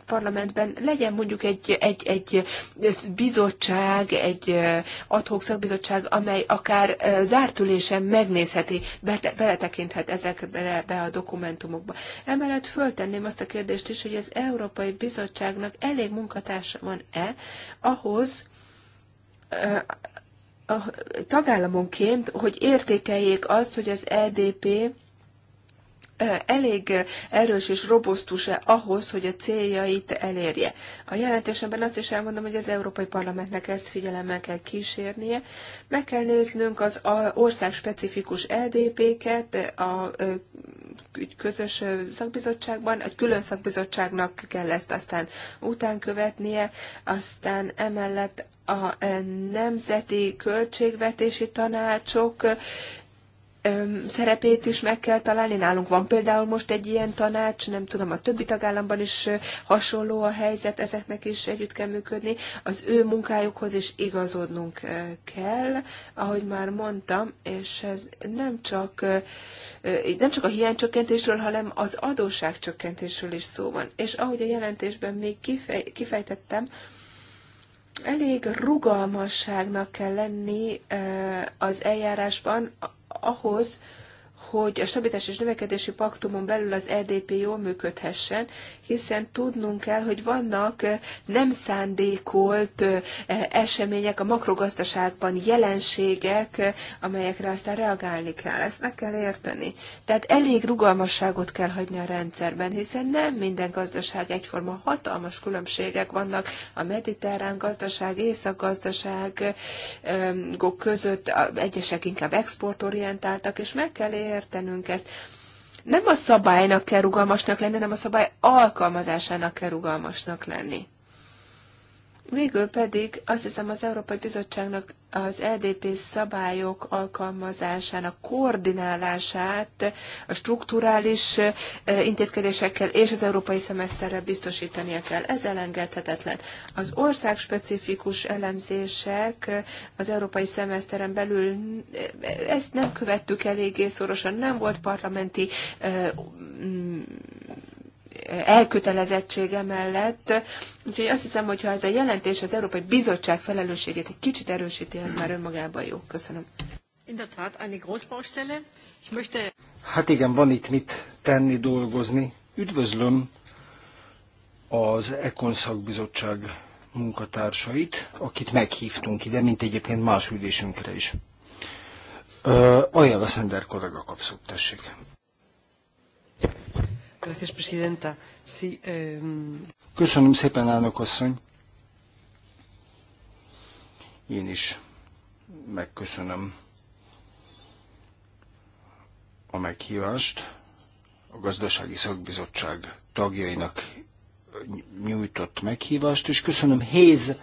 Parlamentben legyen mondjuk egy, egy, egy bizottság, egy adhok szakbizottság, amely akár zártülésen megnézheti, beletekinthet ezekre be a dokumentumokba. Emellett föltenném azt a kérdést is, hogy az Európai Bizottságnak elég munkatársa van-e ahhoz, a tagállamonként, hogy értékeljék azt, hogy az EDP elég erős és robosztus-e ahhoz, hogy a céljait elérje. A jelentésemben azt is elmondom, hogy az Európai Parlamentnek ezt figyelemmel kell kísérnie. Meg kell néznünk az ország specifikus LDP-ket, a közös szakbizottságban, egy külön szakbizottságnak kell ezt aztán után követnie, aztán emellett a nemzeti költségvetési tanácsok szerepét is meg kell találni. Nálunk van például most egy ilyen tanács, nem tudom, a többi tagállamban is hasonló a helyzet, ezeknek is együtt kell működni. Az ő munkájukhoz is igazodnunk kell, ahogy már mondtam, és ez nem csak, nem csak a hiánycsökkentésről, hanem az adósságcsökkentésről is szó van. És ahogy a jelentésben még kifej, kifejtettem, elég rugalmasságnak kell lenni az eljárásban, ahhoz, hogy a stabilitás és növekedési paktumon belül az EDP jól működhessen, hiszen tudnunk kell, hogy vannak eh, nem szándékolt eh, eh, események a makrogazdaságban, jelenségek, amelyekre aztán reagálni kell. Ezt meg kell érteni. Tehát elég rugalmasságot kell hagyni a rendszerben, hiszen nem minden gazdaság egyforma hatalmas különbségek vannak a mediterrán gazdaság, észak-gazdaságok között, egyesek inkább exportorientáltak, és meg kell érteni, értenünk ezt. Nem a szabálynak kell rugalmasnak lenni, hanem a szabály alkalmazásának kell rugalmasnak lenni. Végül pedig azt hiszem az Európai Bizottságnak az LDP e szabályok alkalmazásának koordinálását a strukturális intézkedésekkel és az európai szemeszterrel biztosítania kell. Ez elengedhetetlen. Az ország specifikus elemzések az európai szemeszteren belül ezt nem követtük eléggé szorosan, nem volt parlamenti elkötelezettsége mellett. Úgyhogy azt hiszem, hogy ha ez a jelentés az Európai Bizottság felelősségét egy kicsit erősíti, az már önmagában jó. Köszönöm. In der Tat, eine Großbaustelle. Ich möchte... Hát igen, van itt mit tenni, dolgozni. Üdvözlöm az Econ szakbizottság munkatársait, akit meghívtunk ide, mint egyébként más ülésünkre is. Ajánl a Szender kollega kapszott, tessék. Köszönöm szépen, elnök asszony. Én is megköszönöm a meghívást. A gazdasági szakbizottság tagjainak nyújtott meghívást, és köszönöm Héz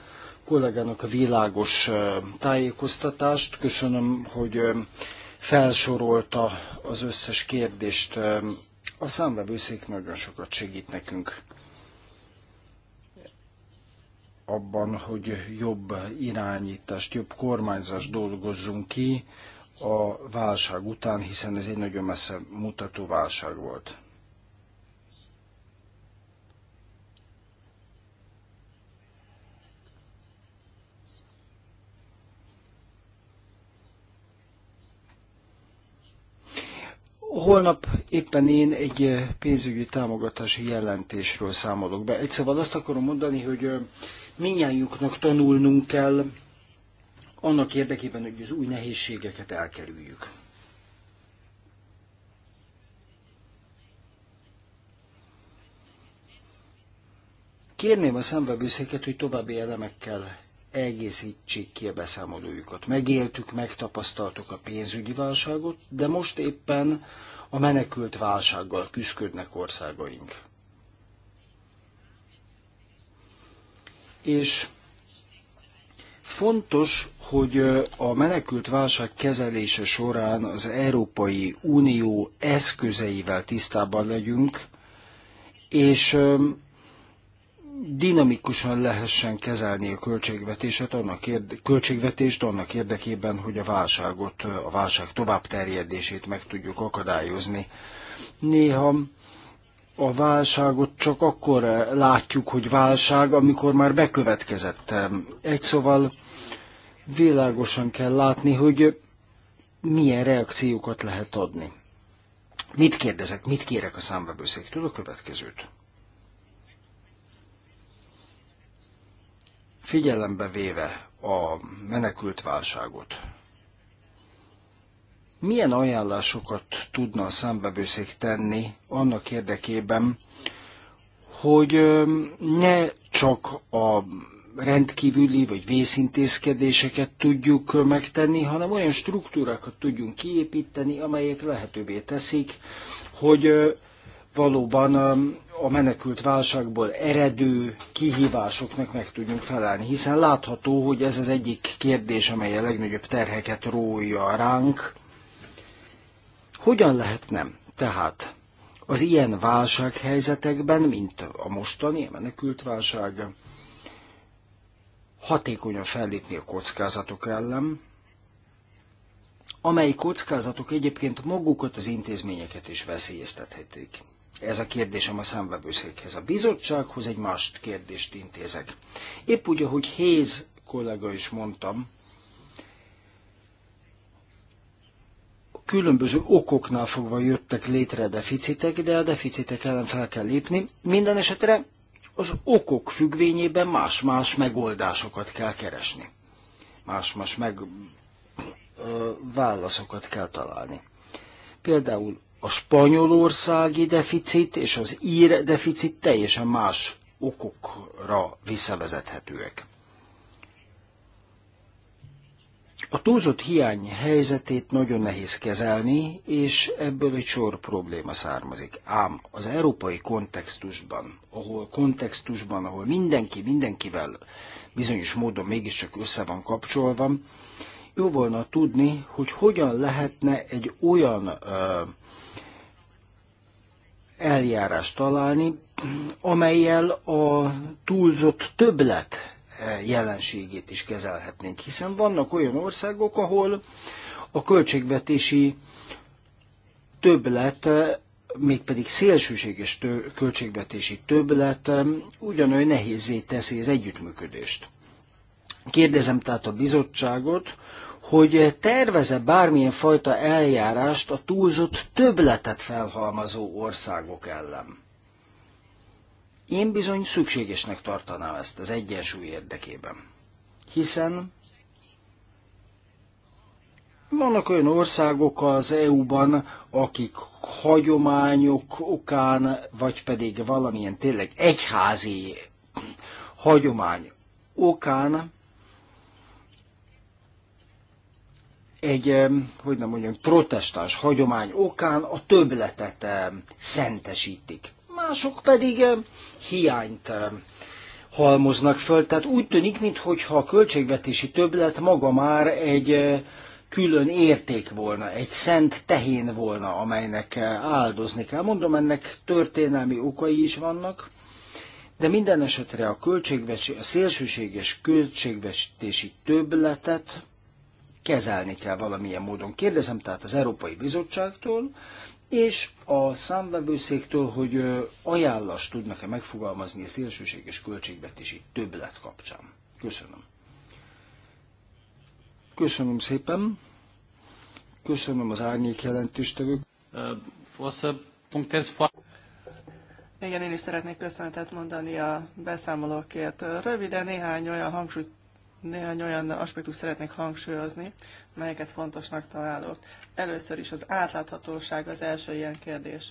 kollégának a világos tájékoztatást, köszönöm, hogy felsorolta az összes kérdést, a számvevőszék nagyon sokat segít nekünk abban, hogy jobb irányítást, jobb kormányzást dolgozzunk ki a válság után, hiszen ez egy nagyon messze mutató válság volt. Holnap éppen én egy eh, pénzügyi támogatási jelentésről számolok be. Egy szóval azt akarom mondani, hogy eh, minnyájuknak tanulnunk kell annak érdekében, hogy az új nehézségeket elkerüljük. Kérném a szemvevőszéket, hogy további elemekkel egészítsék ki a beszámolójukat. Megéltük, megtapasztaltuk a pénzügyi válságot, de most éppen a menekült válsággal küzdködnek országaink. És fontos, hogy a menekült válság kezelése során az Európai Unió eszközeivel tisztában legyünk, és dinamikusan lehessen kezelni a költségvetéset, annak, érde, költségvetést annak érdekében, hogy a válságot, a válság tovább terjedését meg tudjuk akadályozni. Néha a válságot csak akkor látjuk, hogy válság, amikor már bekövetkezett. Egy szóval világosan kell látni, hogy milyen reakciókat lehet adni. Mit kérdezek, mit kérek a Tudok A következőt. figyelembe véve a menekült válságot, milyen ajánlásokat tudna a számbevőszék tenni annak érdekében, hogy ne csak a rendkívüli vagy vészintézkedéseket tudjuk megtenni, hanem olyan struktúrákat tudjunk kiépíteni, amelyek lehetővé teszik, hogy valóban a menekült válságból eredő kihívásoknak meg tudjunk felelni, hiszen látható, hogy ez az egyik kérdés, amely a legnagyobb terheket rója ránk. Hogyan lehet nem? Tehát az ilyen válsághelyzetekben, mint a mostani a menekült válság, hatékonyan fellépni a kockázatok ellen, amely kockázatok egyébként magukat az intézményeket is veszélyeztethetik. Ez a kérdésem a számvevőszékhez. A bizottsághoz egy más kérdést intézek. Épp úgy, ahogy Héz kollega is mondtam, különböző okoknál fogva jöttek létre a deficitek, de a deficitek ellen fel kell lépni. Minden esetre az okok függvényében más-más megoldásokat kell keresni. Más-más meg, ö, válaszokat kell találni. Például a spanyolországi deficit és az ír deficit teljesen más okokra visszavezethetőek. A túlzott hiány helyzetét nagyon nehéz kezelni, és ebből egy sor probléma származik. Ám az európai kontextusban, ahol kontextusban, ahol mindenki mindenkivel bizonyos módon mégiscsak össze van kapcsolva, jó volna tudni, hogy hogyan lehetne egy olyan uh, eljárást találni, amelyel a túlzott többlet eh, jelenségét is kezelhetnénk, hiszen vannak olyan országok, ahol a költségvetési többlet eh, mégpedig szélsőséges tő, költségvetési többlet eh, ugyanolyan nehézé teszi az együttműködést. Kérdezem tehát a bizottságot, hogy terveze bármilyen fajta eljárást a túlzott többletet felhalmazó országok ellen. Én bizony szükségesnek tartanám ezt az egyensúly érdekében. Hiszen vannak olyan országok az EU-ban, akik hagyományok okán, vagy pedig valamilyen tényleg egyházi hagyomány okán egy, hogy nem mondjam, protestáns hagyomány okán a töbletet szentesítik. Mások pedig hiányt halmoznak föl, tehát úgy tűnik, mintha a költségvetési többlet maga már egy külön érték volna, egy szent tehén volna, amelynek áldozni kell. Mondom, ennek történelmi okai is vannak, de minden esetre a, költségvetési, a szélsőséges költségvetési többletet kezelni kell valamilyen módon. Kérdezem tehát az Európai Bizottságtól, és a számvevőszéktől, hogy ajánlást tudnak-e megfogalmazni a szélsőséges költségvetési többlet kapcsán. Köszönöm. Köszönöm szépen. Köszönöm az árnyék jelentéstevők. Igen, én is szeretnék köszönetet mondani a beszámolókért. Röviden néhány olyan hangsúlyt néhány olyan aspektus szeretnék hangsúlyozni, melyeket fontosnak találok. Először is az átláthatóság az első ilyen kérdés.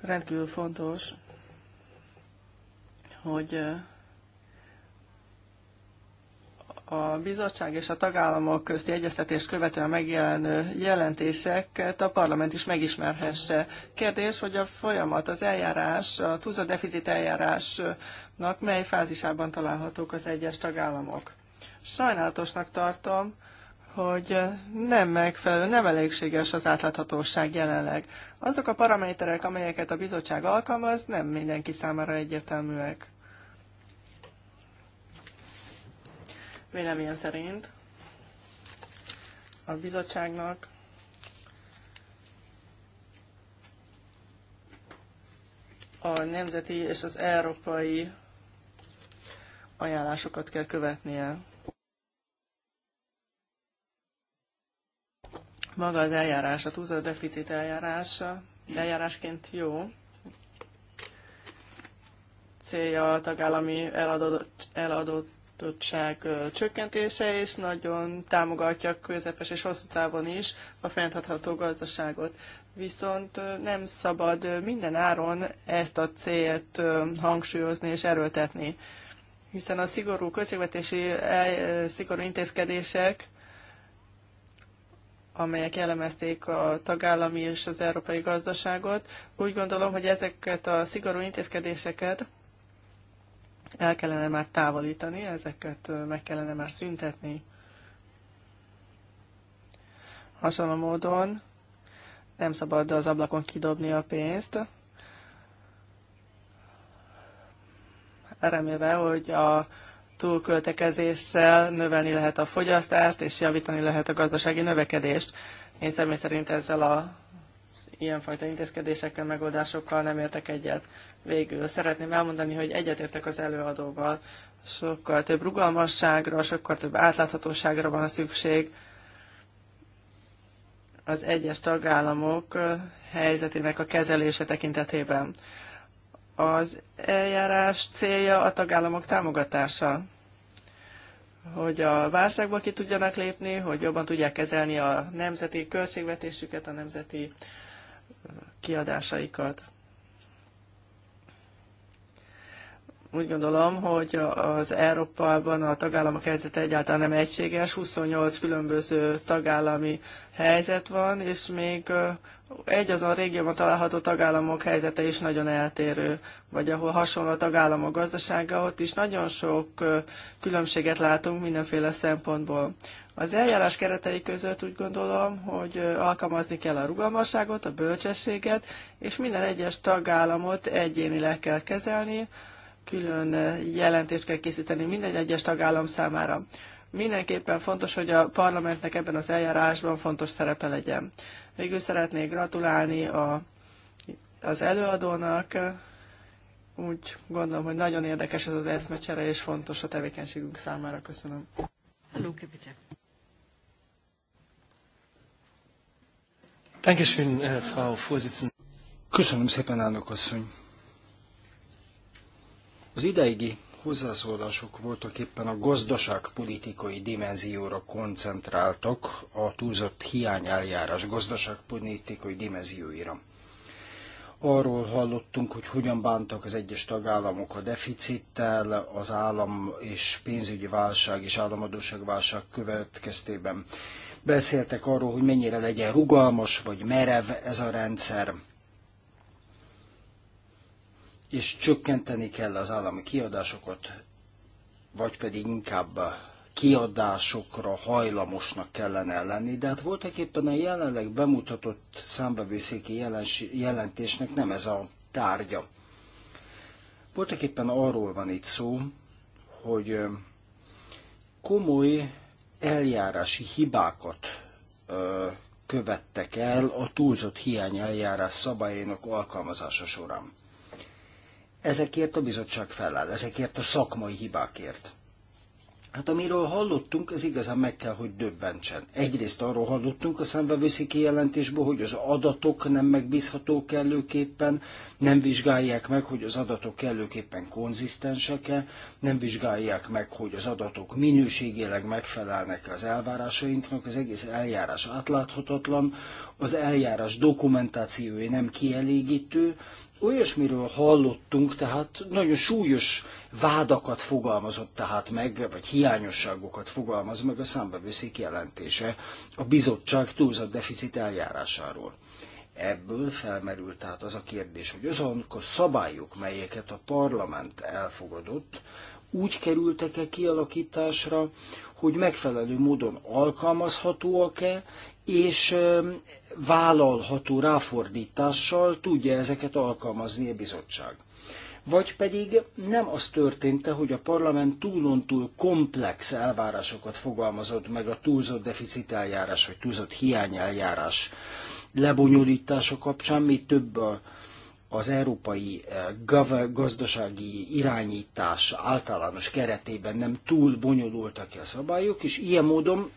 Rendkívül fontos, hogy a bizottság és a tagállamok közti egyeztetést követően megjelenő jelentéseket a parlament is megismerhesse. Kérdés, hogy a folyamat, az eljárás, a túlzott deficit eljárás folyamatnak mely fázisában találhatók az egyes tagállamok. Sajnálatosnak tartom, hogy nem megfelelő, nem elégséges az átláthatóság jelenleg. Azok a paraméterek, amelyeket a bizottság alkalmaz, nem mindenki számára egyértelműek. Véleményem szerint a bizottságnak a nemzeti és az európai ajánlásokat kell követnie. Maga az eljárás, a túlzott deficit eljárása, eljárásként jó, célja a tagállami eladott, eladottottság csökkentése, és nagyon támogatja közepes és hosszú távon is a fenntartható gazdaságot. Viszont nem szabad minden áron ezt a célt hangsúlyozni és erőltetni hiszen a szigorú költségvetési e, szigorú intézkedések, amelyek jellemezték a tagállami és az európai gazdaságot, úgy gondolom, hogy ezeket a szigorú intézkedéseket el kellene már távolítani, ezeket meg kellene már szüntetni. Hasonló módon nem szabad az ablakon kidobni a pénzt, remélve, hogy a túlköltekezéssel növelni lehet a fogyasztást, és javítani lehet a gazdasági növekedést. Én személy szerint ezzel a ilyenfajta intézkedésekkel, megoldásokkal nem értek egyet. Végül szeretném elmondani, hogy egyetértek az előadóval. Sokkal több rugalmasságra, sokkal több átláthatóságra van szükség. Az egyes tagállamok eh, helyzetének a kezelése tekintetében az eljárás célja a tagállamok támogatása, hogy a válságból ki tudjanak lépni, hogy jobban tudják kezelni a nemzeti költségvetésüket, a nemzeti kiadásaikat. Úgy gondolom, hogy az Európában a tagállamok helyzete egyáltalán nem egységes, 28 különböző tagállami helyzet van, és még egy azon régióban található tagállamok helyzete is nagyon eltérő, vagy ahol hasonló a tagállamok gazdasága, ott is nagyon sok különbséget látunk mindenféle szempontból. Az eljárás keretei között úgy gondolom, hogy alkalmazni kell a rugalmasságot, a bölcsességet, és minden egyes tagállamot egyénileg kell kezelni, külön eh, jelentést kell készíteni minden egyes tagállam számára. Mindenképpen fontos, hogy a parlamentnek ebben az eljárásban fontos szerepe legyen. Végül szeretnék gratulálni a, az előadónak. Úgy gondolom, hogy nagyon érdekes ez az eszmecsere, és fontos a tevékenységünk számára. Köszönöm. Hello, eh, Frau Köszönöm szépen, elnök asszony. Az ideigi hozzászólások voltak éppen a gazdaságpolitikai dimenzióra koncentráltak, a túlzott hiányeljárás gazdaságpolitikai dimenzióira. Arról hallottunk, hogy hogyan bántak az egyes tagállamok a deficittel, az állam és pénzügyi válság és államadóságválság következtében. Beszéltek arról, hogy mennyire legyen rugalmas vagy merev ez a rendszer, és csökkenteni kell az állami kiadásokat, vagy pedig inkább kiadásokra hajlamosnak kellene lenni, de hát voltak éppen a jelenleg bemutatott számbevőszéki jelentésnek nem ez a tárgya. Voltak éppen arról van itt szó, hogy komoly eljárási hibákat követtek el a túlzott hiány eljárás szabályainak alkalmazása során. Ezekért a bizottság feláll, ezekért a szakmai hibákért. Hát amiről hallottunk, ez igazán meg kell, hogy döbbentsen. Egyrészt arról hallottunk a szembevőszi jelentésből, hogy az adatok nem megbízhatók kellőképpen, nem vizsgálják meg, hogy az adatok kellőképpen konzisztensek-e, nem vizsgálják meg, hogy az adatok minőségileg megfelelnek az elvárásainknak, az egész eljárás átláthatatlan, az eljárás dokumentációja nem kielégítő, Olyasmiről hallottunk, tehát nagyon súlyos vádakat fogalmazott tehát meg, vagy hiányosságokat fogalmaz meg a számbevőszék jelentése a bizottság túlzott deficit eljárásáról. Ebből felmerült tehát az a kérdés, hogy azon, a szabályok, melyeket a parlament elfogadott, úgy kerültek-e kialakításra, hogy megfelelő módon alkalmazhatóak-e, és vállalható ráfordítással tudja ezeket alkalmazni a bizottság. Vagy pedig nem az történte, hogy a parlament túlontúl komplex elvárásokat fogalmazott meg a túlzott deficit eljárás, vagy túlzott hiány eljárás lebonyolítása kapcsán, mi több a az európai eh, gazdasági irányítás általános keretében nem túl bonyolultak a szabályok, és ilyen módon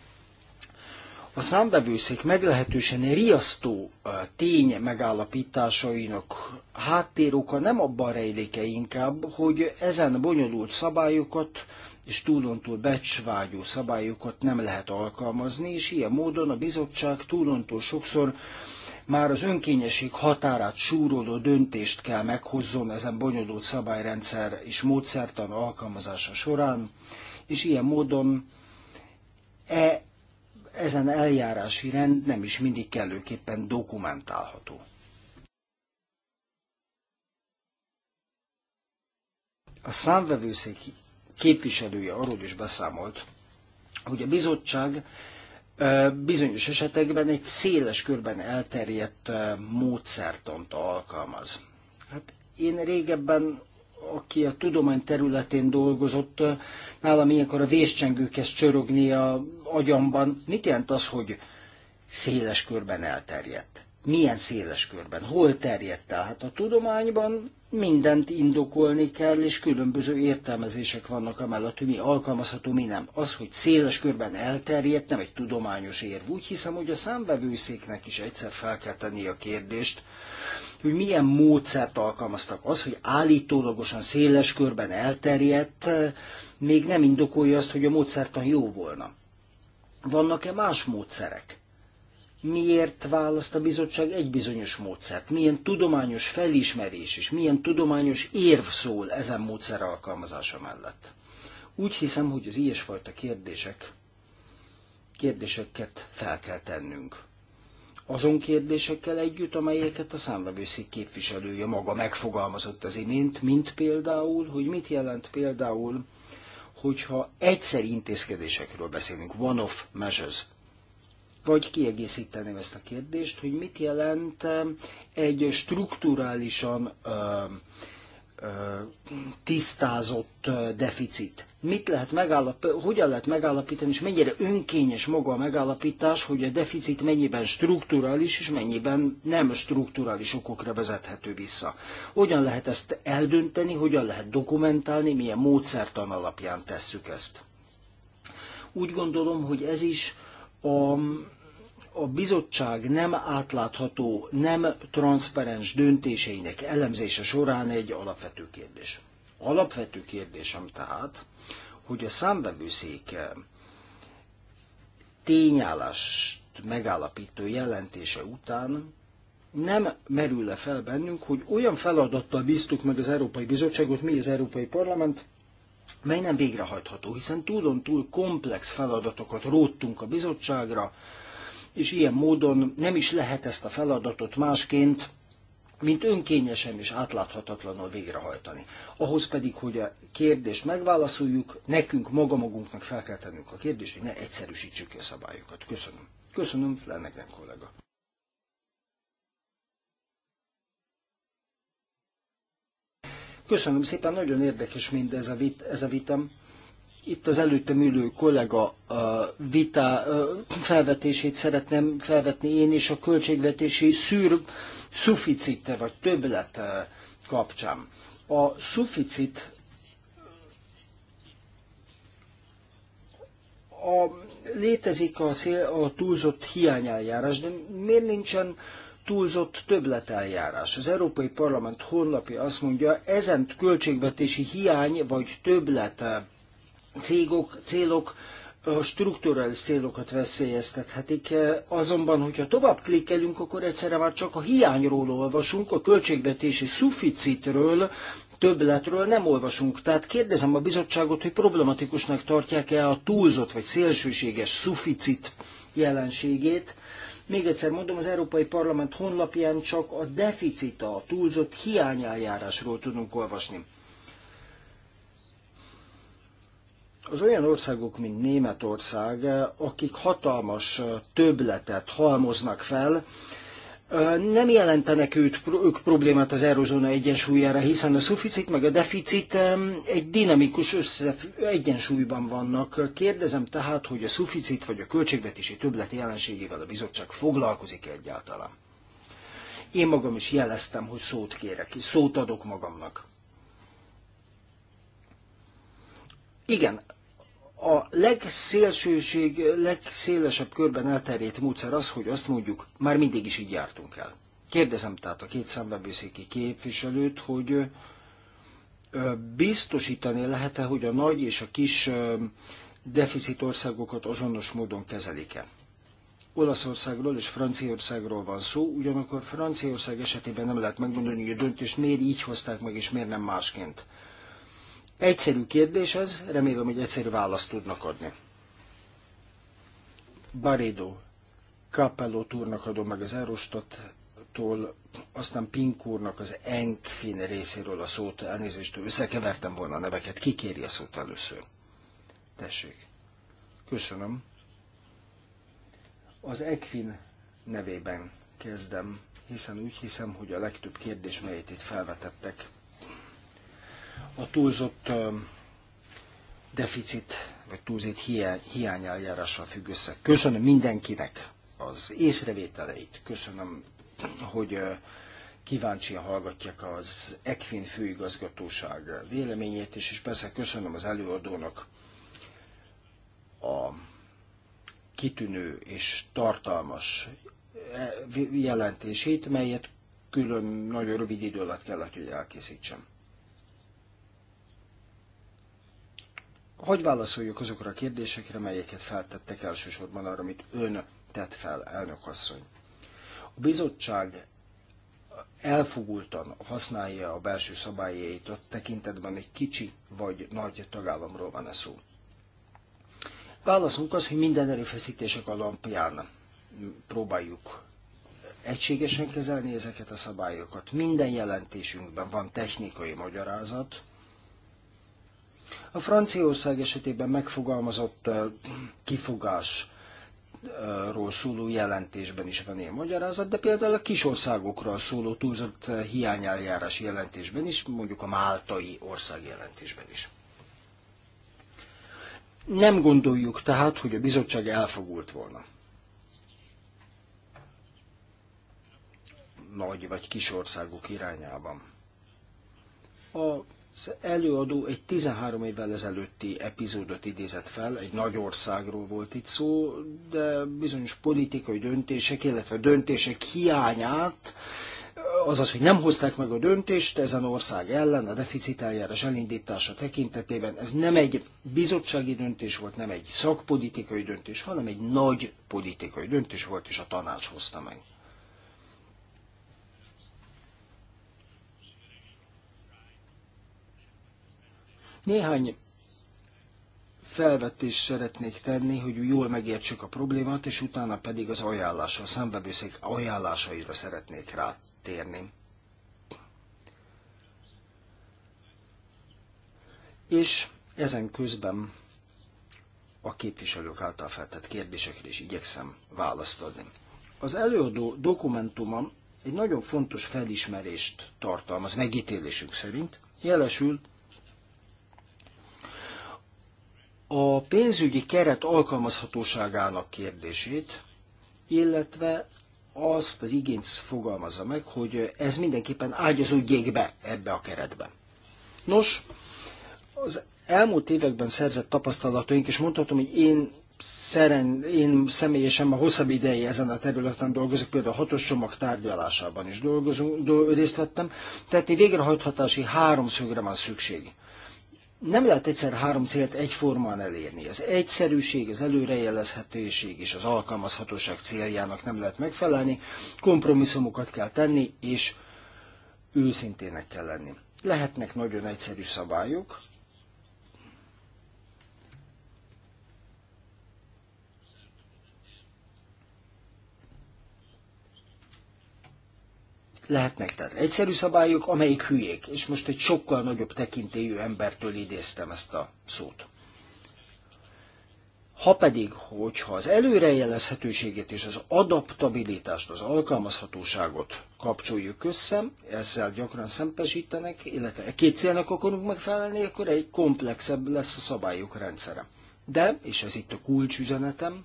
a számbevőszék meglehetősen riasztó tény megállapításainak háttéroka nem abban rejlik -e inkább, hogy ezen bonyolult szabályokat és túlontúl becsvágyó szabályokat nem lehet alkalmazni, és ilyen módon a bizottság túlontúl sokszor már az önkényesség határát súroló döntést kell meghozzon ezen bonyolult szabályrendszer és módszertan alkalmazása során, és ilyen módon e ezen eljárási rend nem is mindig kellőképpen dokumentálható. A számvevőszék képviselője arról is beszámolt, hogy a bizottság bizonyos esetekben egy széles körben elterjedt módszertant alkalmaz. Hát én régebben aki a tudomány területén dolgozott, nálam ilyenkor a véscsengő kezd csörögni a agyamban. Mit jelent az, hogy széles körben elterjedt? Milyen széles körben? Hol terjedt el? Hát a tudományban mindent indokolni kell, és különböző értelmezések vannak amellett, hogy mi alkalmazható, mi nem. Az, hogy széles körben elterjedt, nem egy tudományos érv. Úgy hiszem, hogy a számbevőszéknek is egyszer fel kell tenni a kérdést, hogy milyen módszert alkalmaztak. Az, hogy állítólagosan széles körben elterjedt, eh, még nem indokolja azt, hogy a módszertan jó volna. Vannak-e más módszerek? miért választ a bizottság egy bizonyos módszert, milyen tudományos felismerés és milyen tudományos érv szól ezen módszer alkalmazása mellett. Úgy hiszem, hogy az ilyesfajta kérdések, kérdéseket fel kell tennünk azon kérdésekkel együtt, amelyeket a számvevőszék képviselője maga megfogalmazott az imént, mint például, hogy mit jelent például, hogyha egyszer intézkedésekről beszélünk, one-off measures, vagy kiegészíteném ezt a kérdést, hogy mit jelent um, egy strukturálisan ö, um, ö, um, tisztázott uh, deficit mit lehet megállap, hogyan lehet megállapítani, és mennyire önkényes maga a megállapítás, hogy a deficit mennyiben strukturális, és mennyiben nem strukturális okokra vezethető vissza. Hogyan lehet ezt eldönteni, hogyan lehet dokumentálni, milyen módszertan alapján tesszük ezt. Úgy gondolom, hogy ez is a a bizottság nem átlátható, nem transzparens döntéseinek elemzése során egy alapvető kérdés. Alapvető kérdésem tehát, hogy a számvevőszék eh, tényállást megállapító jelentése után nem merül le fel bennünk, hogy olyan feladattal bíztuk meg az Európai Bizottságot, mi az Európai Parlament, mely nem végrehajtható, hiszen túlon-túl komplex feladatokat róttunk a bizottságra, és ilyen módon nem is lehet ezt a feladatot másként mint önkényesen és átláthatatlanul végrehajtani. Ahhoz pedig, hogy a kérdést megválaszoljuk, nekünk, maga magunknak fel kell tennünk a kérdést, hogy ne egyszerűsítsük ki a szabályokat. Köszönöm. Köszönöm, Flanagan kollega. Köszönöm szépen, nagyon érdekes mindez a, vit, ez a vitam. Itt az előttem ülő kollega a vita felvetését szeretném felvetni én is a költségvetési szűr szuficite vagy többlet eh, kapcsán. A szuficit a, létezik a, szél, a túlzott hiányeljárás, de miért nincsen túlzott többleteljárás? Az Európai Parlament honlapja azt mondja, ezen költségvetési hiány vagy többlet eh, cégok, célok a strukturális célokat veszélyeztethetik. Azonban, hogyha tovább klikkelünk, akkor egyszerre már csak a hiányról olvasunk, a költségvetési szuficitről, többletről nem olvasunk. Tehát kérdezem a bizottságot, hogy problematikusnak tartják-e a túlzott vagy szélsőséges szuficit jelenségét. Még egyszer mondom, az Európai Parlament honlapján csak a deficita, a túlzott hiányeljárásról tudunk olvasni. az olyan országok, mint Németország, akik hatalmas töbletet halmoznak fel, nem jelentenek őt, ők problémát az eurozóna egyensúlyára, hiszen a szuficit meg a deficit egy dinamikus össze, egyensúlyban vannak. Kérdezem tehát, hogy a szuficit vagy a költségvetési többlet jelenségével a bizottság foglalkozik -e egyáltalán. Én magam is jeleztem, hogy szót kérek, szót adok magamnak. Igen, a legszélsőség, legszélesebb körben elterjedt módszer az, hogy azt mondjuk, már mindig is így jártunk el. Kérdezem tehát a két szembebőszéki képviselőt, hogy biztosítani lehet-e, hogy a nagy és a kis deficit országokat azonos módon kezelik-e? Olaszországról és Franciaországról van szó, ugyanakkor Franciaország esetében nem lehet megmondani, hogy a döntést miért így hozták meg, és miért nem másként. Egyszerű kérdés ez, remélem, hogy egyszerű választ tudnak adni. Barédo Capello túrnak adom meg az Erostattól, aztán Pink úrnak az Enkfin részéről a szót, elnézést, összekevertem volna a neveket. Ki kéri a szót először? Tessék. Köszönöm. Az Ekfin nevében kezdem, hiszen úgy hiszem, hogy a legtöbb kérdés, melyet itt felvetettek, a túlzott deficit vagy túlzott hiány eljárással függ össze. Köszönöm mindenkinek az észrevételeit, köszönöm, hogy kíváncsian hallgatják az Equin főigazgatóság véleményét és persze köszönöm az előadónak a kitűnő és tartalmas e, jelentését, melyet külön nagyon rövid idő alatt kellett, hogy elkészítsem. hogy válaszoljuk azokra a kérdésekre, melyeket feltettek elsősorban arra, amit ön tett fel, elnök asszony. A bizottság elfogultan használja a belső szabályait a tekintetben egy kicsi vagy nagy tagállamról van -e szó. Válaszunk az, hogy minden erőfeszítések alapján próbáljuk egységesen kezelni ezeket a szabályokat. Minden jelentésünkben van technikai magyarázat, a Franciaország esetében megfogalmazott kifogás ról szóló jelentésben is van ilyen magyarázat, de például a kis szóló túlzott hiányeljárás jelentésben is, mondjuk a máltai ország jelentésben is. Nem gondoljuk tehát, hogy a bizottság elfogult volna. Nagy vagy kis országok irányában. A az előadó egy 13 évvel ezelőtti epizódot idézett fel, egy nagy országról volt itt szó, de bizonyos politikai döntések, illetve döntések hiányát, azaz, hogy nem hozták meg a döntést ezen ország ellen a eljárás elindítása tekintetében. Ez nem egy bizottsági döntés volt, nem egy szakpolitikai döntés, hanem egy nagy politikai döntés volt, és a tanács hozta meg. Néhány felvetést szeretnék tenni, hogy jól megértsük a problémát, és utána pedig az ajánlásra, a szenvedőszék ajánlásaira szeretnék rátérni. És ezen közben a képviselők által feltett kérdésekre is igyekszem választ adni. Az előadó dokumentuma egy nagyon fontos felismerést tartalmaz megítélésünk szerint, jelesül a pénzügyi keret alkalmazhatóságának kérdését, illetve azt az igényt fogalmazza meg, hogy ez mindenképpen ágyazódjék be ebbe a keretbe. Nos, az elmúlt években szerzett tapasztalataink, és mondhatom, hogy én szeren, én személyesen a hosszabb ideje ezen a területen dolgozok, például a hatos csomag tárgyalásában is dolgozunk, do, részt vettem, tehát egy végrehajthatási háromszögre van szükség nem lehet egyszer három célt egyformán elérni. Az egyszerűség, az előrejelezhetőség és az alkalmazhatóság céljának nem lehet megfelelni, kompromisszumokat kell tenni, és őszintének kell lenni. Lehetnek nagyon egyszerű szabályok, lehetnek tehát egyszerű szabályok, amelyik hülyék. És most egy sokkal nagyobb tekintélyű embertől idéztem ezt a szót. Ha pedig, hogyha az előrejelezhetőséget és az adaptabilitást, az alkalmazhatóságot kapcsoljuk össze, ezzel gyakran szempesítenek, illetve e két célnak akarunk megfelelni, akkor egy komplexebb lesz a szabályok rendszere. De, és ez itt a kulcsüzenetem,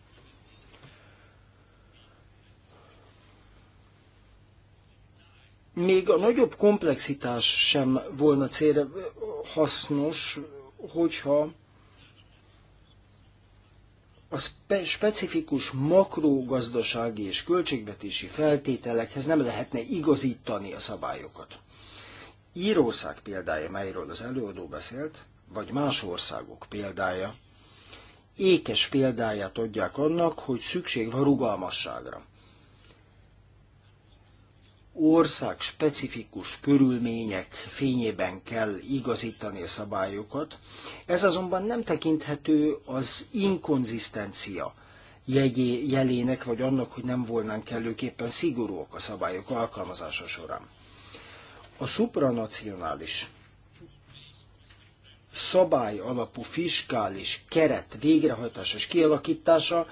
még a nagyobb komplexitás sem volna célra hasznos, hogyha a spe- specifikus makrogazdasági és költségvetési feltételekhez nem lehetne igazítani a szabályokat. Írország példája, melyről az előadó beszélt, vagy más országok példája, ékes példáját adják annak, hogy szükség van rugalmasságra ország specifikus körülmények fényében kell igazítani a szabályokat. Ez azonban nem tekinthető az inkonzisztencia jegyé, jelének, vagy annak, hogy nem volnánk kellőképpen szigorúak a szabályok alkalmazása során. A supranacionális szabály alapú fiskális keret végrehajtása és kialakítása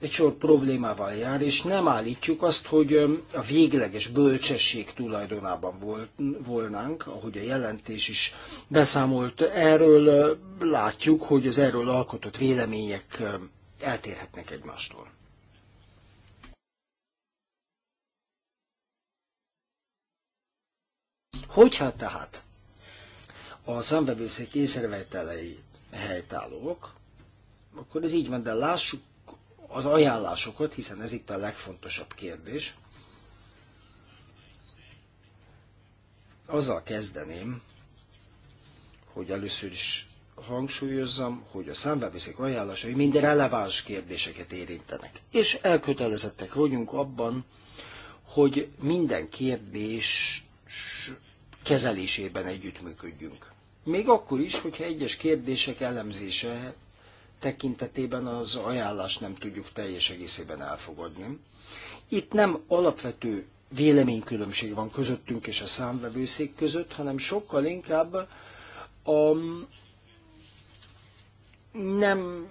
egy sor problémával jár, és nem állítjuk azt, hogy a végleges bölcsesség tulajdonában volnánk, ahogy a jelentés is beszámolt erről, látjuk, hogy az erről alkotott vélemények eltérhetnek egymástól. Hogyha hát tehát a számbevőszék észrevételei helytállók, akkor ez így van, de lássuk az ajánlásokat, hiszen ez itt a legfontosabb kérdés. Azzal kezdeném, hogy először is hangsúlyozzam, hogy a számbeviszik ajánlásai mind releváns kérdéseket érintenek. És elkötelezettek vagyunk abban, hogy minden kérdés kezelésében együttműködjünk. Még akkor is, hogyha egyes kérdések elemzése tekintetében az ajánlást nem tudjuk teljes egészében elfogadni. Itt nem alapvető véleménykülönbség van közöttünk és a számvevőszék között, hanem sokkal inkább a um, nem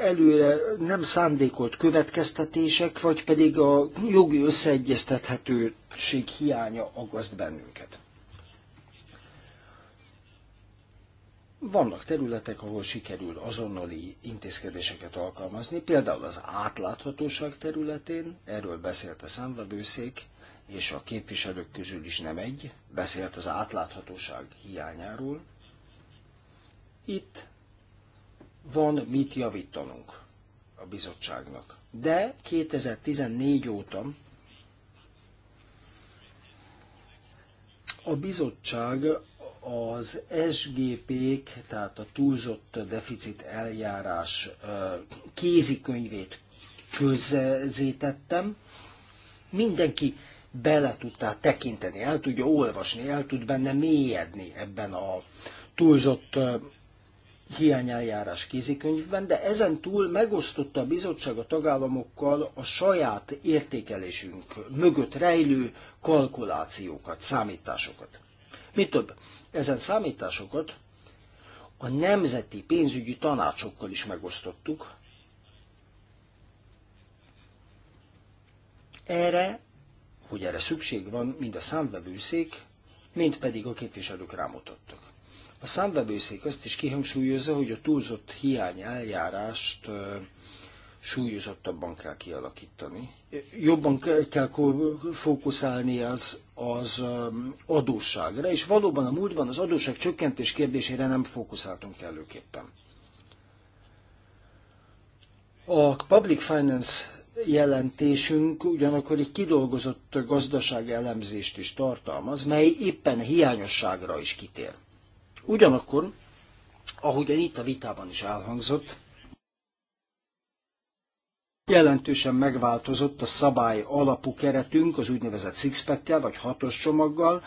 előre nem szándékolt következtetések, vagy pedig a jogi összeegyeztethetőség hiánya aggaszt bennünket. Vannak területek, ahol sikerül azonnali intézkedéseket alkalmazni, például az átláthatóság területén, erről beszélt a számvevőszék, és a képviselők közül is nem egy, beszélt az átláthatóság hiányáról. Itt van mit javítanunk a bizottságnak. De 2014 óta a bizottság az SGP-k, tehát a túlzott deficit eljárás kézikönyvét közzétettem. Mindenki bele tudta tekinteni, el tudja olvasni, el tud benne mélyedni ebben a túlzott hiányeljárás kézikönyvben, de ezen túl megosztotta a bizottság a tagállamokkal a saját értékelésünk mögött rejlő kalkulációkat, számításokat. Mi több, ezen számításokat a nemzeti pénzügyi tanácsokkal is megosztottuk. Erre, hogy erre szükség van, mind a számvevőszék, mind pedig a képviselők rámutattak. A számvevőszék azt is kihangsúlyozza, hogy a túlzott hiány eljárást súlyozottabban kell kialakítani. Jobban kell, fókuszálni az, az um, adósságra, és valóban a múltban az adósság csökkentés kérdésére nem fókuszáltunk előképpen. A Public Finance jelentésünk ugyanakkor egy kidolgozott gazdasági elemzést is tartalmaz, mely éppen hiányosságra is kitér. Ugyanakkor, ahogyan itt a vitában is elhangzott, Jelentősen megváltozott a szabály alapú keretünk az úgynevezett sixpack vagy hatos csomaggal,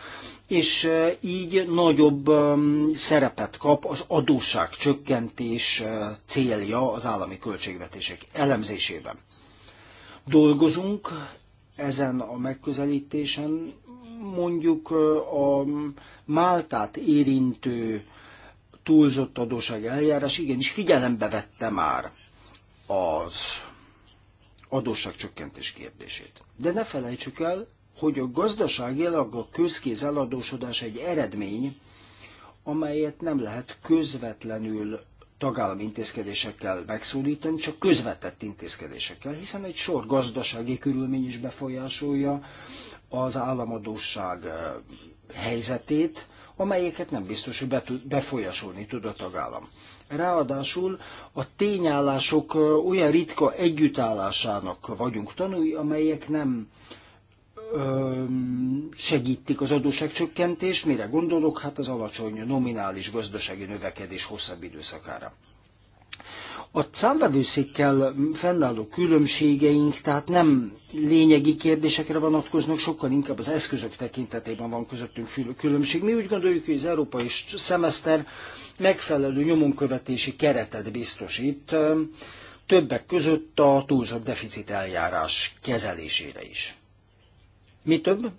és e, így nagyobb e, szerepet kap az adósság csökkentés e, célja az állami költségvetések elemzésében. Dolgozunk ezen a megközelítésen, mondjuk a Máltát érintő túlzott adóság eljárás igenis figyelembe vette már az adósságcsökkentés kérdését. De ne felejtsük el, hogy a gazdaságilag a közkéz eladósodás egy eredmény, amelyet nem lehet közvetlenül tagállami intézkedésekkel megszólítani, csak közvetett intézkedésekkel, hiszen egy sor gazdasági körülmény is befolyásolja az államadóság eh, helyzetét, amelyeket nem biztos, hogy befolyásolni tud a tagállam. Ráadásul a tényállások olyan ritka együttállásának vagyunk tanulni, amelyek nem segítik az adósságcsökkentést. Mire gondolok? Hát az alacsony nominális gazdasági növekedés hosszabb időszakára. A számvevőszékkel fennálló különbségeink, tehát nem lényegi kérdésekre vonatkoznak, sokkal inkább az eszközök tekintetében van közöttünk különbség. Mi úgy gondoljuk, hogy az európai szemeszter megfelelő nyomonkövetési keretet biztosít, többek között a túlzott deficit eljárás kezelésére is. Mi több?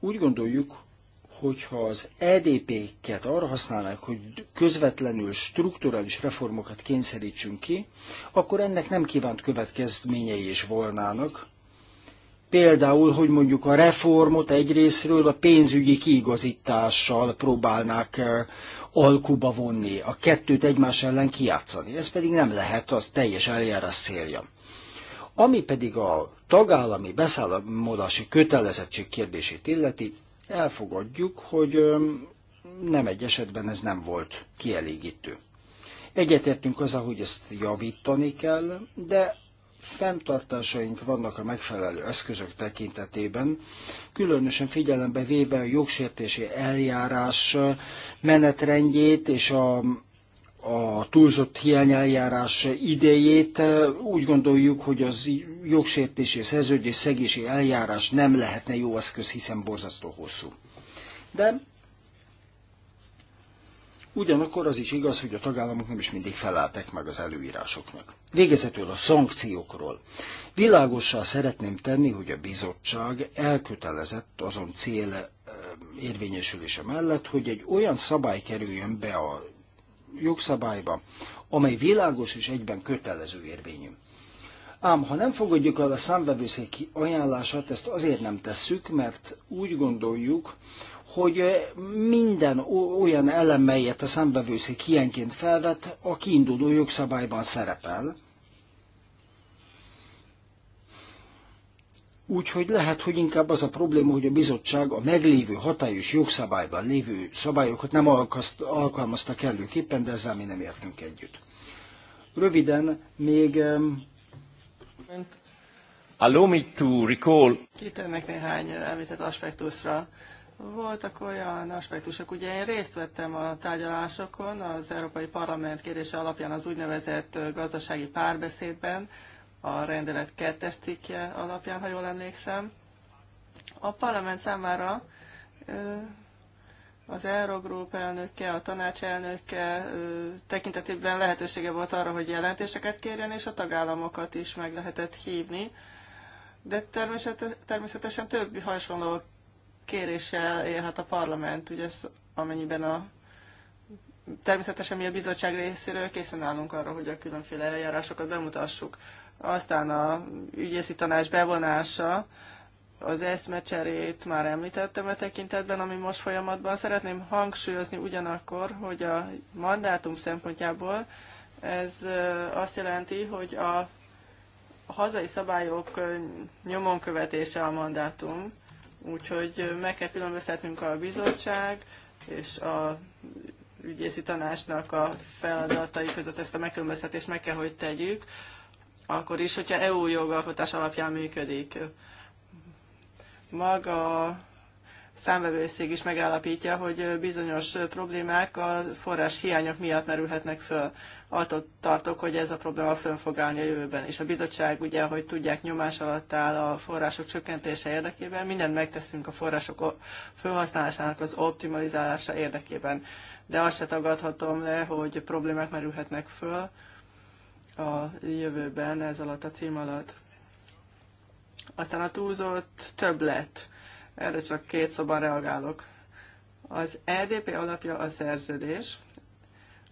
Úgy gondoljuk, hogyha az EDP-ket arra használnák, hogy közvetlenül strukturális reformokat kényszerítsünk ki, akkor ennek nem kívánt következményei is volnának. Például, hogy mondjuk a reformot egyrésztről a pénzügyi kiigazítással próbálnák eh, alkuba vonni, a kettőt egymás ellen kiátszani. Ez pedig nem lehet, az teljes eljárás célja. Ami pedig a tagállami beszállamodási kötelezettség kérdését illeti, elfogadjuk, hogy nem egy esetben ez nem volt kielégítő. Egyetértünk azzal, hogy ezt javítani kell, de fenntartásaink vannak a megfelelő eszközök tekintetében, különösen figyelembe véve a jogsértési eljárás menetrendjét és a a túlzott hiányeljárás idejét. Úgy gondoljuk, hogy az jogsértési szerződés szegési eljárás nem lehetne jó eszköz, hiszen borzasztó hosszú. De ugyanakkor az is igaz, hogy a tagállamok nem is mindig feleltek meg az előírásoknak. Végezetül a szankciókról. Világossá szeretném tenni, hogy a bizottság elkötelezett azon cél érvényesülése mellett, hogy egy olyan szabály kerüljön be a jogszabályba, amely világos és egyben kötelező érvényű. Ám ha nem fogadjuk el a számvevőszék ajánlását, ezt azért nem tesszük, mert úgy gondoljuk, hogy minden olyan elem, melyet a számbevőszék ilyenként felvet, a kiinduló jogszabályban szerepel, Úgyhogy lehet, hogy inkább az a probléma, hogy a bizottság a meglévő hatályos jogszabályban lévő szabályokat nem alkalmazta kellőképpen, de ezzel mi nem értünk együtt. Röviden még... Allow me to recall... Kitennek néhány említett aspektusra. Voltak olyan aspektusok, ugye én részt vettem a tárgyalásokon, az Európai Parlament kérése alapján az úgynevezett gazdasági párbeszédben, a rendelet kettes cikkje alapján, ha jól emlékszem. A parlament számára az Eurogroup elnöke, a tanács elnöke tekintetében lehetősége volt arra, hogy jelentéseket kérjen, és a tagállamokat is meg lehetett hívni. De természetesen több hasonló kéréssel élhet a parlament, ugye ez amennyiben a Természetesen mi a bizottság részéről készen állunk arra, hogy a különféle eljárásokat bemutassuk. Aztán a ügyészi tanács bevonása, az eszmecserét már említettem a e tekintetben, ami most folyamatban. Szeretném hangsúlyozni ugyanakkor, hogy a mandátum szempontjából ez azt jelenti, hogy a hazai szabályok nyomon követése a mandátum, úgyhogy meg kell különböztetnünk a bizottság és a ügyészi tanácsnak a feladatai között ezt a megkülönböztetést meg kell, hogy tegyük, akkor is, hogyha EU jogalkotás alapján működik. Maga a számvevőszék is megállapítja, hogy bizonyos problémák a forrás hiányok miatt merülhetnek föl. Attól tartok, hogy ez a probléma fönn fog állni a jövőben. És a bizottság ugye, hogy tudják, nyomás alatt áll a források csökkentése érdekében, mindent megteszünk a források felhasználásának az optimalizálása érdekében de azt se tagadhatom le, hogy problémák merülhetnek föl a jövőben ez alatt a cím alatt. Aztán a túlzott többlet. Erre csak két szóban reagálok. Az EDP alapja a szerződés,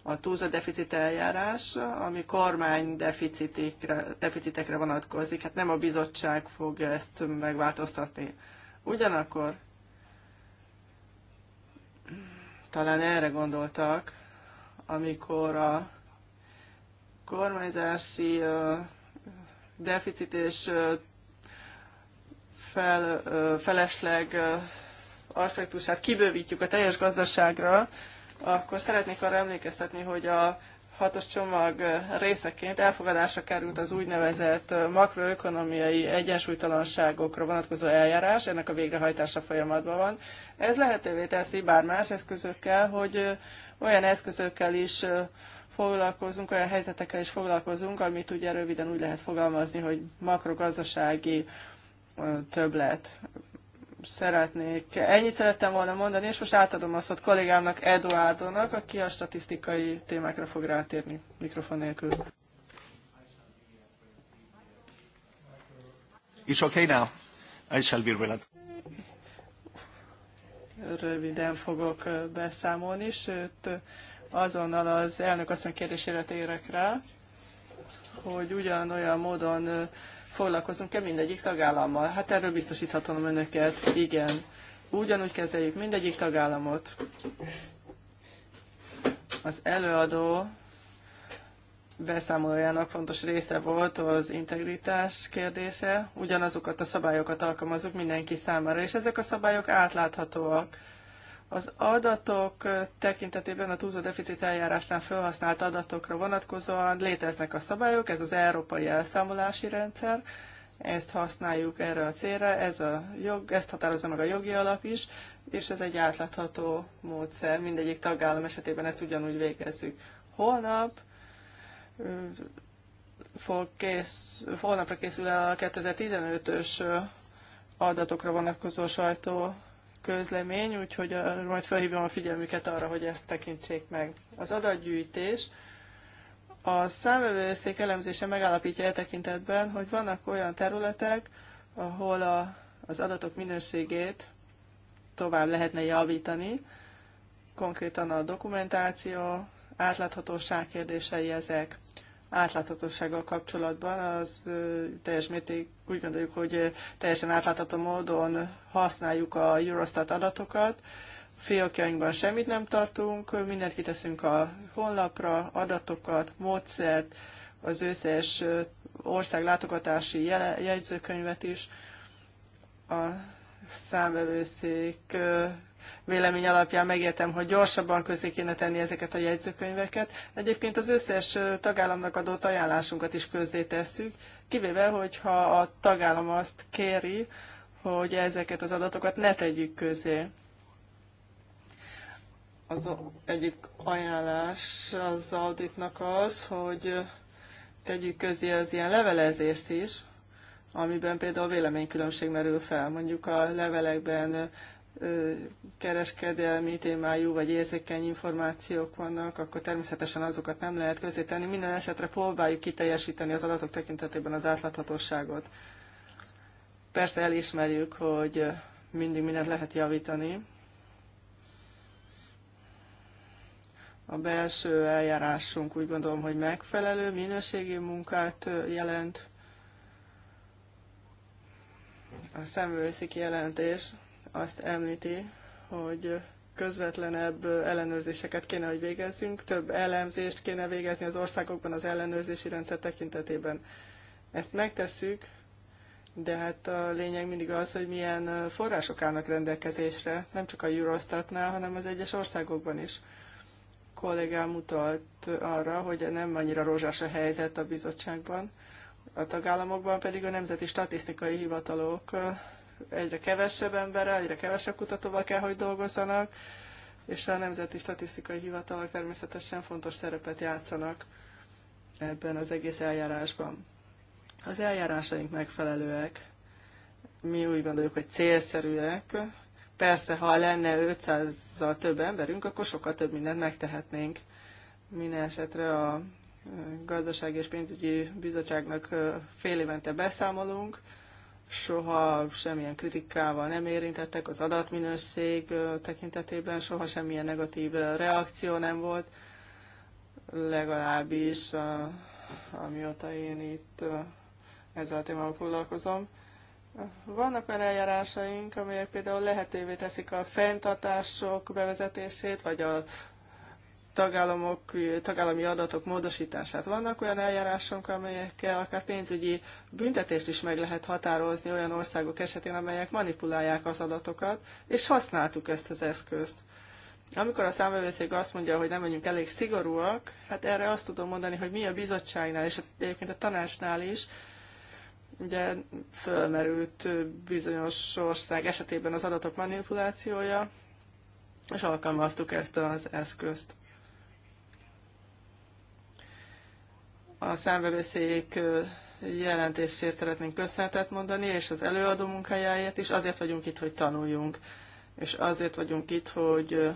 a túlzott deficit eljárás, ami kormány deficitekre vonatkozik, hát nem a bizottság fog ezt megváltoztatni. Ugyanakkor talán erre gondoltak, amikor a kormányzási deficit és fel, felesleg aspektusát kibővítjük a teljes gazdaságra, akkor szeretnék arra emlékeztetni, hogy a hatos csomag részeként elfogadásra került az úgynevezett makroökonomiai egyensúlytalanságokra vonatkozó eljárás, ennek a végrehajtása folyamatban van. Ez lehetővé teszi bár más eszközökkel, hogy olyan eszközökkel is foglalkozunk, olyan helyzetekkel is foglalkozunk, amit ugye röviden úgy lehet fogalmazni, hogy makrogazdasági többlet szeretnék. Ennyit szerettem volna mondani, és most átadom a szót kollégámnak, Eduardonak, aki a statisztikai témákra fog rátérni mikrofon nélkül. It's okay now. I shall be related. Röviden fogok beszámolni, sőt, azonnal az elnök asszony kérdésére térek rá, hogy ugyanolyan módon foglalkozunk-e mindegyik tagállammal? Hát erről biztosíthatom önöket, igen. Ugyanúgy kezeljük mindegyik tagállamot. Az előadó beszámolójának fontos része volt az integritás kérdése. Ugyanazokat a szabályokat alkalmazunk mindenki számára, és ezek a szabályok átláthatóak az adatok tekintetében a túlzó deficit eljárásnál felhasznált adatokra vonatkozóan léteznek a szabályok, ez az európai elszámolási rendszer, ezt használjuk erre a célra, ez a jog, ezt határozza meg a jogi alap is, és ez egy átlátható módszer, mindegyik tagállam esetében ezt ugyanúgy végezzük. Holnap fog kész, holnapra készül el a 2015-ös adatokra vonatkozó sajtó közlemény, úgyhogy majd felhívom a figyelmüket arra, hogy ezt tekintsék meg. Az adatgyűjtés a számövőszék elemzése megállapítja e tekintetben, hogy vannak olyan területek, ahol a, az adatok minőségét tovább lehetne javítani, konkrétan a dokumentáció, átláthatóság kérdései ezek átláthatósággal kapcsolatban az teljes mérték úgy gondoljuk, hogy teljesen átlátható módon használjuk a Eurostat adatokat, fiókjainkban semmit nem tartunk, mindent kiteszünk a honlapra, adatokat, módszert, az összes ország látogatási jegyzőkönyvet is. A számvevőszék vélemény alapján megértem, hogy gyorsabban közé kéne tenni ezeket a jegyzőkönyveket. Egyébként az összes tagállamnak adott ajánlásunkat is közzé tesszük, kivéve, hogyha a tagállam azt kéri, hogy ezeket az adatokat ne tegyük közé. Az egyik ajánlás az auditnak az, hogy tegyük közé az ilyen levelezést is, amiben például véleménykülönbség merül fel. Mondjuk a levelekben kereskedelmi témájú vagy érzékeny információk vannak, akkor természetesen azokat nem lehet közé tenni. Minden esetre próbáljuk kiteljesíteni az adatok tekintetében az átláthatóságot. Persze elismerjük, hogy mindig mindent lehet javítani. A belső eljárásunk úgy gondolom, hogy megfelelő, minőségi munkát jelent. A szemvőszik jelentés azt említi, hogy közvetlenebb ellenőrzéseket kéne, hogy végezzünk, több elemzést kéne végezni az országokban az ellenőrzési rendszer tekintetében. Ezt megtesszük, de hát a lényeg mindig az, hogy milyen források állnak rendelkezésre, nem csak a Eurostatnál, hanem az egyes országokban is. A kollégám utalt arra, hogy nem annyira rózsás a helyzet a bizottságban, a tagállamokban pedig a nemzeti statisztikai hivatalok egyre kevesebb emberrel, egyre kevesebb kutatóval kell, hogy dolgozzanak, és a Nemzeti Statisztikai Hivatalok természetesen fontos szerepet játszanak ebben az egész eljárásban. Az eljárásaink megfelelőek, mi úgy gondoljuk, hogy célszerűek. Persze, ha lenne 500-zal több emberünk, akkor sokkal több mindent megtehetnénk. Minden esetre a Gazdasági és Pénzügyi Bizottságnak fél évente beszámolunk, soha semmilyen kritikával nem érintettek, az adatminőség tekintetében soha semmilyen negatív reakció nem volt, legalábbis amióta én itt ezzel a témával foglalkozom. Vannak olyan eljárásaink, amelyek például lehetővé teszik a fenntartások bevezetését, vagy a tagállamok, tagállami adatok módosítását. Vannak olyan eljárások, amelyekkel akár pénzügyi büntetést is meg lehet határozni olyan országok esetén, amelyek manipulálják az adatokat, és használtuk ezt az eszközt. Amikor a számvevőszék azt mondja, hogy nem vagyunk elég szigorúak, hát erre azt tudom mondani, hogy mi a bizottságnál, és egyébként a tanácsnál is, ugye fölmerült bizonyos ország esetében az adatok manipulációja, és alkalmaztuk ezt az eszközt. a számvevőszék jelentésért szeretnénk köszönetet mondani, és az előadó munkájáért is. Azért vagyunk itt, hogy tanuljunk, és azért vagyunk itt, hogy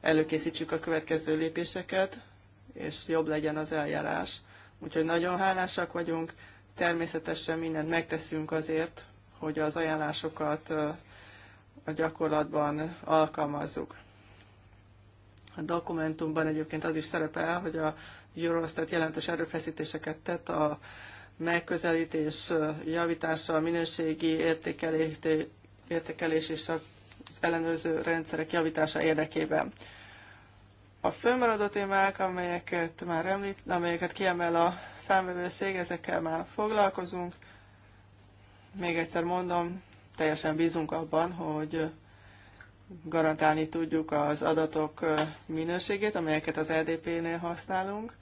előkészítsük a következő lépéseket, és jobb legyen az eljárás. Úgyhogy nagyon hálásak vagyunk, természetesen mindent megteszünk azért, hogy az ajánlásokat a gyakorlatban alkalmazzuk. A dokumentumban egyébként az is szerepel, hogy a Eurostat jelentős erőfeszítéseket tett a megközelítés javítása, a minőségi értékelés, és az ellenőrző rendszerek javítása érdekében. A fölmaradó témák, amelyeket már említ, amelyeket kiemel a számvevőszég, ezekkel már foglalkozunk. Még egyszer mondom, teljesen bízunk abban, hogy garantálni tudjuk az adatok minőségét, amelyeket az LDP-nél használunk.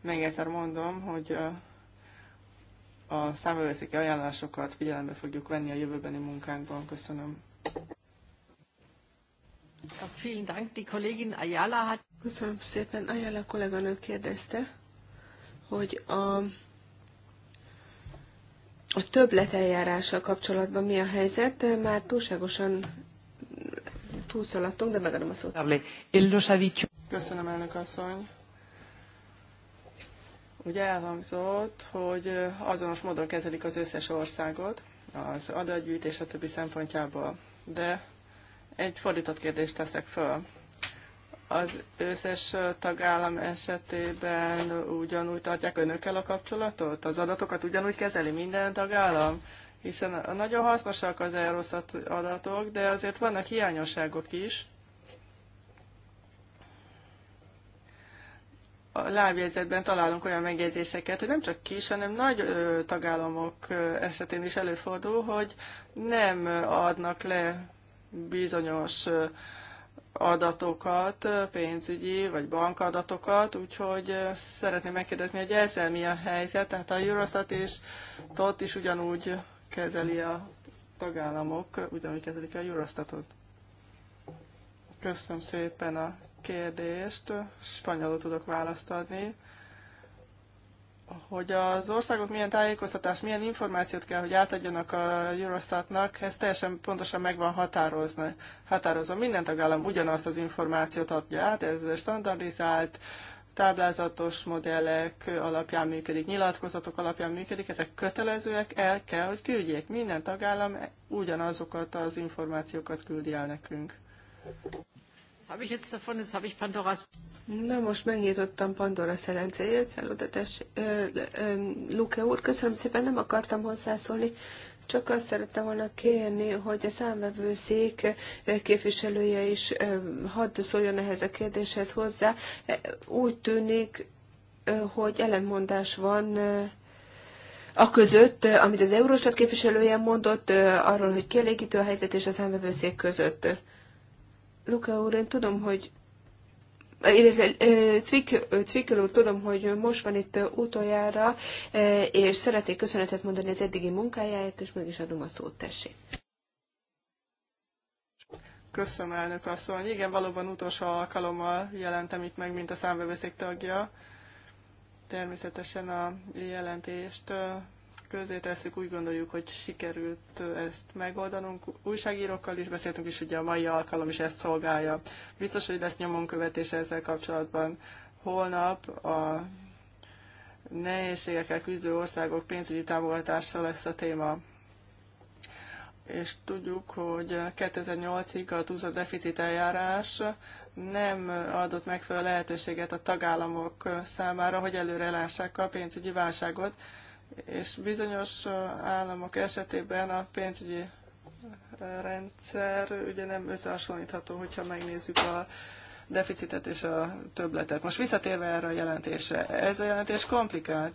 Még egyszer mondom, hogy a számövőszéki ajánlásokat figyelembe fogjuk venni a jövőbeni munkánkban. Köszönöm. Köszönöm szépen. Ayala kolléganő kérdezte, hogy a, a többleteljárással kapcsolatban mi a helyzet. Már túlságosan túlszaladtunk, de megadom a szót. Köszönöm, elnök asszony. Ugye elhangzott, hogy azonos módon kezelik az összes országot, az adatgyűjtés, a többi szempontjából. De egy fordított kérdést teszek föl. Az összes tagállam esetében ugyanúgy tartják önökkel a kapcsolatot? Az adatokat ugyanúgy kezeli minden tagállam? hiszen nagyon hasznosak az Eurostat adatok, de azért vannak hiányosságok is. A lábjegyzetben találunk olyan megjegyzéseket, hogy nem csak kis, hanem nagy tagállamok esetén is előfordul, hogy nem adnak le bizonyos adatokat, pénzügyi vagy bankadatokat, úgyhogy szeretném megkérdezni, hogy ezzel mi a helyzet, tehát a Eurostat és TOT is ugyanúgy kezeli a tagállamok, ugyanúgy kezelik a Eurostatot. Köszönöm szépen a kérdést, spanyolul tudok választ adni. Hogy az országok milyen tájékoztatást, milyen információt kell, hogy átadjanak a Eurostatnak, ez teljesen pontosan meg van határozni. határozva. Minden tagállam ugyanazt az információt adja át, ez standardizált, táblázatos modellek alapján működik, nyilatkozatok alapján működik, ezek kötelezőek, el kell, hogy küldjék. Minden tagállam ugyanazokat az információkat küldi el nekünk. Na most megnyitottam Pandora szerencéjét, Luke úr, köszönöm szépen, nem akartam hozzászólni, csak azt szerettem volna kérni, hogy a számvevőszék eh, képviselője is eh, hadd szóljon ehhez a kérdéshez hozzá. Eh, úgy tűnik, hogy ellentmondás van a között, amit az Eurostat képviselője mondott, arról, hogy kielégítő a helyzet és a számvevőszék között. Luka úr, én tudom, hogy Cvikkel úr, tudom, hogy most van itt utoljára, és szeretnék köszönetet mondani az eddigi munkájáért, és meg is adom a szót, tessék. Köszönöm, elnök asszony. Igen, valóban utolsó alkalommal jelentem itt meg, mint a számbevőszék tagja. Természetesen a jelentést közzétesszük, úgy gondoljuk, hogy sikerült ezt megoldanunk. Újságírókkal is beszéltünk, és ugye a mai alkalom is ezt szolgálja. Biztos, hogy lesz nyomon követése ezzel kapcsolatban. Holnap a nehézségekkel küzdő országok pénzügyi támogatása lesz a téma. És tudjuk, hogy 2008-ig a túlzott deficit eljárás nem adott megfelelő lehetőséget a tagállamok számára, hogy előre lássák a pénzügyi válságot, és bizonyos államok esetében a pénzügyi rendszer ugye nem összehasonlítható, hogyha megnézzük a deficitet és a többletet. Most visszatérve erre a jelentésre, ez a jelentés komplikált.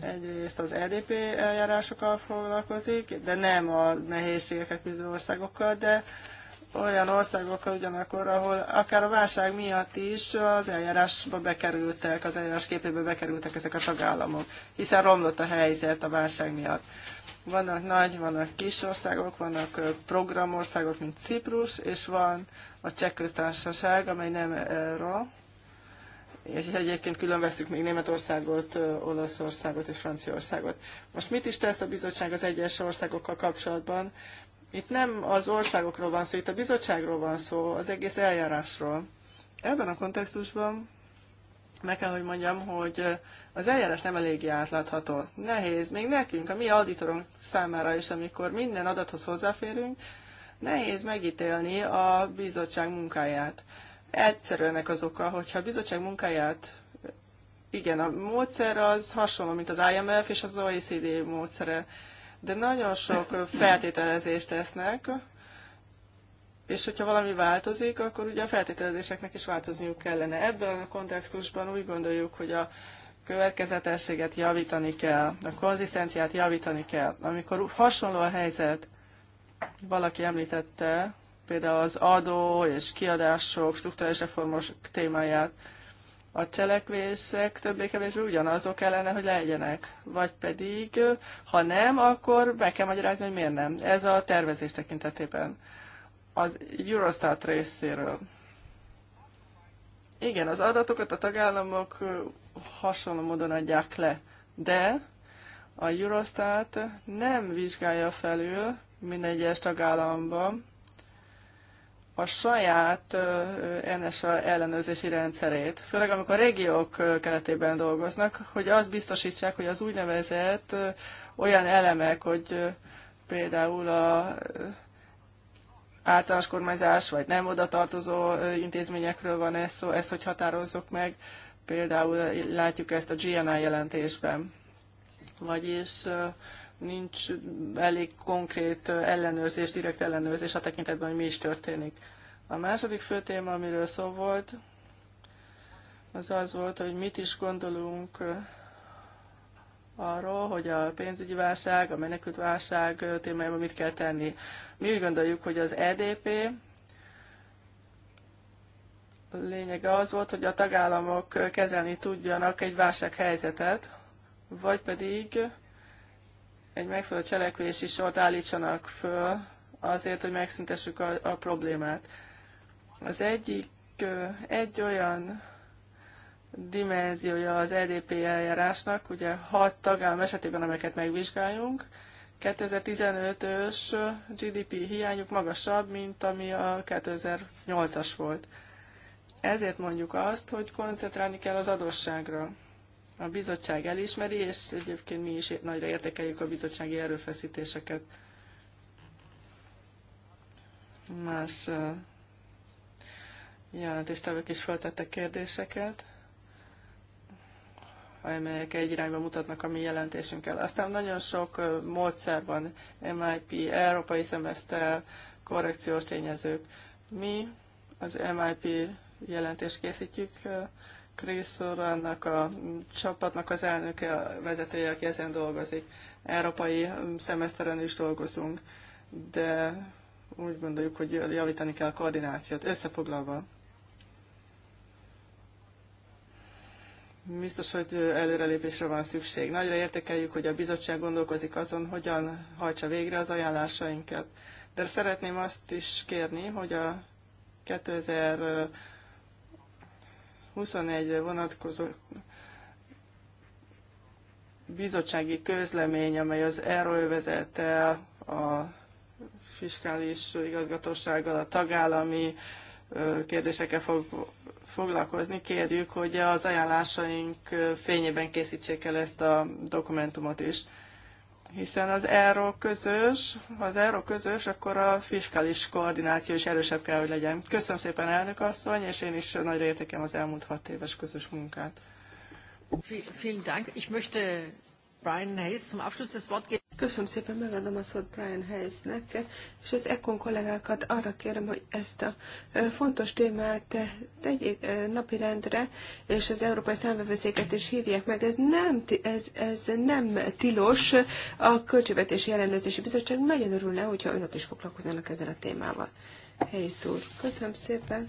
Egyrészt az EDP eljárásokkal foglalkozik, de nem a nehézségeket küzdő országokkal, de olyan országokkal ugyanakkor, ahol akár a válság miatt is az eljárásba bekerültek, az eljárás képébe bekerültek ezek a tagállamok, hiszen romlott a helyzet a válság miatt. Vannak nagy, vannak kis országok, vannak programországok, mint Ciprus, és van a cseh köztársaság, amely nem erre, és egyébként külön veszük még Németországot, Olaszországot és Franciaországot. Most mit is tesz a bizottság az egyes országokkal kapcsolatban? Itt nem az országokról van szó, itt a bizottságról van szó, az egész eljárásról. Ebben a kontextusban meg kell, hogy mondjam, hogy az eljárás nem eléggé átlátható. Nehéz, még nekünk, a mi auditorunk számára is, amikor minden adathoz hozzáférünk, nehéz megítélni a bizottság munkáját. Egyszerűenek az oka, hogyha a bizottság munkáját igen, a módszer az hasonló, mint az IMF és az OECD módszere de nagyon sok feltételezést tesznek, és hogyha valami változik, akkor ugye a feltételezéseknek is változniuk kellene. Ebben a kontextusban úgy gondoljuk, hogy a következetességet javítani kell, a konzisztenciát javítani kell. Amikor hasonló a helyzet, valaki említette, például az adó és kiadások, struktúrális reformos témáját, a cselekvések többé-kevésbé ugyanazok kellene, hogy legyenek. Vagy pedig, ha nem, akkor be kell magyarázni, hogy miért nem. Ez a tervezés tekintetében. Az Eurostat részéről. Igen, az adatokat a tagállamok hasonló módon adják le, de a Eurostat nem vizsgálja felül minden egyes tagállamban a saját NSA ellenőrzési rendszerét, főleg amikor a régiók keretében dolgoznak, hogy azt biztosítsák, hogy az úgynevezett olyan elemek, hogy például a általános kormányzás, vagy nem oda tartozó intézményekről van ez szó, ezt hogy határozzuk meg, például látjuk ezt a GNI jelentésben. Vagyis nincs elég konkrét ellenőrzés, direkt ellenőrzés a tekintetben, hogy mi is történik. A második fő téma, amiről szó volt, az az volt, hogy mit is gondolunk arról, hogy a pénzügyi válság, a menekült válság témájában mit kell tenni. Mi úgy gondoljuk, hogy az EDP lényege az volt, hogy a tagállamok kezelni tudjanak egy válsághelyzetet, vagy pedig egy megfelelő cselekvési sort állítsanak föl azért, hogy megszüntessük a, a problémát. Az egyik, egy olyan dimenziója az EDP eljárásnak, ugye hat tagállam esetében, amelyeket megvizsgáljunk, 2015-ös GDP hiányuk magasabb, mint ami a 2008-as volt. Ezért mondjuk azt, hogy koncentrálni kell az adósságra a bizottság elismeri, és egyébként mi is nagyra értékeljük a bizottsági erőfeszítéseket. Más jelentéstevők is feltettek kérdéseket, amelyek egy irányba mutatnak a mi jelentésünkkel. Aztán nagyon sok módszer van, MIP, Európai Szemeszter, korrekciós tényezők. Mi az MIP jelentést készítjük, Chris úr, annak a csapatnak az elnöke, a vezetője, aki ezen dolgozik. Európai mm, szemeszteren is dolgozunk, de úgy gondoljuk, hogy javítani kell a koordinációt. Összefoglalva, biztos, hogy előrelépésre van szükség. Nagyra értékeljük, hogy a bizottság gondolkozik azon, hogyan hajtsa végre az ajánlásainkat. De szeretném azt is kérni, hogy a 2000 21-re vonatkozó bizottsági közlemény, amely az vezette a fiskális igazgatósággal, a tagállami kérdésekkel fog foglalkozni. Kérjük, hogy az ajánlásaink fényében készítsék el ezt a dokumentumot is hiszen az ERO közös, ha az ERO közös, akkor a fiskális koordináció is erősebb kell, hogy legyen. Köszönöm szépen, elnök asszony, és én is nagyra értékem az elmúlt hat éves közös munkát. Vielen Dank. Ich möchte Brian Hayes zum Abschluss des Wort geben. Köszönöm szépen, megadom a szót Brian Hayesnek, és az Ekon kollégákat arra kérem, hogy ezt a fontos témát tegyék napirendre, és az Európai Számvevőszéket is hívják meg. Ez nem, ez, ez nem tilos. A Költségvetési Ellenőrzési Bizottság nagyon örülne, hogyha önök is foglalkoznának ezzel a témával. Hayes úr, köszönöm szépen.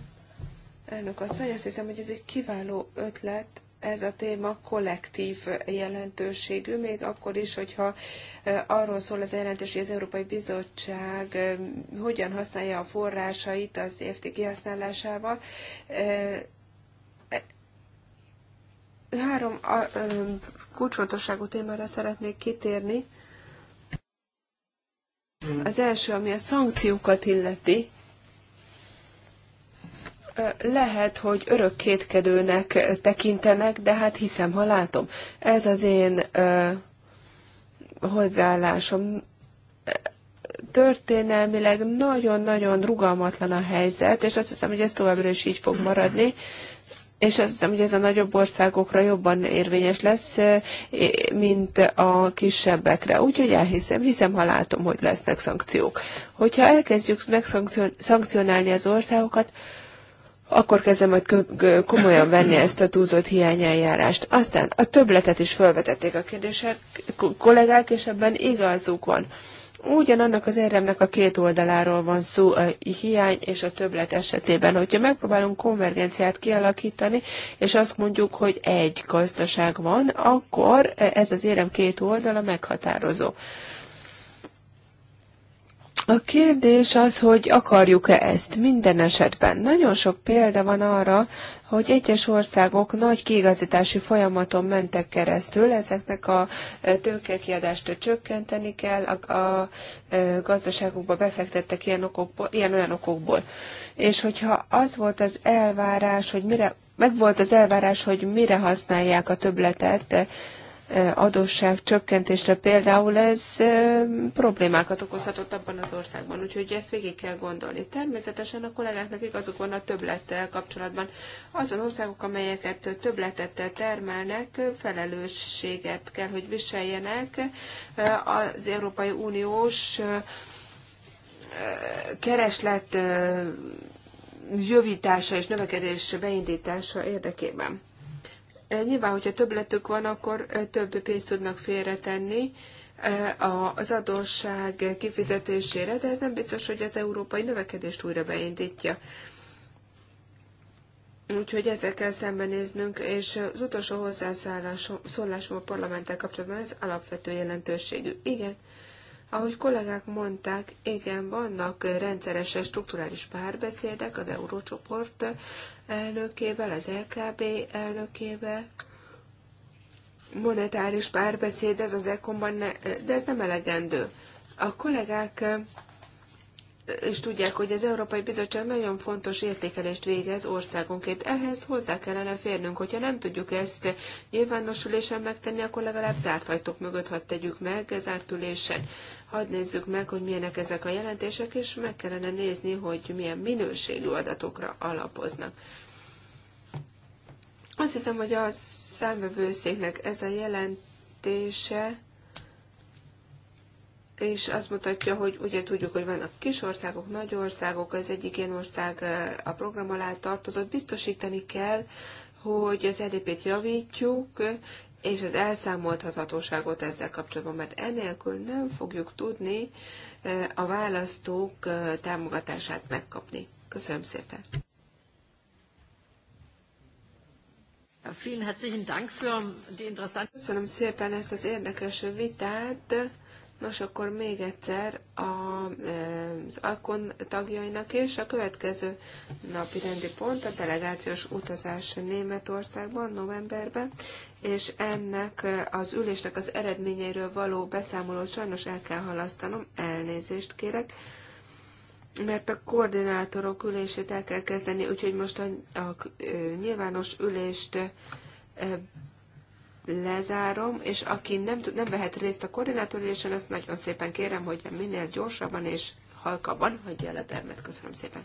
Elnök asszony, azt hiszem, hogy ez egy kiváló ötlet, ez a téma kollektív jelentőségű, még akkor is, hogyha e, arról szól az jelentés, hogy az Európai Bizottság e, hogyan használja a forrásait az EFT kihasználásával. E, három kulcsfontosságú témára szeretnék kitérni. Az első, ami a szankciókat illeti, lehet, hogy örök kétkedőnek tekintenek, de hát hiszem, ha látom. Ez az én hozzáállásom. Történelmileg nagyon-nagyon rugalmatlan a helyzet, és azt hiszem, hogy ez továbbra is így fog maradni. És azt hiszem, hogy ez a nagyobb országokra jobban érvényes lesz, mint a kisebbekre. Úgyhogy elhiszem, hiszem, ha látom, hogy lesznek szankciók. Hogyha elkezdjük megszankcionálni az országokat, akkor kezdem majd komolyan venni ezt a túlzott hiányeljárást. Aztán a többletet is felvetették a kérdések kollégák, és ebben igazuk van. Ugyanannak az éremnek a két oldaláról van szó a hiány és a többlet esetében. Hogyha megpróbálunk konvergenciát kialakítani, és azt mondjuk, hogy egy gazdaság van, akkor ez az érem két oldala meghatározó. A kérdés az, hogy akarjuk-e ezt minden esetben. Nagyon sok példa van arra, hogy egyes országok nagy kiigazítási folyamaton mentek keresztül, ezeknek a e, tőkekiadást csökkenteni kell, a, a e, gazdaságokba befektettek ilyen, okokból, ilyen olyan okokból. És hogyha az volt az elvárás, hogy mire, meg volt az elvárás, hogy mire használják a töbletet, Eh, adósság csökkentésre például ez eh, problémákat okozhatott abban az országban, úgyhogy ezt végig kell gondolni. Természetesen a kollégáknak igazuk van a többlettel kapcsolatban. Azon országok, amelyeket többletet termelnek, felelősséget kell, hogy viseljenek eh, az Európai Uniós kereslet jövítása és növekedés beindítása érdekében. Nyilván, hogyha többletük van, akkor több pénzt tudnak félretenni az adósság kifizetésére, de ez nem biztos, hogy az európai növekedést újra beindítja. Úgyhogy ezzel kell szembenéznünk, és az utolsó hozzászólásom a parlamenttel kapcsolatban, ez alapvető jelentőségű. Igen, ahogy kollégák mondták, igen, vannak rendszeres strukturális párbeszédek az eurócsoport elnökével, az LKB elnökével. Monetáris párbeszéd, ez az ekonban, ne, de ez nem elegendő. A kollégák és tudják, hogy az Európai Bizottság nagyon fontos értékelést végez országonként. Ehhez hozzá kellene férnünk, hogyha nem tudjuk ezt nyilvános megtenni, akkor legalább zárt ajtók mögött hadd tegyük meg, zárt ülésen. Hadd nézzük meg, hogy milyenek ezek a jelentések, és meg kellene nézni, hogy milyen minőségű adatokra alapoznak. Azt hiszem, hogy a számvevőszéknek ez a jelentése és azt mutatja, hogy ugye tudjuk, hogy vannak kis országok, nagy országok, az egyik ilyen ország a program alá tartozott, biztosítani kell, hogy az EDP-t javítjuk, és az elszámoltathatóságot ezzel kapcsolatban, mert enélkül nem fogjuk tudni a választók támogatását megkapni. Köszönöm szépen! Köszönöm szépen ezt az érdekes vitát. Nos, akkor még egyszer az ALKON tagjainak és a következő napi rendi pont a delegációs utazás Németországban novemberben, és ennek eh, az ülésnek az eredményeiről való beszámolót sajnos el kell halasztanom, elnézést kérek, mert a koordinátorok ülését el kell kezdeni, úgyhogy most a, a eh, nyilvános ülést eh, lezárom, és aki nem, tud, nem vehet részt a koordinátor ülésen, azt nagyon szépen kérem, hogy minél gyorsabban és halkabban hagyja el a termet. Köszönöm szépen!